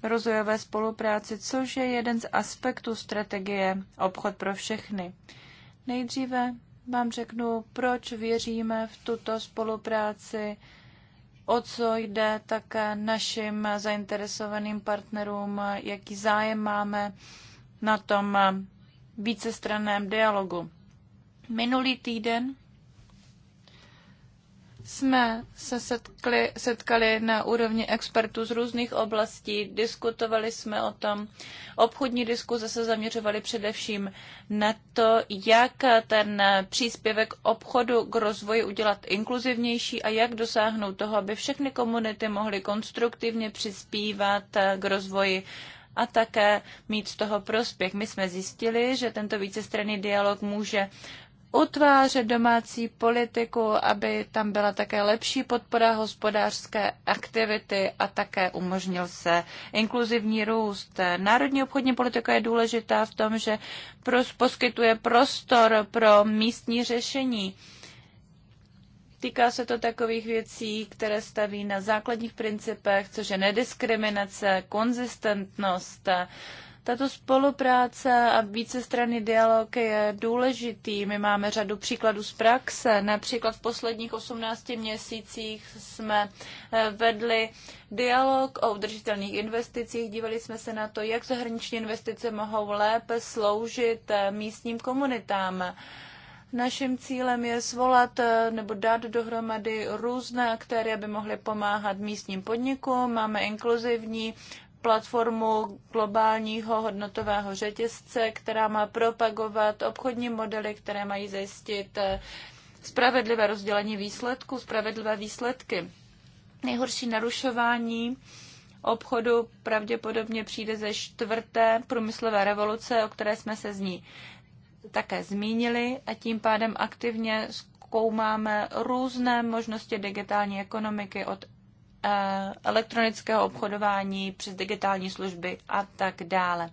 rozvojové spolupráci, což je jeden z aspektů strategie Obchod pro všechny. Nejdříve vám řeknu, proč věříme v tuto spolupráci, o co jde také našim zainteresovaným partnerům, jaký zájem máme na tom vícestranném dialogu. Minulý týden jsme se setkli, setkali na úrovni expertů z různých oblastí, diskutovali jsme o tom. Obchodní diskuze se zaměřovaly především na to, jak ten příspěvek obchodu k rozvoji udělat inkluzivnější a jak dosáhnout toho, aby všechny komunity mohly konstruktivně přispívat k rozvoji a také mít z toho prospěch. My jsme zjistili, že tento vícestranný dialog může utvářet domácí politiku, aby tam byla také lepší podpora hospodářské aktivity a také umožnil se inkluzivní růst. Národní obchodní politika je důležitá v tom, že poskytuje prostor pro místní řešení. Týká se to takových věcí, které staví na základních principech, což je nediskriminace, konzistentnost, tato spolupráce a vícestranný dialog je důležitý. My máme řadu příkladů z praxe. Například v posledních 18 měsících jsme eh, vedli dialog o udržitelných investicích. Dívali jsme se na to, jak zahraniční investice mohou lépe sloužit eh, místním komunitám. Naším cílem je zvolat eh, nebo dát dohromady různé aktéry, aby mohly pomáhat místním podnikům. Máme inkluzivní platformu globálního hodnotového řetězce, která má propagovat obchodní modely, které mají zajistit eh, spravedlivé rozdělení výsledků, spravedlivé výsledky. Nejhorší narušování obchodu pravděpodobně přijde ze čtvrté průmyslové revoluce, o které jsme se z ní také zmínili a tím pádem aktivně zkoumáme různé možnosti digitální ekonomiky od Eh, elektronického obchodování přes digitální služby a tak dále.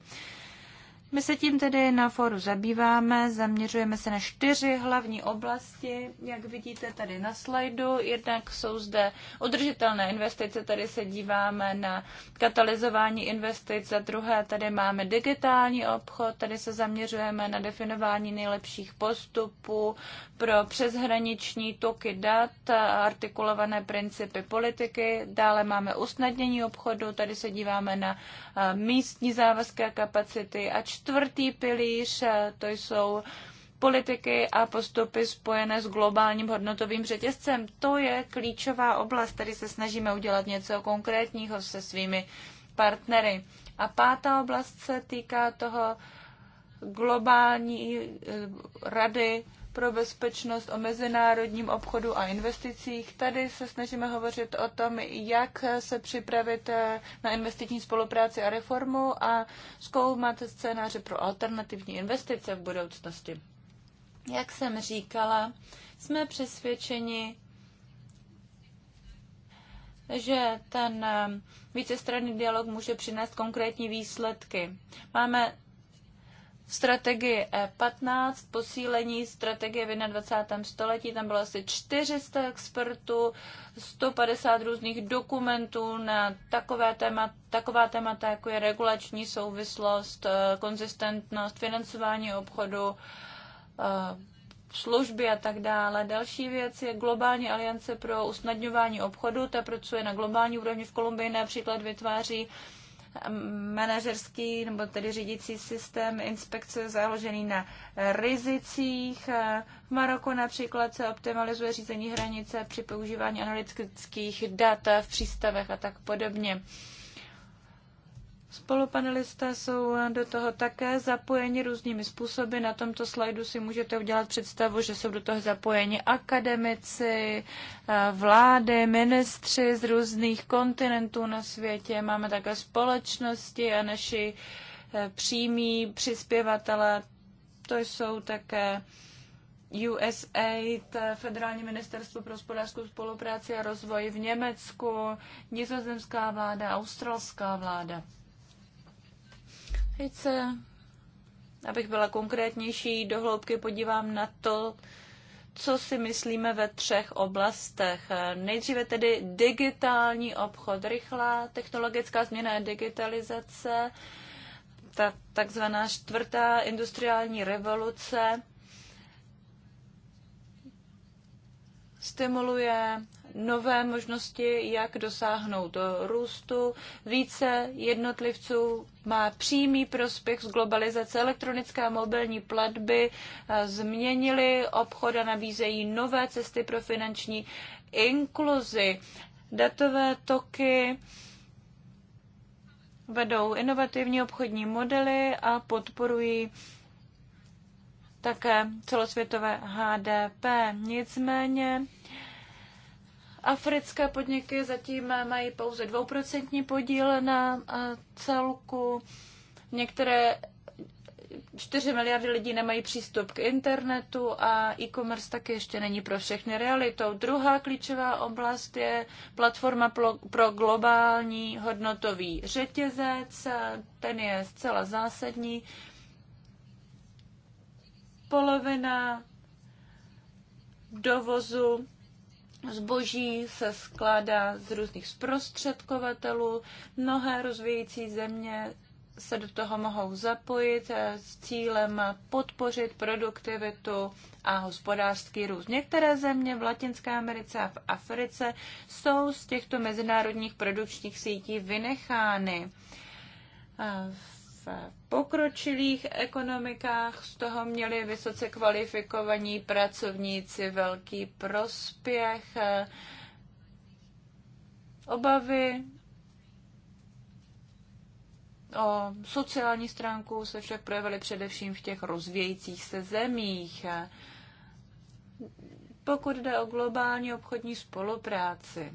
My se tím tedy na fóru zabýváme, zaměřujeme se na čtyři hlavní oblasti, jak vidíte tady na slajdu. Jednak jsou zde udržitelné investice, tady se díváme na katalyzování investic, za druhé tady máme digitální obchod, tady se zaměřujeme na definování nejlepších postupů pro přeshraniční toky dat a artikulované principy politiky. Dále máme usnadnění obchodu, tady se díváme na eh, místní závazky a kapacity a čtyři čtvrtý pilíř, eh, to jsou politiky a postupy spojené s globálním hodnotovým řetězcem. To je klíčová oblast, tady se snažíme udělat něco konkrétního se svými partnery. A pátá oblast se týká toho globální eh, rady pro bezpečnost, o mezinárodním obchodu a investicích. Tady se snažíme hovořit o tom, jak se připravit eh, na investiční spolupráci a reformu a zkoumat scénáře pro alternativní investice v budoucnosti. Jak jsem říkala, jsme přesvědčeni, že ten eh, vícestranný dialog může přinést konkrétní výsledky. Máme strategii E15, posílení strategie v 21. století. Tam bylo asi 400 expertů, 150 různých dokumentů na takové téma, taková témata, jako je regulační souvislost, eh, konzistentnost, financování obchodu, eh, služby a tak dále. Další věc je globální aliance pro usnadňování obchodu. Ta pracuje na globální úrovni v Kolumbii, například vytváří uh, manažerský nebo tedy řídící systém inspekce založený na rizicích. V Maroku například se optimalizuje řízení hranice při používání analytických dat v přístavech a tak podobně. Spolupanelisté jsou do toho také zapojeni různými způsoby. Na tomto slajdu si můžete udělat představu, že jsou do toho zapojeni akademici, vlády, ministři z různých kontinentů na světě. Máme také společnosti a naši eh, přímí přispěvatele. To jsou také USAID, Federální ministerstvo pro hospodářskou spolupráci a rozvoj v Německu, nizozemská vláda, australská vláda. Teď se, abych byla konkrétnější, dohloubky podívám na to, co si myslíme ve třech oblastech. Nejdříve tedy digitální obchod, rychlá technologická změna digitalizace, ta takzvaná čtvrtá industriální revoluce stimuluje nové možnosti, jak dosáhnout růstu. Více jednotlivců má přímý prospěch z globalizace. Elektronické a mobilní platby eh, změnily obchod a nabízejí nové cesty pro finanční inkluzi. Datové toky vedou inovativní obchodní modely a podporují také celosvětové HDP. Nicméně Africké podniky zatím mají pouze dvouprocentní podíl na eh, celku. Některé 4 miliardy lidí nemají přístup k internetu a e-commerce taky ještě není pro všechny realitou. Druhá klíčová oblast je platforma pro globální hodnotový řetězec. Ten je zcela zásadní. Polovina dovozu Zboží se skládá z různých zprostředkovatelů. Mnohé rozvíjící země se do toho mohou zapojit eh, s cílem podpořit produktivitu a hospodářský růst. Některé země v Latinské Americe a v Africe jsou z těchto mezinárodních produkčních sítí vynechány. V eh, v pokročilých ekonomikách z toho měli vysoce kvalifikovaní pracovníci velký prospěch, eh, obavy o sociální stránku se však projevily především v těch rozvějících se zemích. Pokud jde o globální obchodní spolupráci,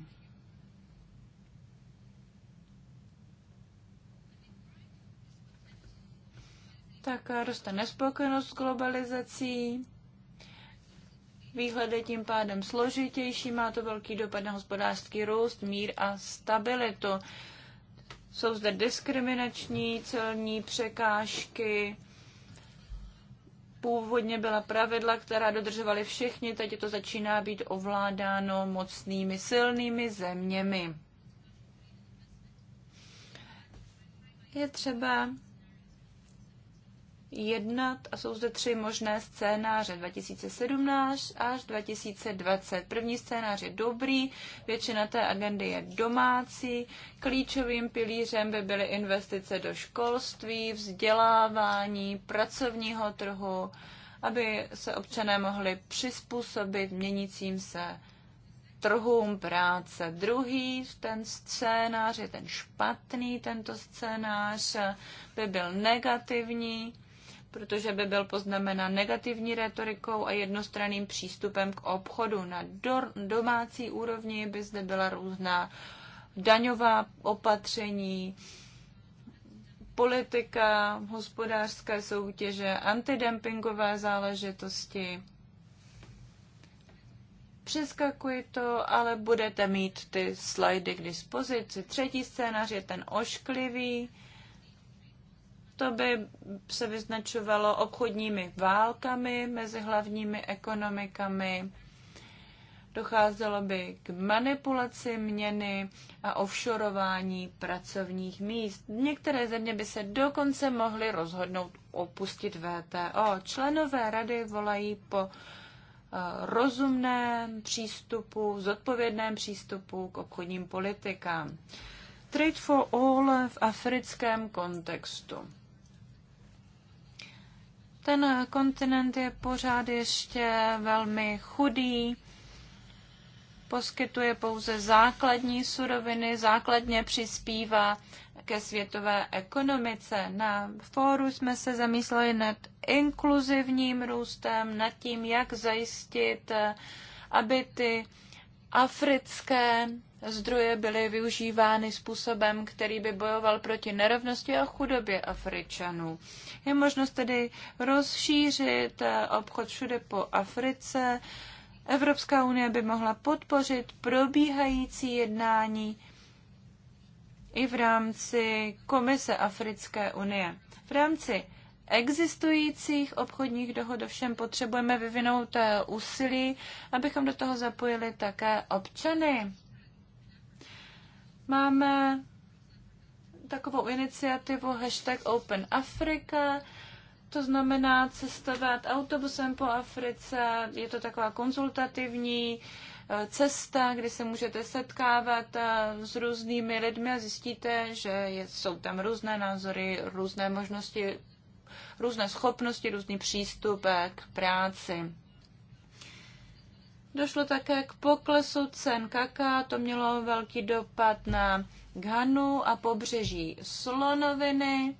tak roste nespokojenost s globalizací, výhled je tím pádem složitější, má to velký dopad na hospodářský růst, mír a stabilitu. Jsou zde diskriminační celní překážky, původně byla pravidla, která dodržovali všichni, teď to začíná být ovládáno mocnými, silnými zeměmi. Je třeba jednat a jsou zde tři možné scénáře 2017 až 2020. První scénář je dobrý, většina té agendy je domácí, klíčovým pilířem by byly investice do školství, vzdělávání, pracovního trhu, aby se občané mohli přizpůsobit měnícím se trhům práce. Druhý ten scénář je ten špatný, tento scénář by byl negativní protože by byl poznamenán negativní retorikou a jednostranným přístupem k obchodu. Na domácí úrovni by zde byla různá daňová opatření, politika, hospodářské soutěže, antidumpingové záležitosti. Přeskakuji to, ale budete mít ty slajdy k dispozici. Třetí scénář je ten ošklivý. To by se vyznačovalo obchodními válkami mezi hlavními ekonomikami, docházelo by k manipulaci měny a offshoreování pracovních míst. Některé země by se dokonce mohly rozhodnout opustit VTO. Členové rady volají po eh, rozumném přístupu, zodpovědném přístupu k obchodním politikám. Trade for all v africkém kontextu. Ten kontinent je pořád ještě velmi chudý, poskytuje pouze základní suroviny, základně přispívá ke světové ekonomice. Na fóru jsme se zamysleli nad inkluzivním růstem, nad tím, jak zajistit, aby ty africké zdroje byly využívány způsobem, který by bojoval proti nerovnosti a chudobě Afričanů. Je možnost tedy rozšířit eh, obchod všude po Africe. Evropská unie by mohla podpořit probíhající jednání i v rámci Komise Africké unie. V rámci existujících obchodních dohod ovšem potřebujeme vyvinout eh, úsilí, abychom do toho zapojili také občany Máme takovou iniciativu hashtag Open Africa, to znamená cestovat autobusem po Africe, je to taková konzultativní eh, cesta, kdy se můžete setkávat eh, s různými lidmi a zjistíte, že jsou tam různé názory, různé možnosti, různé schopnosti, různý přístup eh, k práci. Došlo také k poklesu cen kaká, to mělo velký dopad na Ghanu a pobřeží slonoviny.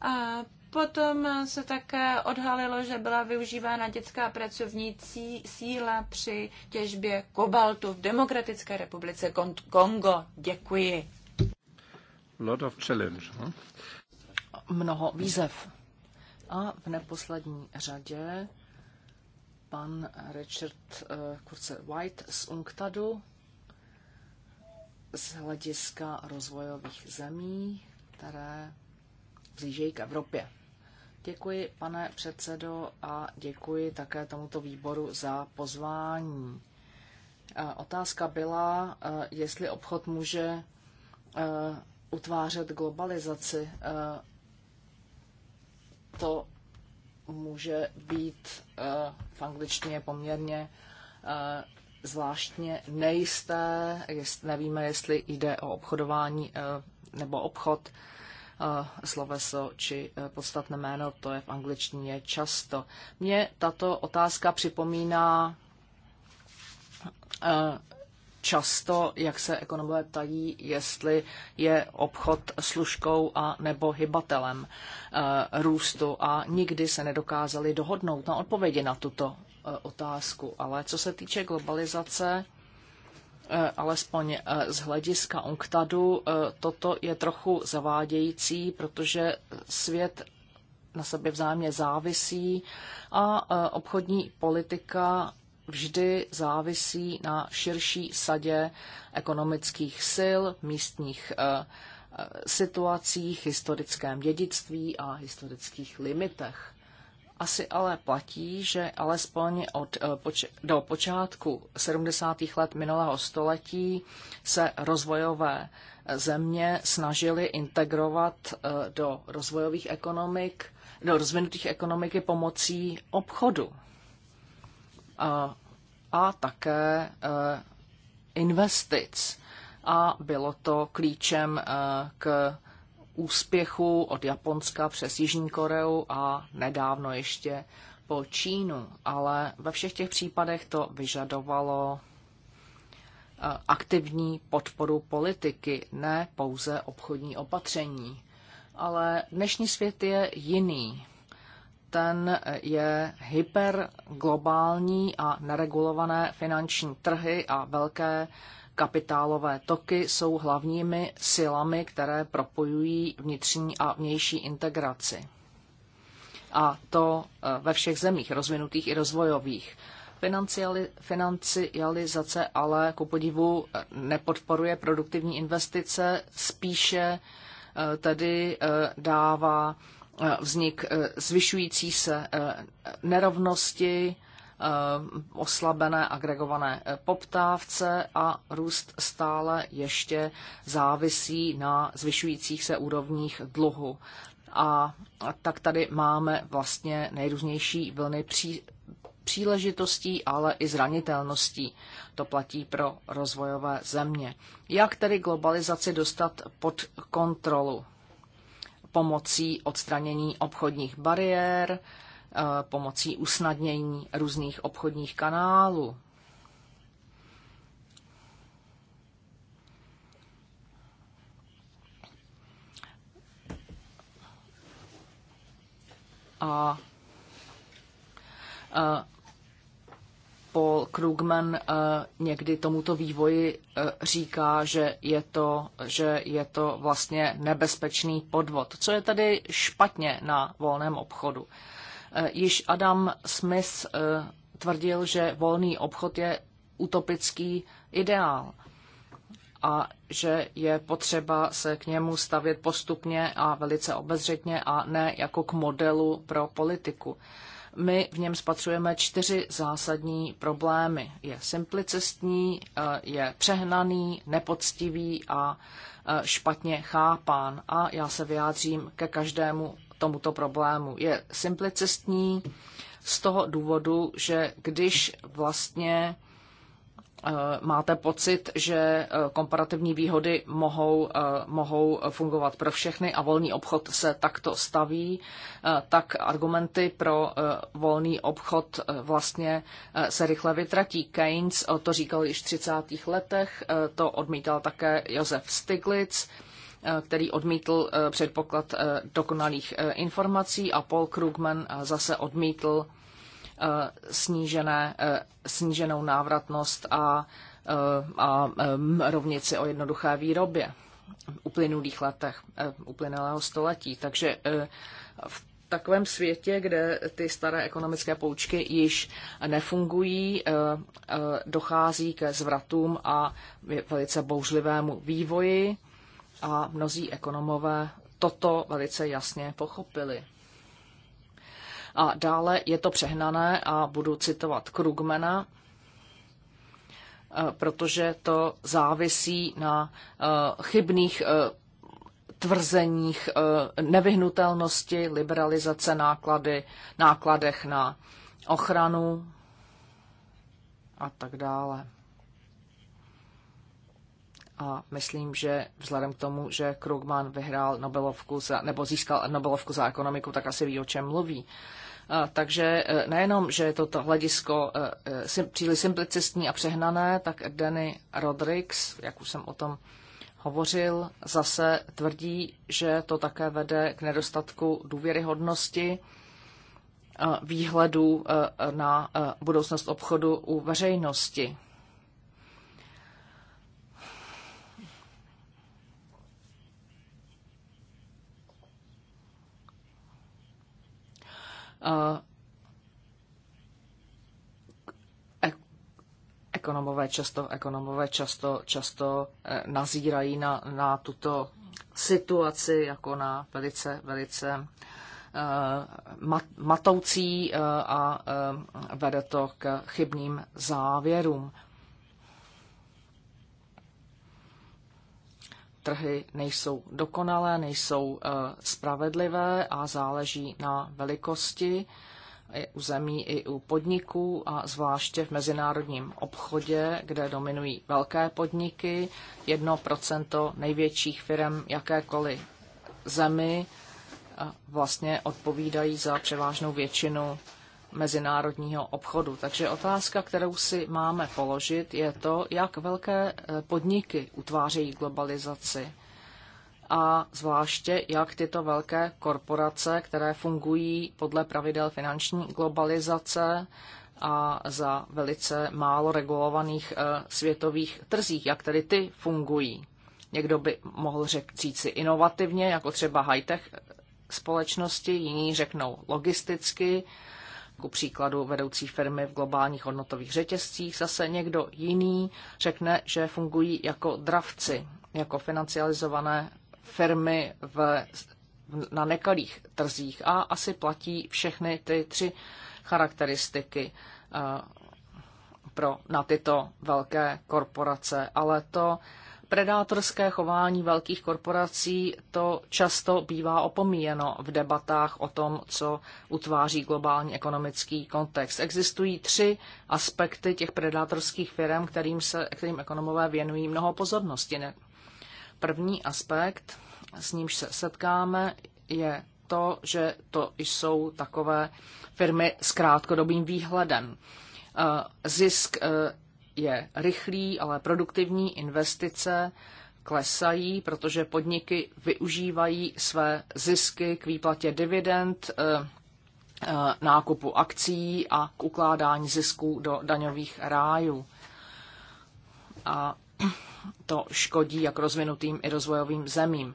A potom se také odhalilo, že byla využívána dětská pracovní síla při těžbě kobaltu v Demokratické republice Kongo. Děkuji. Lot of challenge, huh? No? Mnoho výzev. A v neposlední řadě pan Richard eh, Kurce White z UNCTADu z hlediska rozvojových zemí, které blížejí k Evropě. Děkuji, pane předsedo, a děkuji také tomuto výboru za pozvání. Eh, otázka byla, eh, jestli obchod může utvářet globalizaci to může být eh, v angličtině poměrně eh, zvláštně nejisté. Jest, nevíme, jestli jde o obchodování eh, nebo obchod sloveso či podstatné jméno, to je v angličtině často. Mně tato otázka připomíná často, jak se ekonomové tají, jestli je obchod služkou a nebo hybatelem eh, růstu a nikdy se nedokázali dohodnout na odpovědi na tuto eh, otázku. Ale co se týče globalizace, eh, alespoň z hlediska UNCTADu, toto je trochu zavádějící, protože svět na sebe vzájemně závisí a obchodní politika vždy závisí na širší sadě ekonomických sil, místních eh, eh, situacích, historickém dědictví a historických limitech. Asi ale platí, že alespoň od, eh, do počátku 70. let minulého století se rozvojové země snažily integrovat do rozvojových ekonomik, do rozvinutých ekonomiky pomocí obchodu a, také e, investic. A bylo to klíčem e, k úspěchu od Japonska přes Jižní Koreu a nedávno ještě po Čínu, ale ve všech těch případech to vyžadovalo e, aktivní podporu politiky, ne pouze obchodní opatření. Ale dnešní svět je jiný ten je hyperglobální a neregulované finanční trhy a velké kapitálové toky jsou hlavními silami, které propojují vnitřní a vnější integraci. A to eh, ve všech zemích, rozvinutých i rozvojových. Financializace ale ku podivu eh, nepodporuje produktivní investice, spíše eh, tedy dává Eh, vznik eh, zvyšující se eh, nerovnosti, oslabené agregované poptávce a růst stále ještě závisí na zvyšujících se úrovních dluhu. A tak tady máme vlastně nejrůznější vlny pří, příležitostí, ale i zranitelností. To platí pro rozvojové země. Jak tedy globalizaci dostat pod kontrolu? pomocí odstranění obchodních bariér, eh, pomocí usnadnění různých obchodních kanálů. A, eh, Paul Krugman eh, někdy tomuto vývoji eh, říká, že je, to, že je to vlastně nebezpečný podvod. Co je tady špatně na volném obchodu? Eh, již Adam Smith tvrdil, že volný obchod je utopický ideál a že je potřeba se k němu stavět postupně a velice obezřetně a ne jako k modelu pro politiku my v něm spatřujeme čtyři zásadní problémy. Je simplicistní, eh, je přehnaný, nepoctivý a eh, špatně chápán. A já se vyjádřím ke každému tomuto problému. Je simplicistní z toho důvodu, že když vlastně Eh, máte pocit, že eh, komparativní výhody mohou, eh, mohou fungovat pro všechny a volný obchod se takto staví, tak argumenty pro volný obchod vlastně se rychle vytratí. Keynes to říkal již v 30. letech, to odmítal také Josef Stiglitz který odmítl předpoklad dokonalých informací a Paul Krugman zase odmítl Eh, snížené, eh, sníženou návratnost a, eh, a rovnici o jednoduché výrobě uplynulých letech, uplynulého století. Takže v takovém světě, kde ty staré ekonomické poučky již nefungují, dochází ke zvratům a velice bouřlivému vývoji a mnozí ekonomové toto velice jasně pochopili. A dále je to přehnané a budu citovat Krugmana, eh, protože to závisí na eh, chybných eh, tvrzeních nevyhnutelnosti, liberalizace náklady, nákladech na ochranu a tak dále. A myslím, že vzhledem k tomu, že Krugman vyhrál Nobelovku za, nebo získal Nobelovku za ekonomiku, tak asi ví, o čem mluví. Takže e, nejenom, že je toto hledisko e, e, příliš simplicistní a přehnané, tak Danny Rodrigues, jak už jsem o tom hovořil, zase tvrdí, že to také vede k nedostatku důvěryhodnosti výhledu na budoucnost obchodu u veřejnosti. Eh, ekonomové často, ekonomové často, často eh, nazírají na, na tuto situaci jako na velice, velice eh, matoucí a vede to k chybným závěrům. trhy nejsou dokonalé, nejsou eh, spravedlivé a záleží na velikosti u zemí i u podniků a zvláště v mezinárodním obchodě, kde dominují velké podniky. jedno procento největších firm jakékoliv zemi eh, vlastně odpovídají za převážnou většinu mezinárodního obchodu. Takže otázka, kterou si máme položit, je to, jak velké eh, podniky utvářejí globalizaci a zvláště jak tyto velké korporace, které fungují podle pravidel finanční globalizace a za velice málo regulovaných eh, světových trzích, jak tedy ty fungují. Někdo by mohl říct si inovativně, jako třeba high-tech eh, společnosti, jiní řeknou logisticky, ku příkladu vedoucí firmy v globálních hodnotových řetězcích, zase někdo jiný řekne, že fungují jako dravci, jako financializované firmy v, na nekalých trzích a asi platí všechny ty tři charakteristiky eh, pro, na tyto velké korporace, ale to predátorské chování velkých korporací to často bývá opomíjeno v debatách o tom, co utváří globální ekonomický kontext. Existují tři aspekty těch predátorských firm, kterým, se, kterým ekonomové věnují mnoho pozornosti. První aspekt, s nímž se setkáme, je to, že to jsou takové firmy s krátkodobým výhledem. Eh, zisk eh, je rychlý, ale produktivní investice klesají, protože podniky využívají své zisky k výplatě dividend, eh, eh, nákupu akcí a k ukládání zisků do daňových rájů. A to škodí jak rozvinutým i rozvojovým zemím.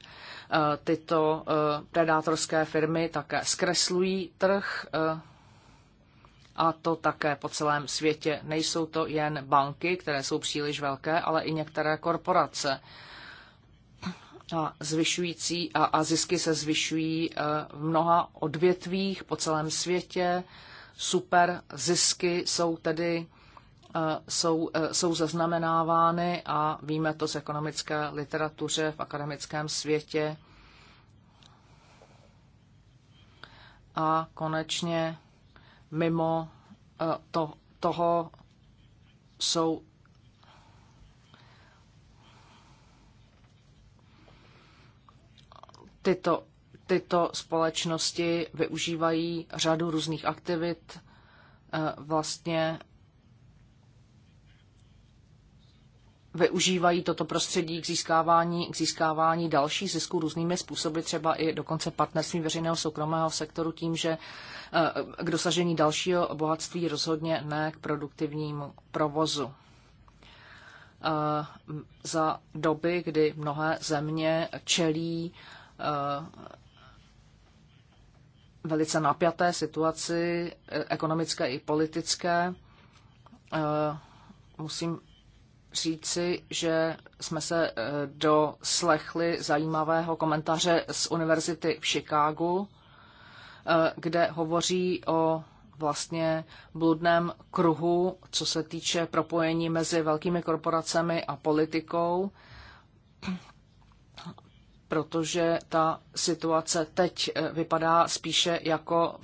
Eh, tyto predátorské firmy také zkreslují trh, a to také po celém světě. Nejsou to jen banky, které jsou příliš velké, ale i některé korporace. A, zvyšující, a, a zisky se zvyšují e, v mnoha odvětvích po celém světě. Super zisky jsou tedy e, jsou, e, jsou zaznamenávány a víme to z ekonomické literatuře v akademickém světě. A konečně mimo eh, to, toho jsou tyto, tyto společnosti využívají řadu různých aktivit eh, vlastně využívají toto prostředí k získávání, k získávání dalších zisků různými způsoby, třeba i dokonce partnerství veřejného soukromého sektoru tím, že eh, k dosažení dalšího bohatství rozhodně ne k produktivnímu provozu. Eh, za doby, kdy mnohé země čelí eh, velice napjaté situaci ekonomické i politické, musím říci, že jsme se eh, doslechli zajímavého komentáře z Univerzity v Chicagu, eh, kde hovoří o vlastně bludném kruhu, co se týče propojení mezi velkými korporacemi a politikou protože ta situace teď eh, vypadá spíše jako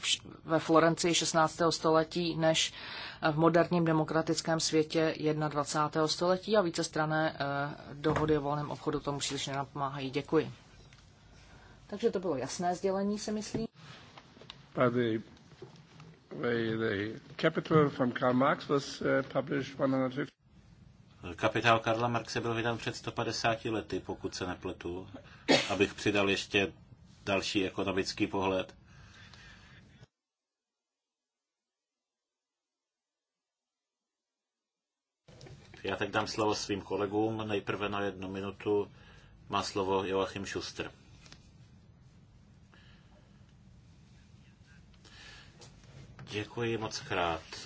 ve Florencii 16. století, než eh, v moderním demokratickém světě 21. století a strané eh, dohody o volném obchodu tomu příliš nenapomáhají. Děkuji. Takže to bylo jasné sdělení, se myslí. Tady the, the Capital from Karl Marx was uh, published 150. Kapitál Karla Marxe byl vydán před 150 lety, pokud se nepletu, abych přidal ještě další ekonomický pohled. Já teď dám slovo svým kolegům. Nejprve na jednu minutu má slovo Joachim Schuster. Děkuji moc krát.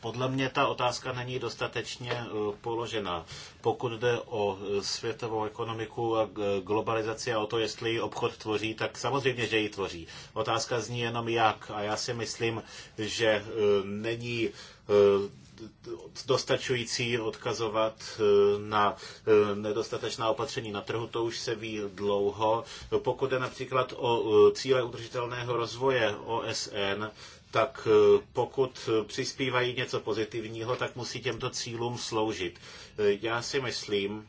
Podle mě ta otázka není dostatečně eh, položena. Pokud jde o eh, světovou ekonomiku a eh, globalizaci a o to, jestli ji obchod tvoří, tak samozřejmě, že ji tvoří. Otázka zní jenom jak. A já si myslím, že není dostačující odkazovat na nedostatečná opatření na trhu, to už se ví dlouho. Pokud je například o cíle udržitelného rozvoje OSN, tak eh, pokud přispívají něco pozitivního, tak musí těmto cílům sloužit. Eh, já si myslím,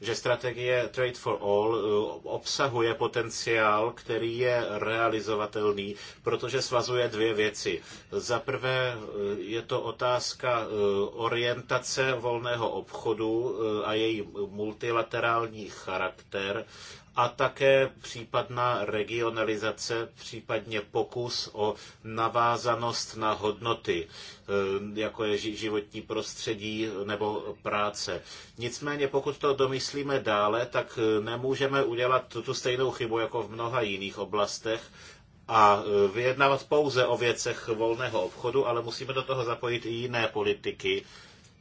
že strategie Trade for All eh, obsahuje potenciál, který je realizovatelný, protože svazuje dvě věci. Za prvé je to otázka orientace volného obchodu a její multilaterální charakter a také případná regionalizace, případně pokus o navázanost na hodnoty, e, jako je životní prostředí nebo práce. Nicméně pokud to domyslíme dále, tak e, nemůžeme udělat tu stejnou chybu jako v mnoha jiných oblastech, a e, vyjednávat pouze o věcech volného obchodu, ale musíme do toho zapojit i jiné politiky,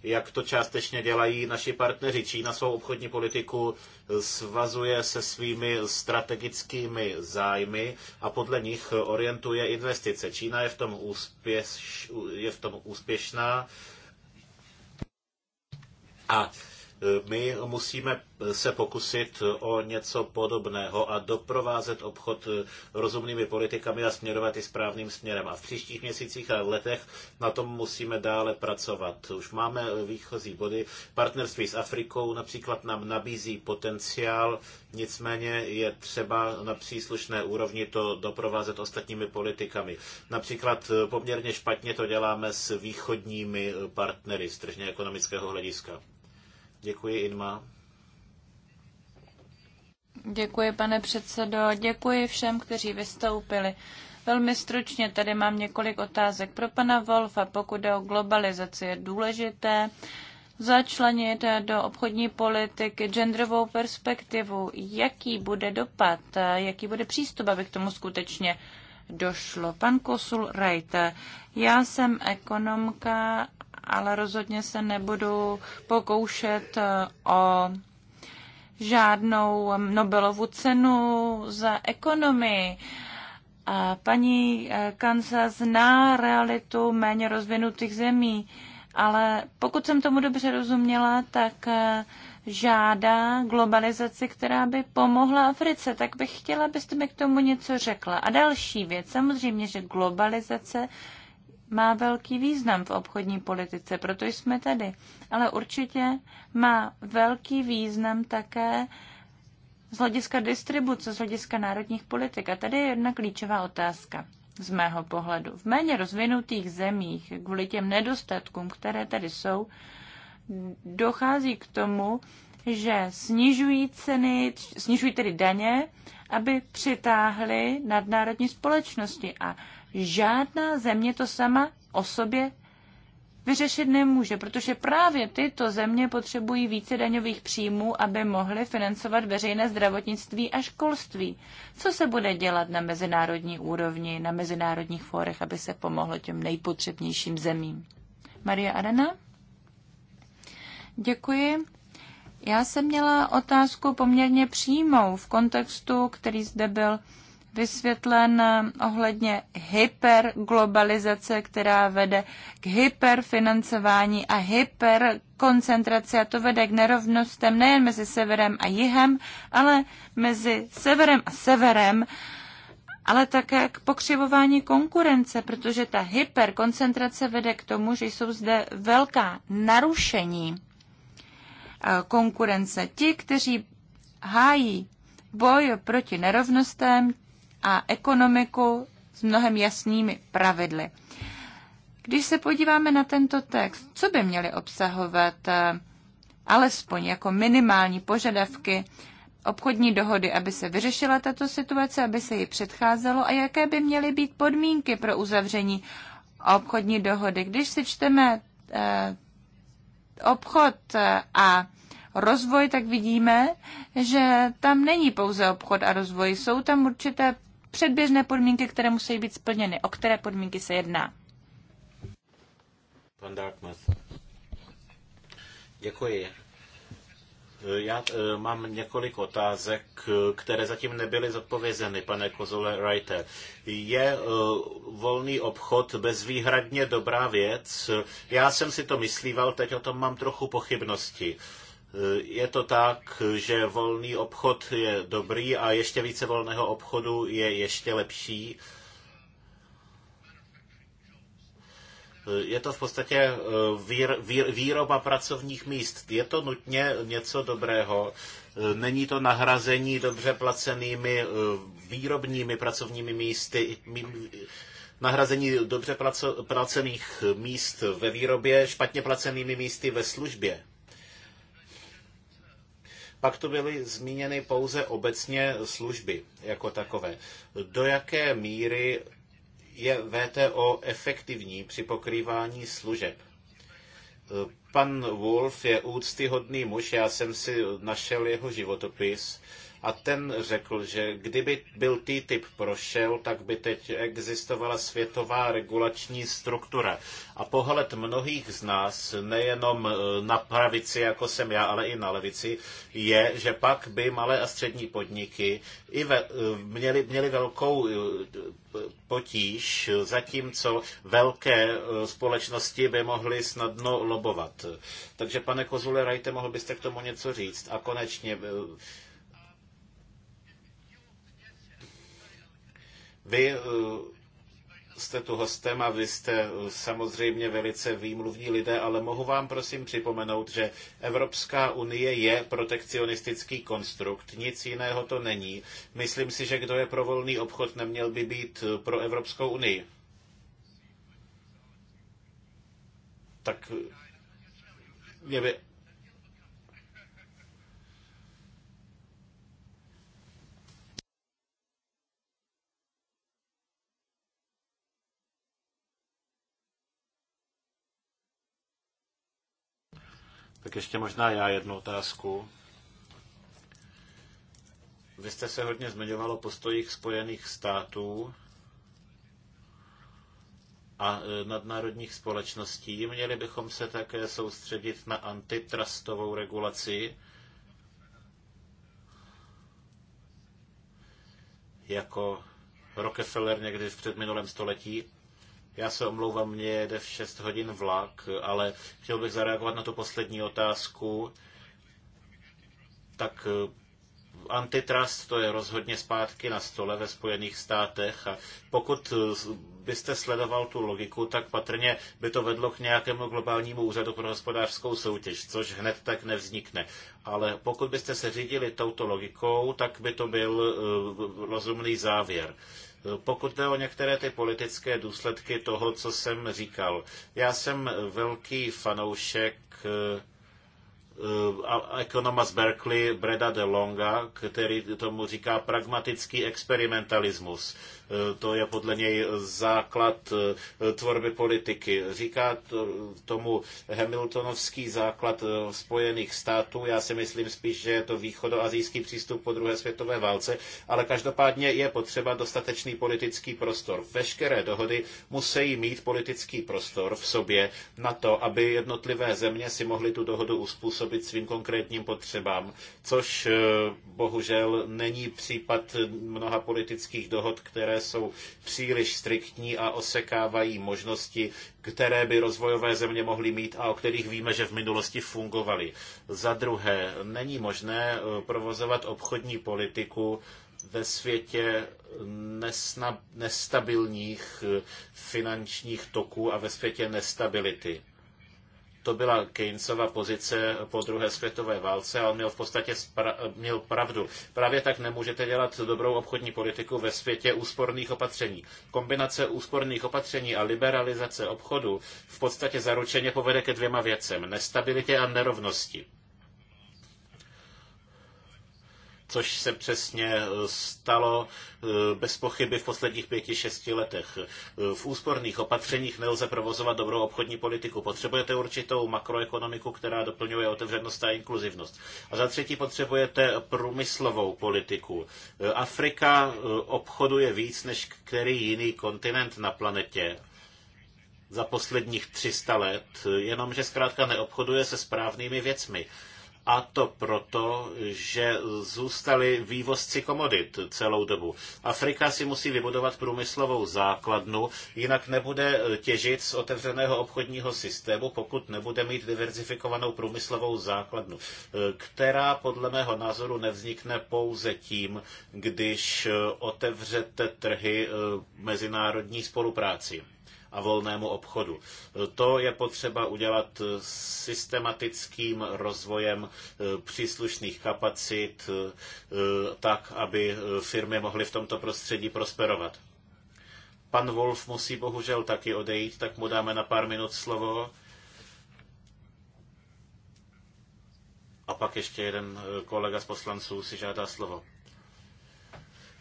jak to částečně dělají naši partneři. Čína svou obchodní politiku svazuje se svými strategickými zájmy a podle nich orientuje investice. Čína je v tom, úspěš, je v tom úspěšná a my musíme se pokusit o něco podobného a doprovázet obchod rozumnými politikami a směrovat i správným směrem. A v příštích měsících a letech na tom musíme dále pracovat. Už máme výchozí body. Partnerství s Afrikou například nám nabízí potenciál, nicméně je třeba na příslušné úrovni to doprovázet ostatními politikami. Například poměrně špatně to děláme s východními partnery z tržně ekonomického hlediska. Děkuji, Inma. Děkuji, pane předsedo. Děkuji všem, kteří vystoupili. Velmi stručně tady mám několik otázek pro pana Wolfa. Pokud jde o globalizaci, je důležité začlenit do obchodní politiky genderovou perspektivu. Jaký bude dopad, jaký bude přístup, aby k tomu skutečně došlo? Pan Kosul Rajte, já jsem ekonomka ale rozhodně se nebudu pokoušet eh, o žádnou Nobelovu cenu za ekonomii. A paní eh, Kansa zná realitu méně rozvinutých zemí, ale pokud jsem tomu dobře rozuměla, tak eh, žádá globalizaci, která by pomohla Africe. Tak bych chtěla, abyste mi k tomu něco řekla. A další věc, samozřejmě, že globalizace má velký význam v obchodní politice, proto jsme tady. Ale určitě má velký význam také z hlediska distribuce, z hlediska národních politik. A tady je jedna klíčová otázka z mého pohledu. V méně rozvinutých zemích, kvůli těm nedostatkům, které tady jsou, dochází k tomu, že snižují ceny, snižují tedy daně, aby přitáhly nadnárodní společnosti. A žádná země to sama o sobě vyřešit nemůže, protože právě tyto země potřebují více daňových příjmů, aby mohly financovat veřejné zdravotnictví a školství. Co se bude dělat na mezinárodní úrovni, na mezinárodních fórech, aby se pomohlo těm nejpotřebnějším zemím? Maria Arena? Děkuji. Já jsem měla otázku poměrně přímou v kontextu, který zde byl vysvětlen eh, ohledně hyperglobalizace, která vede k hyperfinancování a hyperkoncentraci a to vede k nerovnostem nejen mezi severem a jihem, ale mezi severem a severem, ale také k pokřivování konkurence, protože ta hyperkoncentrace vede k tomu, že jsou zde velká narušení eh, konkurence. Ti, kteří hájí boj proti nerovnostem, a ekonomiku s mnohem jasnými pravidly. Když se podíváme na tento text, co by měly obsahovat eh, alespoň jako minimální požadavky obchodní dohody, aby se vyřešila tato situace, aby se ji předcházelo a jaké by měly být podmínky pro uzavření obchodní dohody. Když si čteme eh, obchod eh, a rozvoj, tak vidíme, že tam není pouze obchod a rozvoj. Jsou tam určité předběžné podmínky, které musí být splněny. O které podmínky se jedná? Pan Dartmouth. Děkuji. Já eh, mám několik otázek, které zatím nebyly zodpovězeny, pane Kozole Reiter. Je eh, volný obchod bezvýhradně dobrá věc? Já jsem si to myslíval, teď o tom mám trochu pochybnosti. Eh, je to tak, že volný obchod je dobrý a ještě více volného obchodu je ještě lepší. Eh, je to v podstatě eh, výr, výr, výroba pracovních míst. Je to nutně něco dobrého. Není to nahrazení dobře placenými výrobními pracovními místy. Nahrazení dobře placených míst ve výrobě špatně placenými místy ve službě. Pak tu byly zmíněny pouze obecně služby jako takové. Do jaké míry je VTO efektivní při pokrývání služeb? Pan Wolf je úctyhodný muž, já jsem si našel jeho životopis a ten řekl, že kdyby byl TTIP prošel, tak by teď existovala světová regulační struktura. A pohled mnohých z nás, nejenom eh, na pravici, jako jsem já, ale i na levici, je, že pak by malé a střední podniky i ve, eh, měly, měly velkou eh, potíž, zatímco velké společnosti by mohly snadno lobovat. Takže pane Kozule Rajte, mohl byste k tomu něco říct? A konečně Vy eh, jste tu hostem a vy jste eh, samozřejmě velice výmluvní lidé, ale mohu vám prosím připomenout, že Evropská unie je protekcionistický konstrukt, nic jiného to není. Myslím si, že kdo je pro volný obchod, neměl by být eh, pro Evropskou unii. Tak je. by Tak ještě možná já jednu otázku. Vy jste se hodně zmiňovalo o postojích Spojených států a e, nadnárodních společností. Měli bychom se také soustředit na antitrustovou regulaci, jako Rockefeller někdy v předminulém století. Já se omlouvám, mě jede v 6 hodin vlak, ale chtěl bych zareagovat na tu poslední otázku. Tak eh, antitrust to je rozhodně zpátky na stole ve Spojených státech a pokud eh, byste sledoval tu logiku, tak patrně by to vedlo k nějakému globálnímu úřadu pro hospodářskou soutěž, což hned tak nevznikne. Ale pokud byste se řídili touto logikou, tak by to byl eh, rozumný závěr. Pokud jde o některé ty politické důsledky toho, co jsem říkal, já jsem velký fanoušek eh, ekonoma z Berkeley Breda DeLonga, který tomu říká pragmatický experimentalismus. To je podle něj základ e, tvorby politiky. Říká tomu Hamiltonovský základ e, Spojených států. Já si myslím spíš, že je to východoazijský přístup po druhé světové válce, ale každopádně je potřeba dostatečný politický prostor. Veškeré dohody musí mít politický prostor v sobě na to, aby jednotlivé země si mohly tu dohodu uspůsobit svým konkrétním potřebám, což e, bohužel není případ mnoha politických dohod, které jsou příliš striktní a osekávají možnosti, které by rozvojové země mohly mít a o kterých víme, že v minulosti fungovaly. Za druhé, není možné eh, provozovat obchodní politiku ve světě nesna, nestabilních eh, finančních toků a ve světě nestability. To byla Keynesova pozice po druhé světové válce a on měl v podstatě měl pravdu. Právě tak nemůžete dělat dobrou obchodní politiku ve světě úsporných opatření. Kombinace úsporných opatření a liberalizace obchodu v podstatě zaručeně povede ke dvěma věcem. Nestabilitě a nerovnosti. což se přesně eh, stalo eh, bez pochyby v posledních pěti, šesti letech. Eh, v úsporných opatřeních nelze provozovat dobrou obchodní politiku. Potřebujete určitou makroekonomiku, která doplňuje otevřenost a inkluzivnost. A za třetí potřebujete průmyslovou politiku. Afrika obchoduje víc než který jiný kontinent na planetě za posledních 300 let, jenomže zkrátka neobchoduje se správnými věcmi. A to proto, že zůstali vývozci komodit celou dobu. Afrika si musí vybudovat průmyslovou základnu, jinak nebude těžit z otevřeného obchodního systému, pokud nebude mít diverzifikovanou průmyslovou základnu, která podle mého názoru nevznikne pouze tím, když otevřete trhy eh, mezinárodní spolupráci a volnému obchodu. To je potřeba udělat systematickým rozvojem eh, příslušných kapacit, eh, tak, aby eh, firmy mohly v tomto prostředí prosperovat. Pan Wolf musí bohužel taky odejít, tak mu dáme na pár minut slovo. A pak ještě jeden kolega z poslanců si žádá slovo.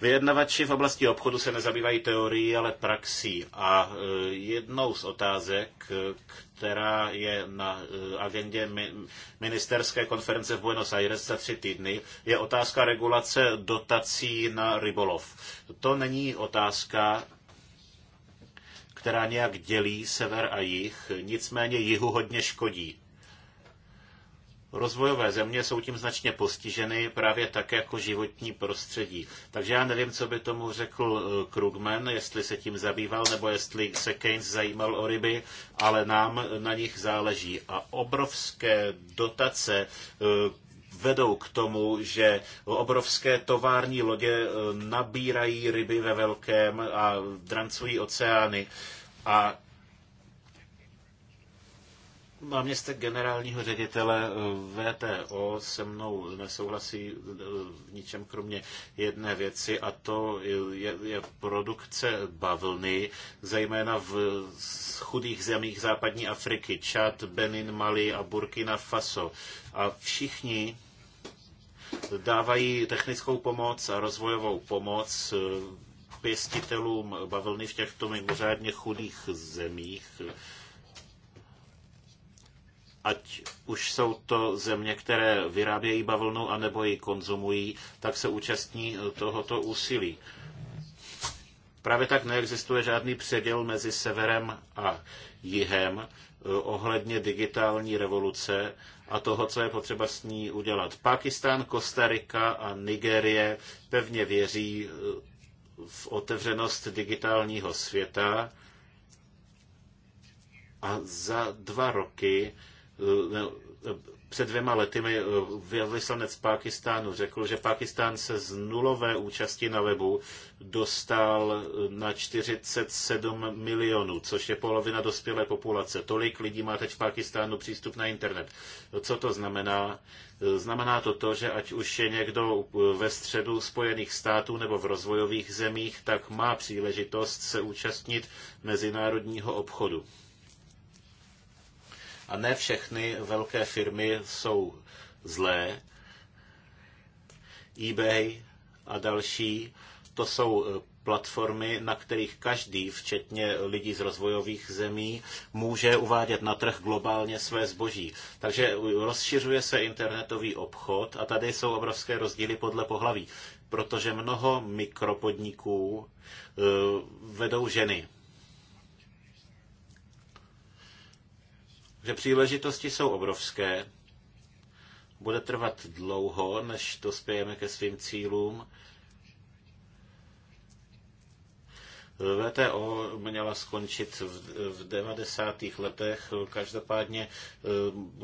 Vyjednavači v oblasti obchodu se nezabývají teorií, ale praxí. A e, jednou z otázek, která je na e, agendě ministerské konference v Buenos Aires za tři týdny, je otázka regulace dotací na rybolov. To není otázka, která nějak dělí sever a jih, nicméně jihu hodně škodí. Rozvojové země jsou tím značně postiženy právě tak jako životní prostředí. Takže já nevím, co by tomu řekl eh, Krugman, jestli se tím zabýval, nebo jestli se Keynes zajímal o ryby, ale nám na nich záleží. A obrovské dotace eh, vedou k tomu, že obrovské tovární lodě eh, nabírají ryby ve velkém a drancují oceány. A náměstek generálního ředitele eh, VTO se mnou nesouhlasí eh, v ničem kromě jedné věci a to je, je produkce bavlny, zejména v chudých zemích západní Afriky, Čad, Benin, Mali a Burkina Faso. A všichni dávají technickou pomoc a rozvojovou pomoc eh, pěstitelům bavlny v těchto mimořádně chudých zemích ať už jsou to země, které vyrábějí bavlnu anebo ji konzumují, tak se účastní tohoto úsilí. Právě tak neexistuje žádný předěl mezi severem a jihem eh, ohledně digitální revoluce a toho, co je potřeba s ní udělat. Pakistán, Kostarika a Nigérie pevně věří eh, v otevřenost digitálního světa a za dva roky Eh, eh, před dvěma lety mi eh, vyslanec Pákistánu řekl, že Pákistán se z nulové účasti na webu dostal na 47 milionů, což je polovina dospělé populace. Tolik lidí má teď v Pákistánu přístup na internet. Co to znamená? Znamená to to, že ať už je někdo ve středu Spojených států nebo v rozvojových zemích, tak má příležitost se účastnit mezinárodního obchodu. A ne všechny velké firmy jsou zlé. eBay a další, to jsou eh, platformy, na kterých každý, včetně lidí z rozvojových zemí, může uvádět na trh globálně své zboží. Takže eh, rozšiřuje se internetový obchod a tady jsou obrovské rozdíly podle pohlaví, protože mnoho mikropodniků eh, vedou ženy že příležitosti jsou obrovské, bude trvat dlouho, než dospějeme ke svým cílům. VTO měla skončit v 90. letech, každopádně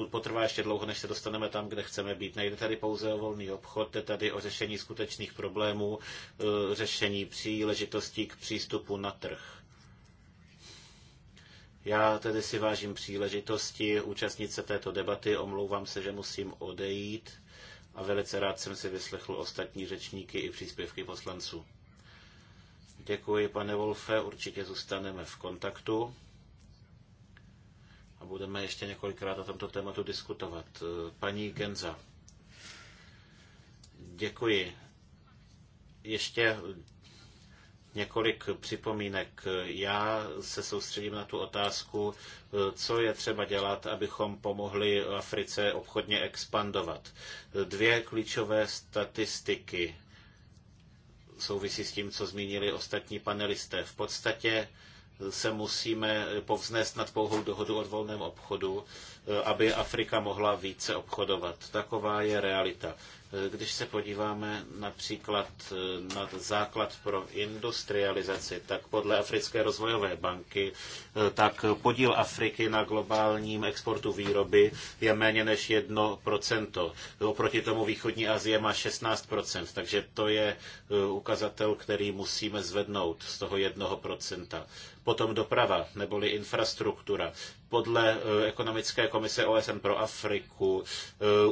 eh, potrvá ještě dlouho, než se dostaneme tam, kde chceme být. Nejde tady pouze o volný obchod, jde tady o řešení skutečných problémů, eh, řešení příležitostí k přístupu na trh. Já tedy si vážím příležitosti účastnit se této debaty, omlouvám se, že musím odejít a velice rád jsem si vyslechl ostatní řečníky i příspěvky poslanců. Děkuji, pane Wolfe, určitě zůstaneme v kontaktu a budeme ještě několikrát o tomto tématu diskutovat. Paní Genza, děkuji. Ještě několik připomínek. Já se soustředím na tu otázku, co je třeba dělat, abychom pomohli Africe obchodně expandovat. Dvě klíčové statistiky souvisí s tím, co zmínili ostatní panelisté. V podstatě se musíme povznést nad pouhou dohodu o volném obchodu, aby Afrika mohla více obchodovat. Taková je realita. Eh, když se podíváme například eh, na základ pro industrializaci, tak podle Africké rozvojové banky, eh, tak podíl Afriky na globálním exportu výroby je méně než 1%. Oproti tomu východní Asie má 16%, takže to je ukazatel, který musíme zvednout z toho 1%. Potom doprava, neboli infrastruktura. Podle ekonomické komise OSN pro Afriku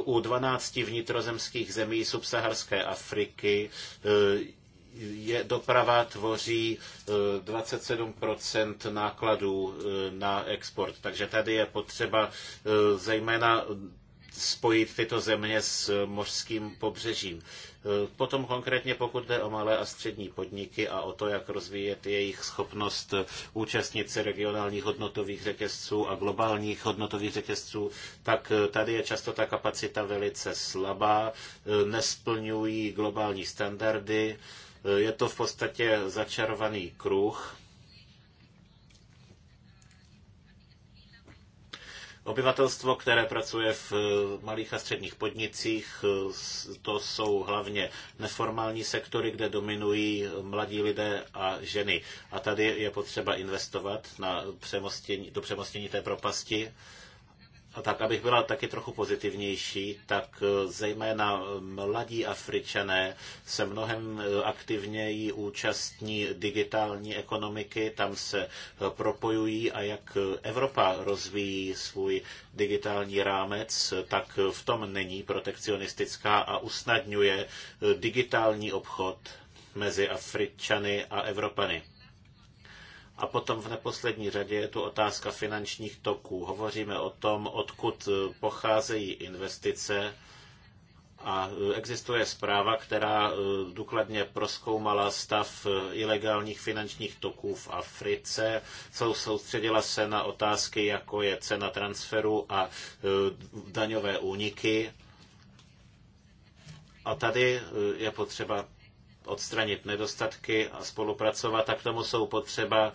u 12 vnitrozemských zemí subsaharské Afriky eh, je, doprava tvoří 27 eh, nákladů eh, na export. Takže tady je potřeba zejména spojit tyto země s mořským pobřežím. Potom konkrétně pokud jde o malé a střední podniky a o to, jak rozvíjet jejich schopnost účastnit se regionálních hodnotových řetězců a globálních hodnotových řetězců, tak eh, tady je často ta kapacita velice slabá, eh, nesplňují globální standardy, eh, je to v podstatě začarovaný kruh Obyvatelstvo, které pracuje v eh, malých a středních podnicích, eh, to jsou hlavně neformální sektory, kde dominují mladí lidé a ženy. A tady je potřeba investovat na přemostění, do přemostění té propasti tak abych byla taky trochu pozitivnější, tak eh, zejména eh, mladí Afričané se mnohem eh, aktivněji účastní digitální ekonomiky, tam se propojují a jak Evropa rozvíjí svůj digitální rámec, tak v tom není protekcionistická a usnadňuje digitální obchod mezi Afričany a Evropany. A potom v neposlední řadě je tu otázka finančních toků. Hovoříme o tom, odkud e, pocházejí investice. A e, existuje zpráva, která e, důkladně proskoumala stav ilegálních finančních toků v Africe. Soustředila se na otázky, jako je cena transferu a daňové úniky. A tady je potřeba odstranit nedostatky a spolupracovat, tak tomu jsou potřeba e,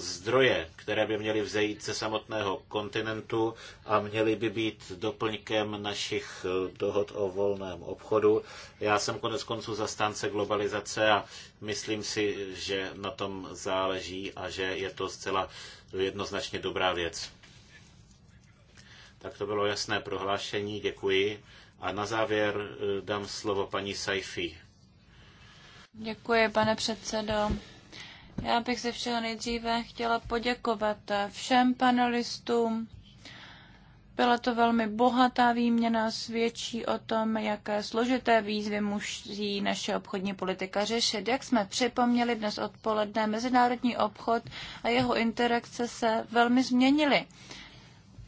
zdroje, které by měly vzejít ze samotného kontinentu a měly by být doplňkem našich e, dohod o volném obchodu. Já jsem konec konců zastánce globalizace a myslím si, že na tom záleží a že je to zcela jednoznačně dobrá věc. Tak to bylo jasné prohlášení, děkuji. A na závěr e, dám slovo paní Saifi. Děkuji, pane předsedo. Já bych ze všeho nejdříve chtěla poděkovat všem panelistům. Byla to velmi bohatá výměna, svědčí o tom, jaké složité výzvy musí naše obchodní politika řešit. Jak jsme připomněli dnes odpoledne, mezinárodní obchod a jeho interakce se velmi změnily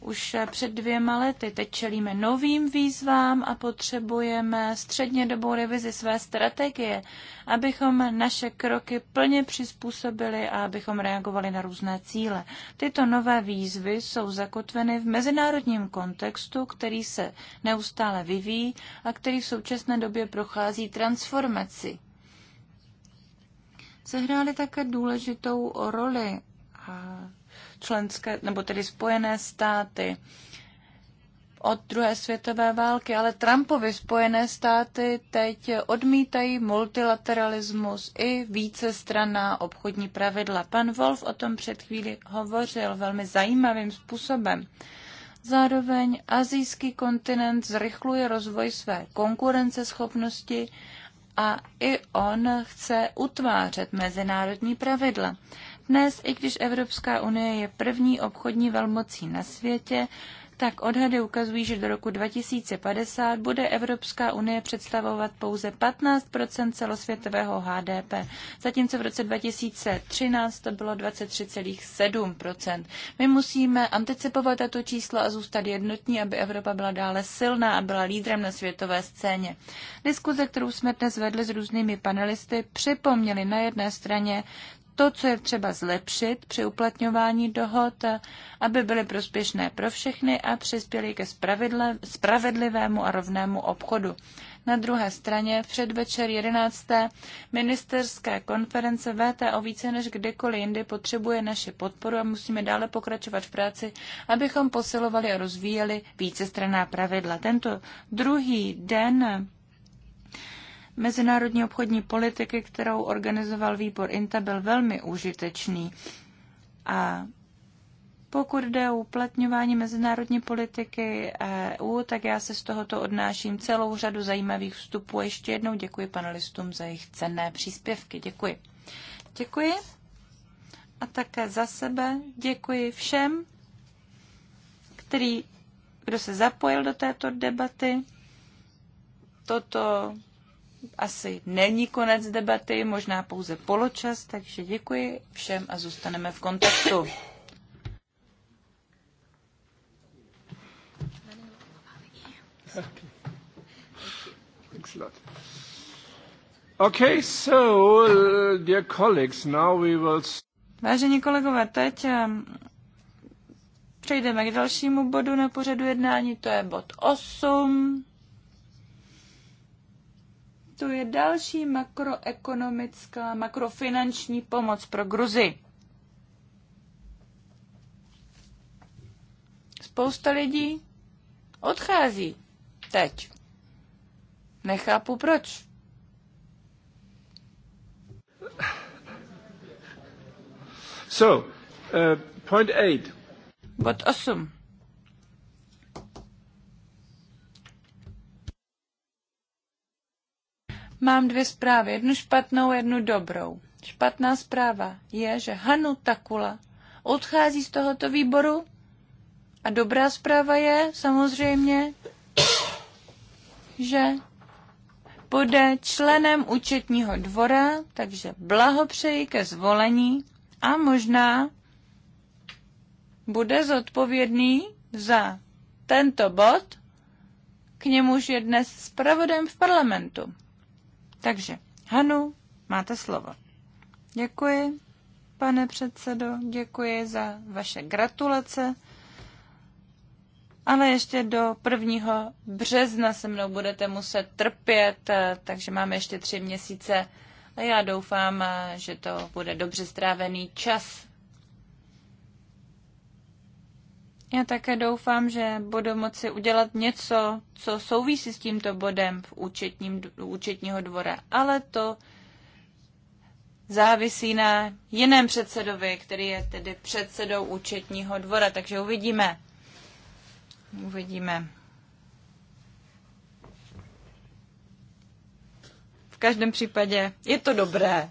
už eh, před dvěma lety. Teď čelíme novým výzvám a potřebujeme střednědobou revizi své strategie, abychom naše kroky plně přizpůsobili a abychom reagovali na různé cíle. Tyto nové výzvy jsou zakotveny v mezinárodním kontextu, který se neustále vyvíjí a který v současné době prochází transformaci. Sehrály také důležitou roli a členské, nebo tedy spojené státy od druhé světové války, ale Trumpovi spojené státy teď odmítají multilateralismus i vícestranná obchodní pravidla. Pan Wolf o tom před chvíli hovořil velmi zajímavým způsobem. Zároveň azijský kontinent zrychluje rozvoj své konkurenceschopnosti a i on chce utvářet mezinárodní pravidla. Dnes, i když Evropská unie je první obchodní velmocí na světě, tak odhady ukazují, že do roku 2050 bude Evropská unie představovat pouze 15 celosvětového HDP, zatímco v roce 2013 to bylo 23,7 My musíme anticipovat tato čísla a zůstat jednotní, aby Evropa byla dále silná a byla lídrem na světové scéně. Diskuze, kterou jsme dnes vedli s různými panelisty, připomněly na jedné straně to, co je třeba zlepšit při uplatňování dohod, aby byly prospěšné pro všechny a přispěly ke spravedlivému a rovnému obchodu. Na druhé straně v předvečer 11. ministerské konference VTO více než kdekoliv jindy potřebuje naše podporu a musíme dále pokračovat v práci, abychom posilovali a rozvíjeli vícestranná pravidla. Tento druhý den mezinárodní obchodní politiky, kterou organizoval výbor INTA, byl velmi užitečný. A pokud jde o uplatňování mezinárodní politiky EU, tak já se z tohoto odnáším celou řadu zajímavých vstupů. Ještě jednou děkuji panelistům za jejich cenné příspěvky. Děkuji. Děkuji. A také za sebe děkuji všem, který, kdo se zapojil do této debaty. Toto asi není konec debaty, možná pouze poločas, takže děkuji všem a zůstaneme v kontaktu. Okay. Thanks a lot. Okay, so, uh, dear colleagues, now we will... Vážení kolegové, teď um, přejdeme k dalšímu bodu na pořadu jednání, to je bod 8 existuje další makroekonomická, makrofinanční pomoc pro Gruzi. Spousta lidí odchází teď. Nechápu proč. So, uh, point eight. Bod 8. Mám dvě zprávy, jednu špatnou, jednu dobrou. Špatná zpráva je, že Hanu Takula odchází z tohoto výboru a dobrá zpráva je samozřejmě, že bude členem účetního dvora, takže blahopřeji ke zvolení a možná bude zodpovědný za tento bod, k němuž je dnes zpravodem v parlamentu. Takže, Hanu, máte slovo. Děkuji, pane předsedo, děkuji za vaše gratulace. Ale ještě do 1. března se mnou budete muset trpět, eh, takže máme ještě tři měsíce. A já doufám, eh, že to bude dobře strávený čas Já také doufám, že budu moci udělat něco, co souvisí s tímto bodem v účetním, účetního dvora, ale to závisí na jiném předsedovi, který je tedy předsedou účetního dvora, takže uvidíme. Uvidíme. V každém případě je to dobré.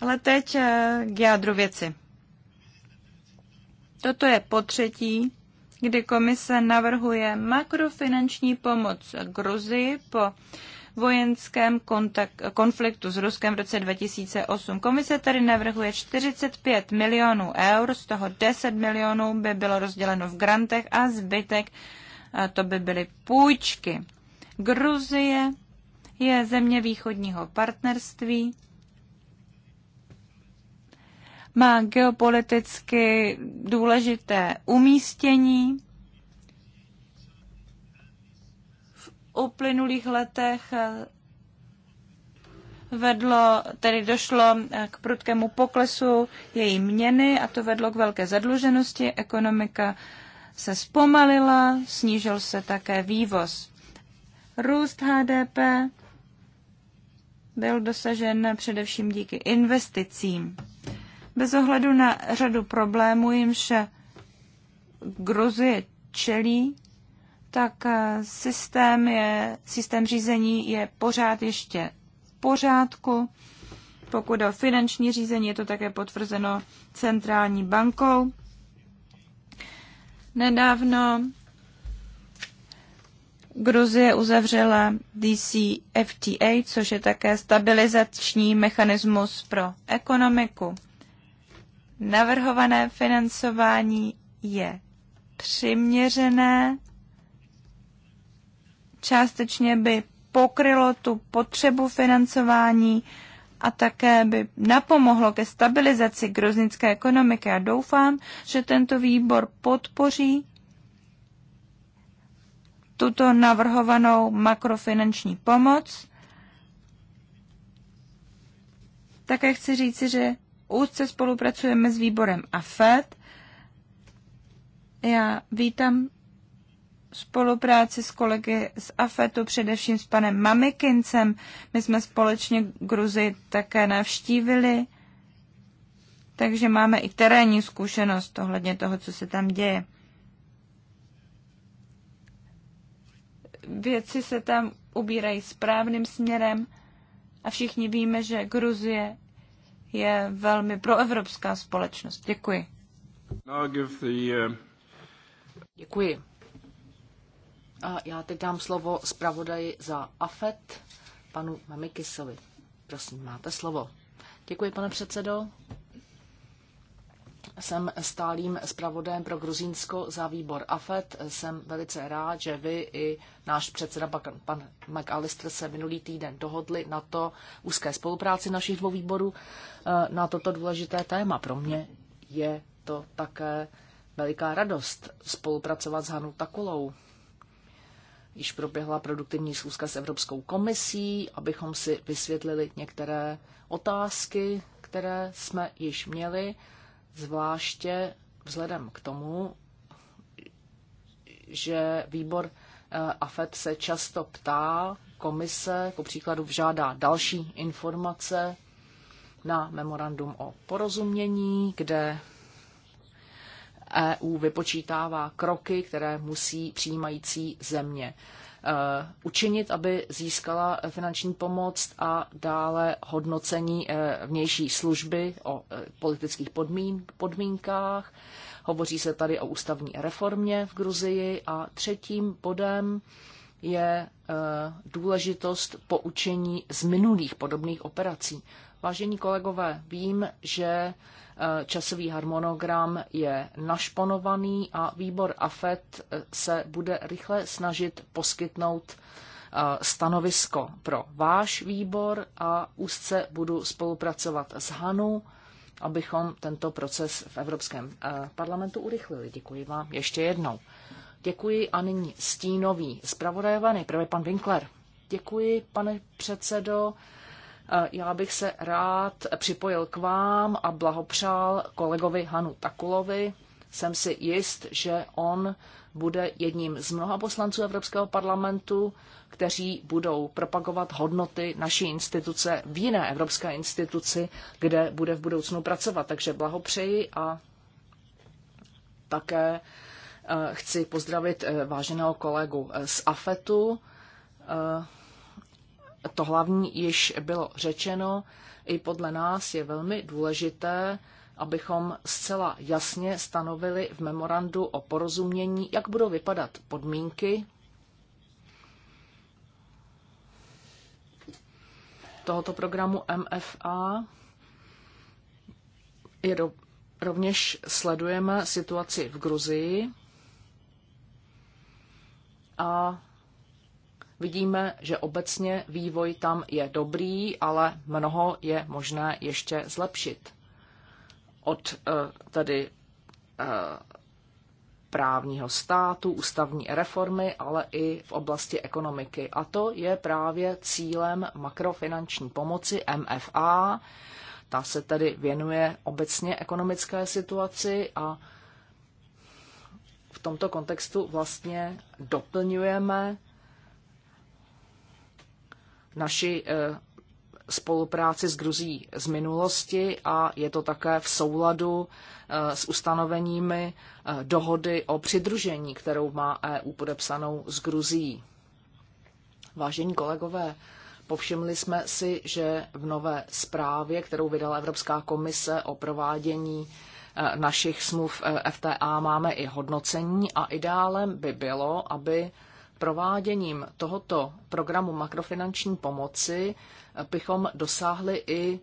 Ale teď eh, k jádru věci. Toto je po třetí, kdy komise navrhuje makrofinanční pomoc Gruzii po vojenském kontakt, konfliktu s Ruskem v roce 2008. Komise tady navrhuje 45 milionů eur, z toho 10 milionů by bylo rozděleno v grantech a zbytek a to by byly půjčky. Gruzie je země východního partnerství má geopoliticky důležité umístění. V uplynulých letech eh, vedlo, tedy došlo eh, k prudkému poklesu její měny a to vedlo k velké zadluženosti. Ekonomika se zpomalila, snížil se také vývoz. Růst HDP byl dosažen především díky investicím. Bez ohledu na řadu problémů, jimž Gruzie čelí, tak eh, systém, je, systém řízení je pořád ještě v pořádku. Pokud o finanční řízení, je to také potvrzeno centrální bankou. Nedávno Gruzie uzavřela DCFTA, což je také stabilizační mechanismus pro ekonomiku navrhované financování je přiměřené, částečně by pokrylo tu potřebu financování a také by napomohlo ke stabilizaci groznické ekonomiky. A doufám, že tento výbor podpoří tuto navrhovanou makrofinanční pomoc. Také chci říci, že úzce spolupracujeme s výborem AFED. Já vítám spolupráci s kolegy z AFETu, především s panem Mamikincem. My jsme společně Gruzi také navštívili, takže máme i terénní zkušenost ohledně toho, co se tam děje. Věci se tam ubírají správným směrem a všichni víme, že Gruzie je velmi proevropská společnost. Děkuji. Uh, Děkuji. A já teď dám slovo zpravodaji za AFET, panu Mamikisovi. Prosím, máte slovo. Děkuji, pane předsedo jsem stálým zpravodajem pro Gruzínsko za výbor AFET. Jsem velice rád, že vy i náš předseda pan McAllister se minulý týden dohodli na to úzké spolupráci našich dvou výborů eh, na toto důležité téma. Pro mě je to také veliká radost spolupracovat s Hanou Takulou. Již proběhla produktivní schůzka s Evropskou komisí, abychom si vysvětlili některé otázky, které jsme již měli zvláště vzhledem k tomu, že výbor eh, AFET se často ptá komise, ku příkladu vžádá další informace na memorandum o porozumění, kde EU vypočítává kroky, které musí přijímající země Eh, učinit, aby získala finanční pomoc a dále hodnocení eh, vnější služby o eh, politických podmínkách. Hovoří se tady o ústavní reformě v Gruzii a třetím bodem je důležitost poučení z minulých podobných operací. Vážení kolegové, vím, že eh, časový harmonogram je našponovaný a výbor AFET eh, se bude rychle snažit poskytnout eh, stanovisko pro váš výbor a úzce budu spolupracovat s Hanu, abychom tento proces v Evropském parlamentu urychlili. Děkuji vám ještě jednou. Děkuji a nyní stínový zpravodajovaný, nejprve pan Winkler. Děkuji, pane předsedo. Já bych se rád připojil k vám a blahopřál kolegovi Hanu Takulovi. Jsem si jist, že on bude jedním z mnoha poslanců Evropského parlamentu, kteří budou propagovat hodnoty naší instituce v jiné evropské instituci, kde bude v budoucnu pracovat. Takže blahopřeji a také eh, chci pozdravit eh, váženého kolegu eh, z AFETu, to hlavní již bylo řečeno, i podle nás je velmi důležité, abychom zcela jasně stanovili v memorandu o porozumění, jak budou vypadat podmínky tohoto programu MFA. Je do, rovněž sledujeme situaci v Gruzii a Vidíme, že obecně vývoj tam je dobrý, ale mnoho je možné ještě zlepšit. Od eh, tedy eh, právního státu, ústavní reformy, ale i v oblasti ekonomiky. A to je právě cílem makrofinanční pomoci MFA. Ta se tedy věnuje obecně ekonomické situaci a v tomto kontextu vlastně doplňujeme naši eh, spolupráci s Gruzí z minulosti a je to také v souladu eh, s ustanoveními eh, dohody o přidružení, kterou má EU podepsanou s Gruzí. Vážení kolegové, povšimli jsme si, že v nové zprávě, kterou vydala Evropská komise o provádění našich smluv FTA, máme i hodnocení a ideálem by bylo, aby prováděním tohoto programu makrofinanční pomoci bychom dosáhli i e,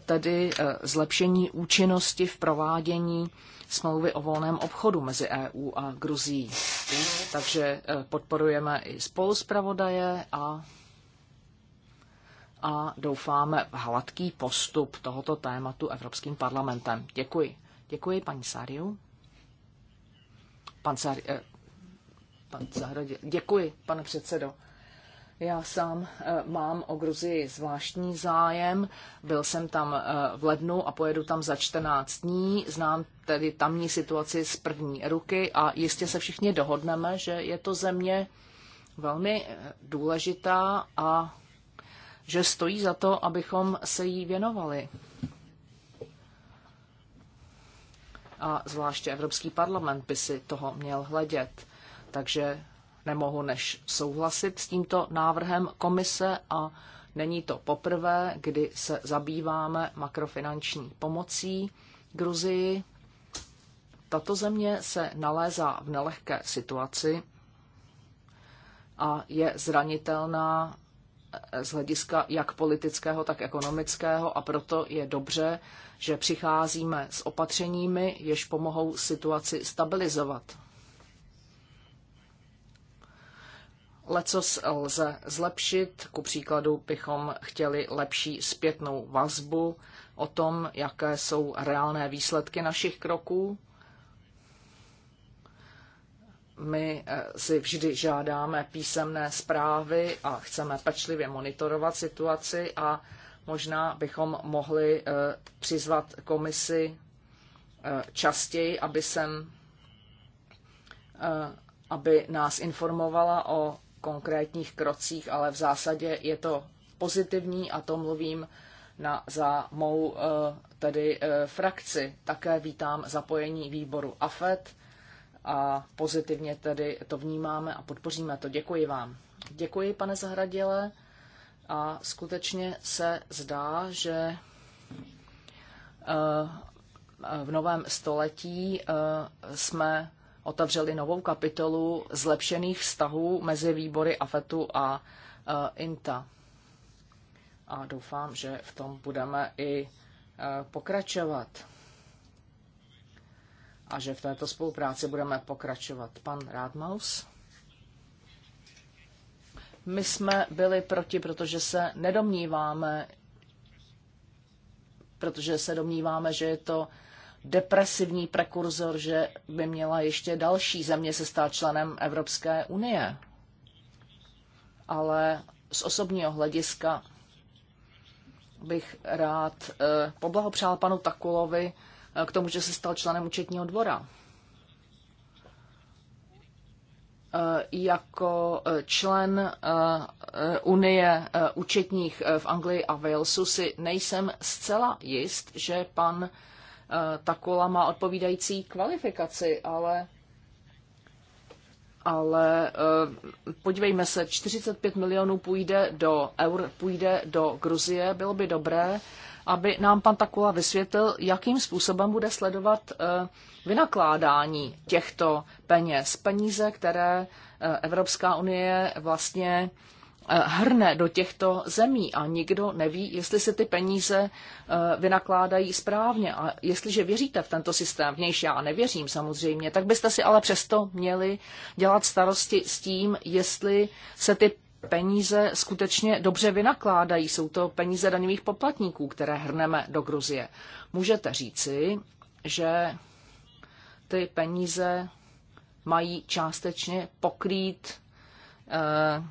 tedy e, zlepšení účinnosti v provádění smlouvy o volném obchodu mezi EU a Gruzí. Takže e, podporujeme i spoluzpravodaje a, a doufáme v hladký postup tohoto tématu Evropským parlamentem. Děkuji. Děkuji, paní Sáriu. Pan Sari, Pan Děkuji, pane předsedo. Já sám eh, mám o Gruzii zvláštní zájem. Byl jsem tam eh, v lednu a pojedu tam za 14 dní. Znám tedy tamní situaci z první ruky a jistě se všichni dohodneme, že je to země velmi eh, důležitá a že stojí za to, abychom se jí věnovali. A zvláště Evropský parlament by si toho měl hledět. Takže nemohu než souhlasit s tímto návrhem komise a není to poprvé, kdy se zabýváme makrofinanční pomocí Gruzii. Tato země se nalézá v nelehké situaci a je zranitelná z hlediska jak politického, tak ekonomického a proto je dobře, že přicházíme s opatřeními, jež pomohou situaci stabilizovat. Lecos lze zlepšit, ku příkladu bychom chtěli lepší zpětnou vazbu o tom, jaké jsou reálné výsledky našich kroků. My eh, si vždy žádáme písemné zprávy a chceme pečlivě monitorovat situaci a možná bychom mohli eh, přizvat komisi eh, častěji, aby, sem, aby nás informovala o konkrétních krocích, ale v zásadě je to pozitivní a to mluvím na, za mou eh, tedy eh, frakci. Také vítám zapojení výboru AFET a pozitivně tedy to vnímáme a podpoříme to. Děkuji vám. Děkuji, pane Zahraděle. A skutečně se zdá, že eh, v novém století jsme otevřeli novou kapitolu zlepšených vztahů mezi výbory AFETu a e, INTA. A doufám, že v tom budeme i e, pokračovat a že v této spolupráci budeme pokračovat. Pan Rádmaus? My jsme byli proti, protože se nedomníváme, protože se domníváme, že je to depresivní prekurzor, že by měla ještě další země se stát členem Evropské unie. Ale z osobního hlediska bych rád eh, poblahopřál panu Takulovi eh, k tomu, že se stal členem účetního dvora. Eh, jako člen Unie účetních v Anglii a Walesu si nejsem zcela jist, že pan Eh, Takula má odpovídající kvalifikaci, ale ale eh, podívejme se, 45 milionů půjde do eur, půjde do Gruzie. Bylo by dobré, aby nám pan Takula vysvětlil, jakým způsobem bude sledovat eh, vynakládání těchto peněz. Peníze, které Evropská unie vlastně Eh, hrne do těchto zemí a nikdo neví, jestli se ty peníze eh, vynakládají správně. A jestliže věříte v tento systém, v nějž já nevěřím samozřejmě, tak byste si ale přesto měli dělat starosti s tím, jestli se ty peníze skutečně dobře vynakládají. Jsou to peníze daňových poplatníků, které hrneme do Gruzie. Můžete říci, že ty peníze mají částečně pokrýt eh,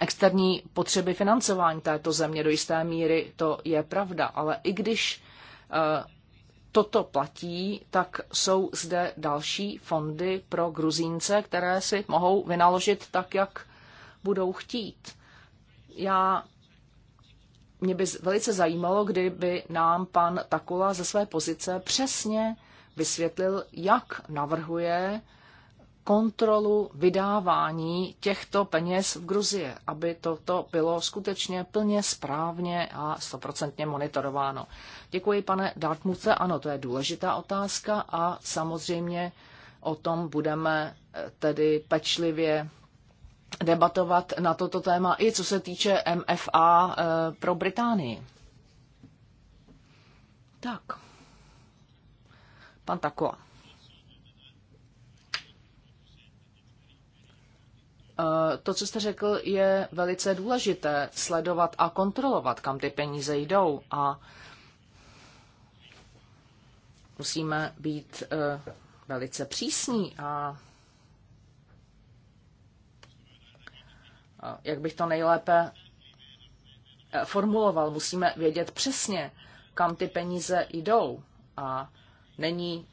externí potřeby financování této země. Do jisté míry to je pravda, ale i když eh, toto platí, tak jsou zde další fondy pro gruzínce, které si mohou vynaložit tak, jak budou chtít. Já mě by velice zajímalo, kdyby nám pan Takula ze své pozice přesně vysvětlil, jak navrhuje kontrolu vydávání těchto peněz v Gruzie, aby toto bylo skutečně plně správně a stoprocentně monitorováno. Děkuji, pane Dartmuce. Ano, to je důležitá otázka a samozřejmě o tom budeme eh, tedy pečlivě debatovat na toto téma, i co se týče MFA eh, pro Británii. Tak. Pan Takoa. Eh, to, co jste řekl, je velice důležité sledovat a kontrolovat, kam ty peníze jdou. A musíme být eh, velice přísní a jak bych to nejlépe eh, formuloval, musíme vědět přesně, kam ty peníze jdou. A není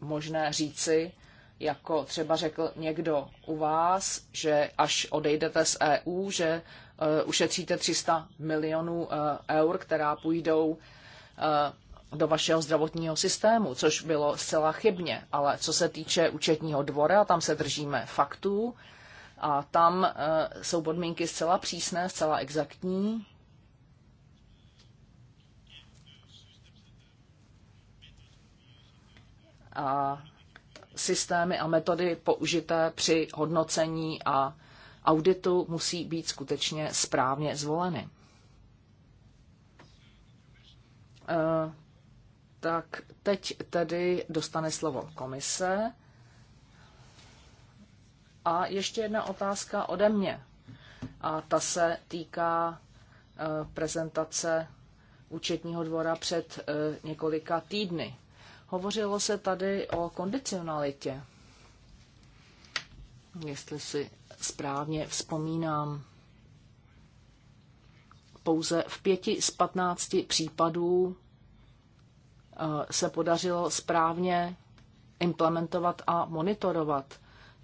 možné říci, jako třeba řekl někdo u vás, že až odejdete z EU, že uh, ušetříte 300 milionů uh, eur, která půjdou uh, do vašeho zdravotního systému, což bylo zcela chybně. Ale co se týče účetního dvora, tam se držíme faktů a tam uh, jsou podmínky zcela přísné, zcela exaktní. A uh, systémy a metody použité při hodnocení a auditu musí být skutečně správně zvoleny. Eh, tak teď tedy dostane slovo komise. A ještě jedna otázka ode mě. A ta se týká eh, prezentace účetního dvora před eh, několika týdny. Hovořilo se tady o kondicionalitě. Jestli si správně vzpomínám, pouze v pěti z patnácti případů eh, se podařilo správně implementovat a monitorovat.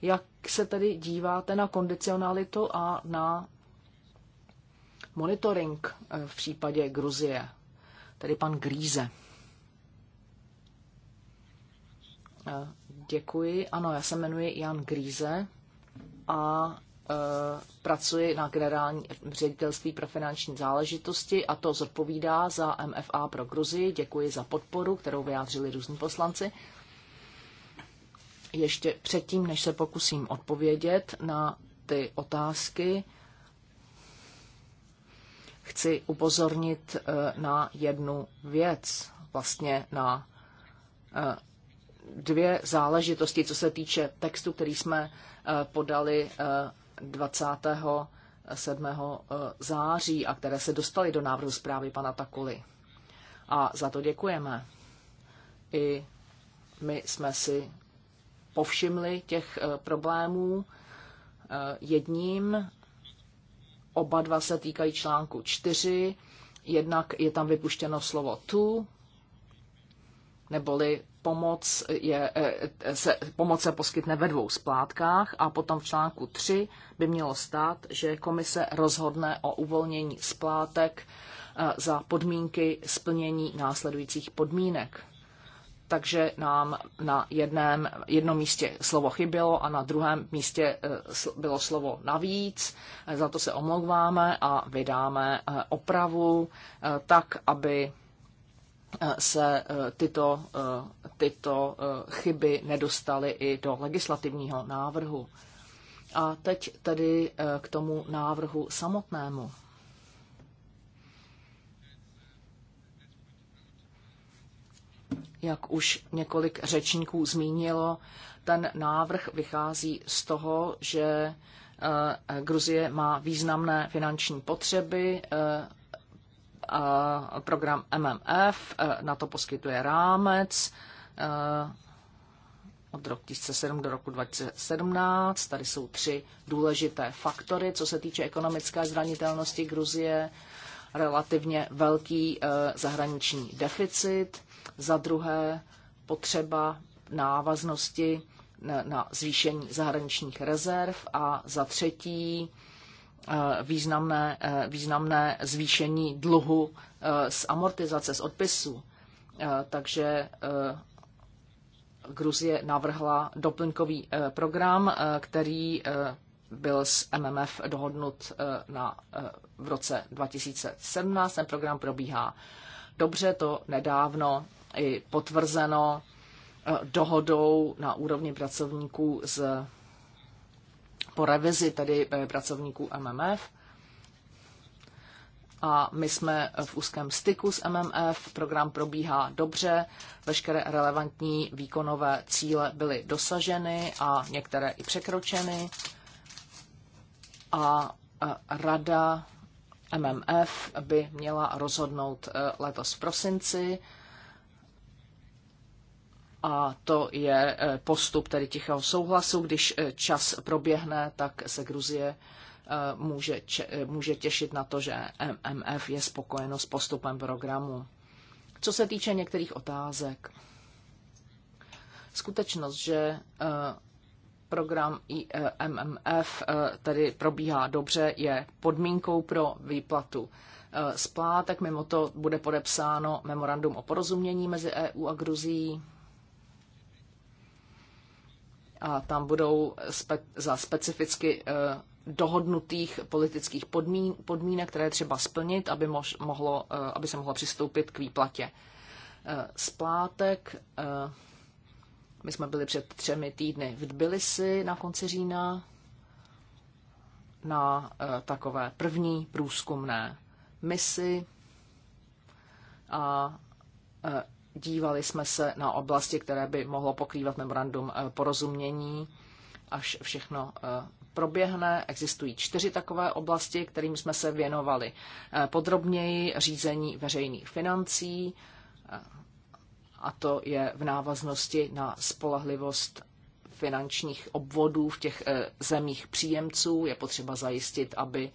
Jak se tedy díváte na kondicionalitu a na monitoring eh, v případě Gruzie, tedy pan Gríze? Eh, děkuji. Ano, já se jmenuji Jan Gríze a eh, pracuji na generální ředitelství pro finanční záležitosti a to zodpovídá za MFA pro Gruzii. Děkuji za podporu, kterou vyjádřili různí poslanci. Ještě předtím, než se pokusím odpovědět na ty otázky, chci upozornit eh, na jednu věc, vlastně na dvě záležitosti, co se týče textu, který jsme eh, podali 27. Eh, eh, září a které se dostaly do návrhu zprávy pana Takuly. A za to děkujeme. I my jsme si povšimli těch problémů. Jedním oba dva se týkají článku 4. Jednak je tam vypuštěno slovo tu, neboli pomoc, je, eh, eh, se, pomoc se poskytne ve dvou splátkách a potom v článku 3 by mělo stát, že komise rozhodne o uvolnění splátek eh, za podmínky splnění následujících podmínek. Takže nám na jedném, jednom místě slovo chybělo a na druhém místě bylo slovo navíc. Za to se omlouváme a vydáme opravu tak, aby se eh, tyto, eh, tyto eh, chyby nedostaly i do legislativního návrhu. A teď tedy k tomu návrhu samotnému. Jak už několik řečníků zmínilo, ten návrh vychází z toho, že Gruzie má významné finanční potřeby, Eh, program MMF, eh, na to poskytuje rámec eh, od roku 2007 do roku 2017. Tady jsou tři důležité faktory, co se týče ekonomické zranitelnosti Gruzie. Relativně velký zahraniční deficit, za druhé potřeba návaznosti na zvýšení zahraničních rezerv a za třetí Eh, významné, eh, významné zvýšení dluhu eh, z amortizace, z odpisu, Takže Gruzie navrhla doplňkový program, který byl s MMF dohodnut na, v roce 2017. Ten program probíhá dobře, to nedávno i potvrzeno dohodou na úrovni pracovníků z po revizi tedy eh, pracovníků MMF. A my jsme v úzkém styku s MMF, program probíhá dobře, veškeré relevantní výkonové cíle byly dosaženy a některé i překročeny. A eh, rada MMF by měla rozhodnout eh, letos v prosinci a to je eh, postup tedy tichého souhlasu. Když eh, čas proběhne, tak se Gruzie eh, může, může těšit na to, že MMF je spokojeno s postupem programu. Co se týče některých otázek, skutečnost, že program MMF tedy probíhá dobře, je podmínkou pro výplatu splátek. Mimo to bude podepsáno memorandum o porozumění mezi EU a Gruzií a tam budou spe, za specificky eh, dohodnutých politických podmín, podmínek, které třeba splnit, aby, mož, mohlo, eh, aby se mohlo přistoupit k výplatě. Eh, splátek, my jsme byli před třemi týdny v Tbilisi na konci října na takové první průzkumné misi a Dívali jsme se na oblasti, které by mohlo pokrývat memorandum eh, porozumění, až všechno eh, proběhne. Existují čtyři takové oblasti, kterým jsme se věnovali eh, podrobněji. Řízení veřejných financí, a to je v návaznosti na spolehlivost finančních obvodů v těch zemích příjemců. Je potřeba zajistit, aby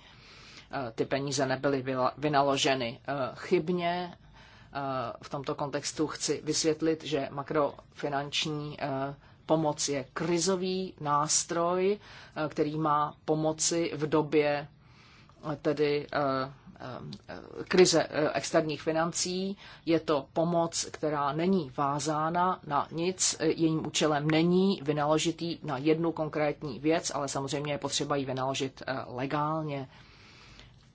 ty peníze nebyly vynaloženy chybně, Eh, v tomto kontextu chci vysvětlit, že makrofinanční eh, pomoc je krizový nástroj, eh, který má pomoci v době tedy krize externích financí. Je to pomoc, která není vázána na nic, jejím účelem není vynaložitý na jednu konkrétní věc, ale samozřejmě je potřeba ji vynaložit legálně.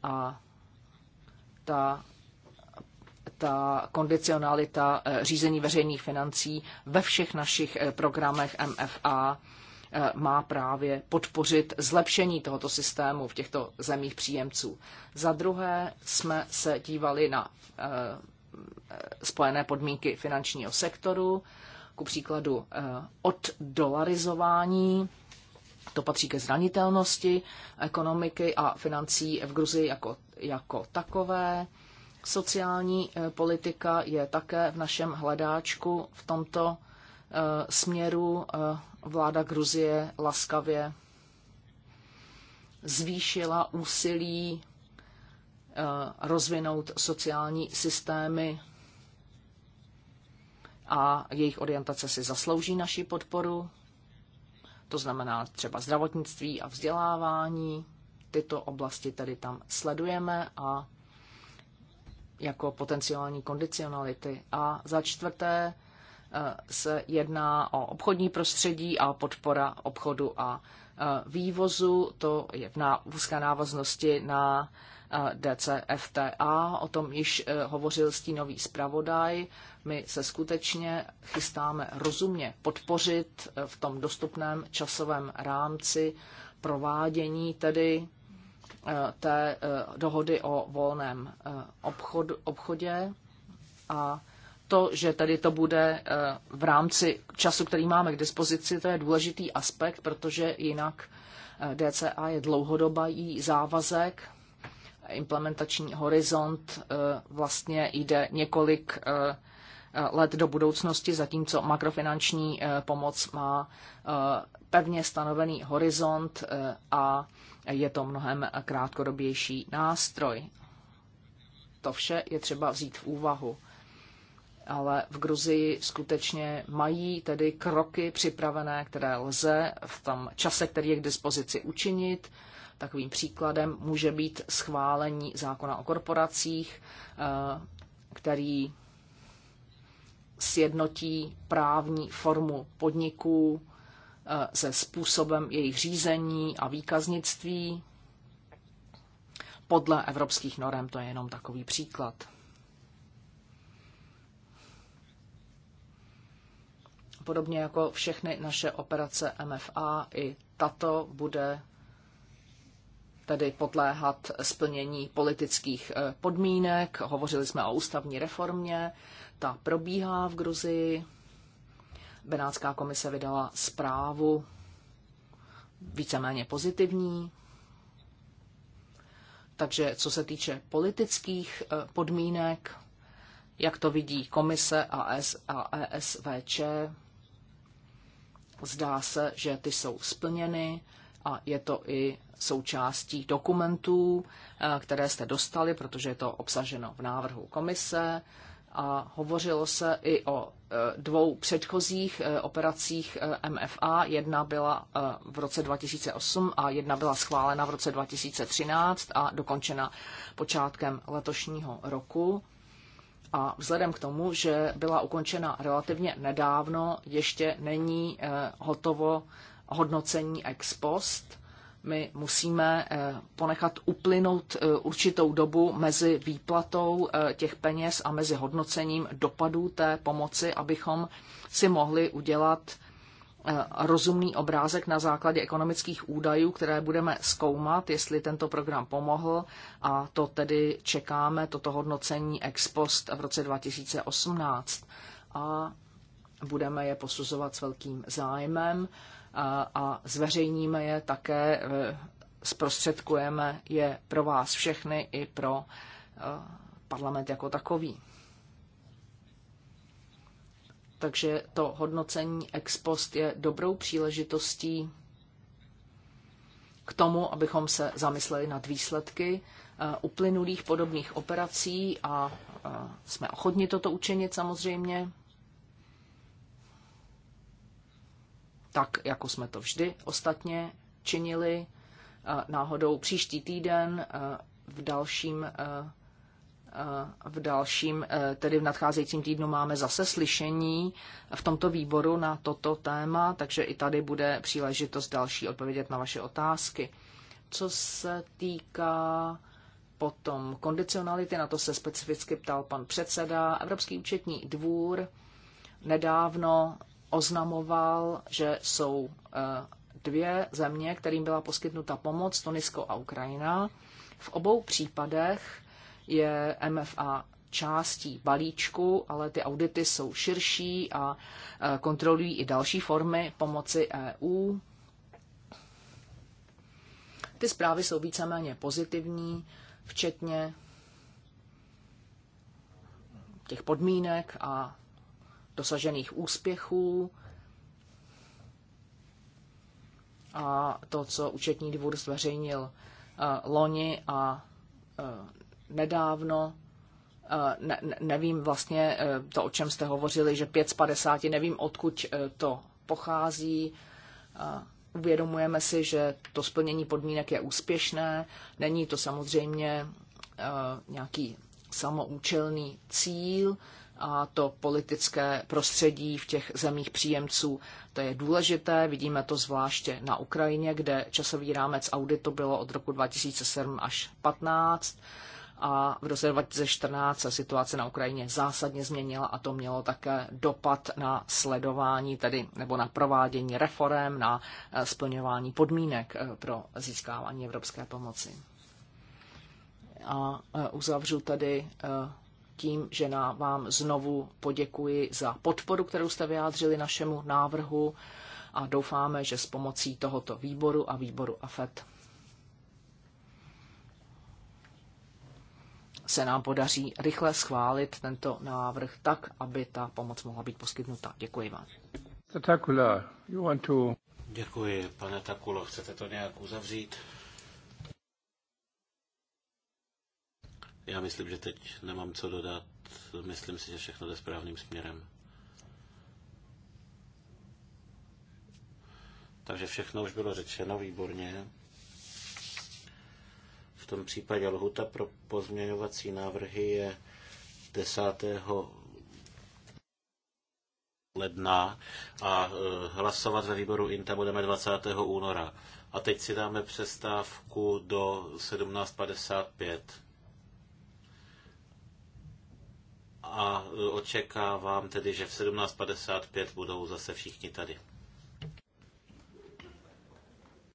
A ta ta kondicionalita eh, řízení veřejných financí ve všech našich eh, programech MFA eh, má právě podpořit zlepšení tohoto systému v těchto zemích příjemců. Za druhé jsme se dívali na spojené podmínky finančního sektoru, ku příkladu od dolarizování to patří ke zranitelnosti ekonomiky a financí v Gruzii jako, jako takové. Sociální eh, politika je také v našem hledáčku. V tomto eh, směru eh, vláda Gruzie laskavě zvýšila úsilí rozvinout sociální systémy a jejich orientace si zaslouží naši podporu. To znamená třeba zdravotnictví a vzdělávání. Tyto oblasti tedy tam sledujeme a jako potenciální kondicionality. A za čtvrté eh, se jedná o obchodní prostředí a podpora obchodu a eh, vývozu. To je v úzké návaznosti na eh, DCFTA. O tom již hovořil stínový zpravodaj. My se skutečně chystáme rozumně podpořit v tom dostupném časovém rámci provádění tedy Eh, té eh, dohody o volném eh, obchodu, obchodě a to, že tady to bude v rámci času, který máme k dispozici, to je důležitý aspekt, protože jinak DCA je dlouhodobý závazek, implementační horizont vlastně jde několik let do budoucnosti, zatímco makrofinanční pomoc má pevně stanovený horizont a je to mnohem krátkodobější nástroj. To vše je třeba vzít v úvahu. Ale v Gruzii skutečně mají tedy kroky připravené, které lze v tom čase, který je k dispozici, učinit. Takovým příkladem může být schválení zákona o korporacích, eh, který sjednotí právní formu podniků, se způsobem jejich řízení a výkaznictví podle evropských norem. To je jenom takový příklad. Podobně jako všechny naše operace MFA, i tato bude tedy podléhat splnění politických eh, podmínek. Hovořili jsme o ústavní reformě, ta probíhá v Gruzii. Benátská komise vydala zprávu víceméně pozitivní. Takže co se týče politických eh, podmínek, jak to vidí komise a ESVČ, zdá se, že ty jsou splněny a je to i součástí dokumentů, eh, které jste dostali, protože je to obsaženo v návrhu komise a hovořilo se i o e, dvou předchozích e, operacích e, MFA. Jedna byla v roce 2008 a jedna byla schválena v roce 2013 a dokončena počátkem letošního roku. A vzhledem k tomu, že byla ukončena relativně nedávno, ještě není hotovo hodnocení ex post my musíme eh, ponechat uplynout eh, určitou dobu mezi výplatou eh, těch peněz a mezi hodnocením dopadů té pomoci, abychom si mohli udělat rozumný obrázek na základě ekonomických údajů, které budeme zkoumat, jestli tento program pomohl a to tedy čekáme, toto hodnocení ex post v roce 2018 a budeme je posuzovat s velkým zájmem a zveřejníme je také, e, zprostředkujeme je pro vás všechny i pro e, parlament jako takový. Takže to hodnocení ex post je dobrou příležitostí k tomu, abychom se zamysleli nad výsledky e, uplynulých podobných operací a jsme ochotni toto učinit samozřejmě. tak jako jsme to vždy ostatně činili. Eh, náhodou příští týden eh, v dalším eh, v dalším, tedy v nadcházejícím týdnu máme zase slyšení v tomto výboru na toto téma, takže i tady bude příležitost další odpovědět na vaše otázky. Co se týká potom kondicionality, na to se specificky ptal pan předseda, Evropský účetní dvůr nedávno oznamoval, že jsou eh, dvě země, kterým byla poskytnuta pomoc, Tunisko a Ukrajina. V obou případech je MFA částí balíčku, ale ty audity jsou širší a eh, kontrolují i další formy pomoci EU. Ty zprávy jsou víceméně pozitivní, včetně těch podmínek a dosažených úspěchů a to, co účetní dvůr zveřejnil eh, loni a eh, nedávno. Eh, ne, nevím vlastně to, o čem jste hovořili, že 5 z 50, nevím, odkud to pochází. Uvědomujeme si, že to splnění podmínek je úspěšné. Není to samozřejmě nějaký samoučelný cíl, a to politické prostředí v těch zemích příjemců. To je důležité, vidíme to zvláště na Ukrajině, kde časový rámec auditu bylo od roku 2007 až 2015 a v roce 2014 se situace na Ukrajině zásadně změnila a to mělo také dopad na sledování, tedy nebo na provádění reform, na eh, splňování podmínek eh, pro získávání evropské pomoci. A eh, uzavřu tady tím, že na vám znovu poděkuji za podporu, kterou jste vyjádřili našemu návrhu a doufáme, že s pomocí tohoto výboru a výboru AFET se nám podaří rychle schválit tento návrh tak, aby ta pomoc mohla být poskytnuta. Děkuji vám. Děkuji, pane Takula. Chcete to nějak uzavřít? Já myslím, že teď nemám co dodat. Myslím si, že všechno jde správným směrem. Takže všechno už bylo řečeno výborně. V tom případě lhuta pro pozměňovací návrhy je 10. ledna a e, hlasovat ve výboru INTA budeme 20. února. A teď si dáme přestávku do 17.55. a e, očekávám tedy, že v 17.55 budou zase všichni tady.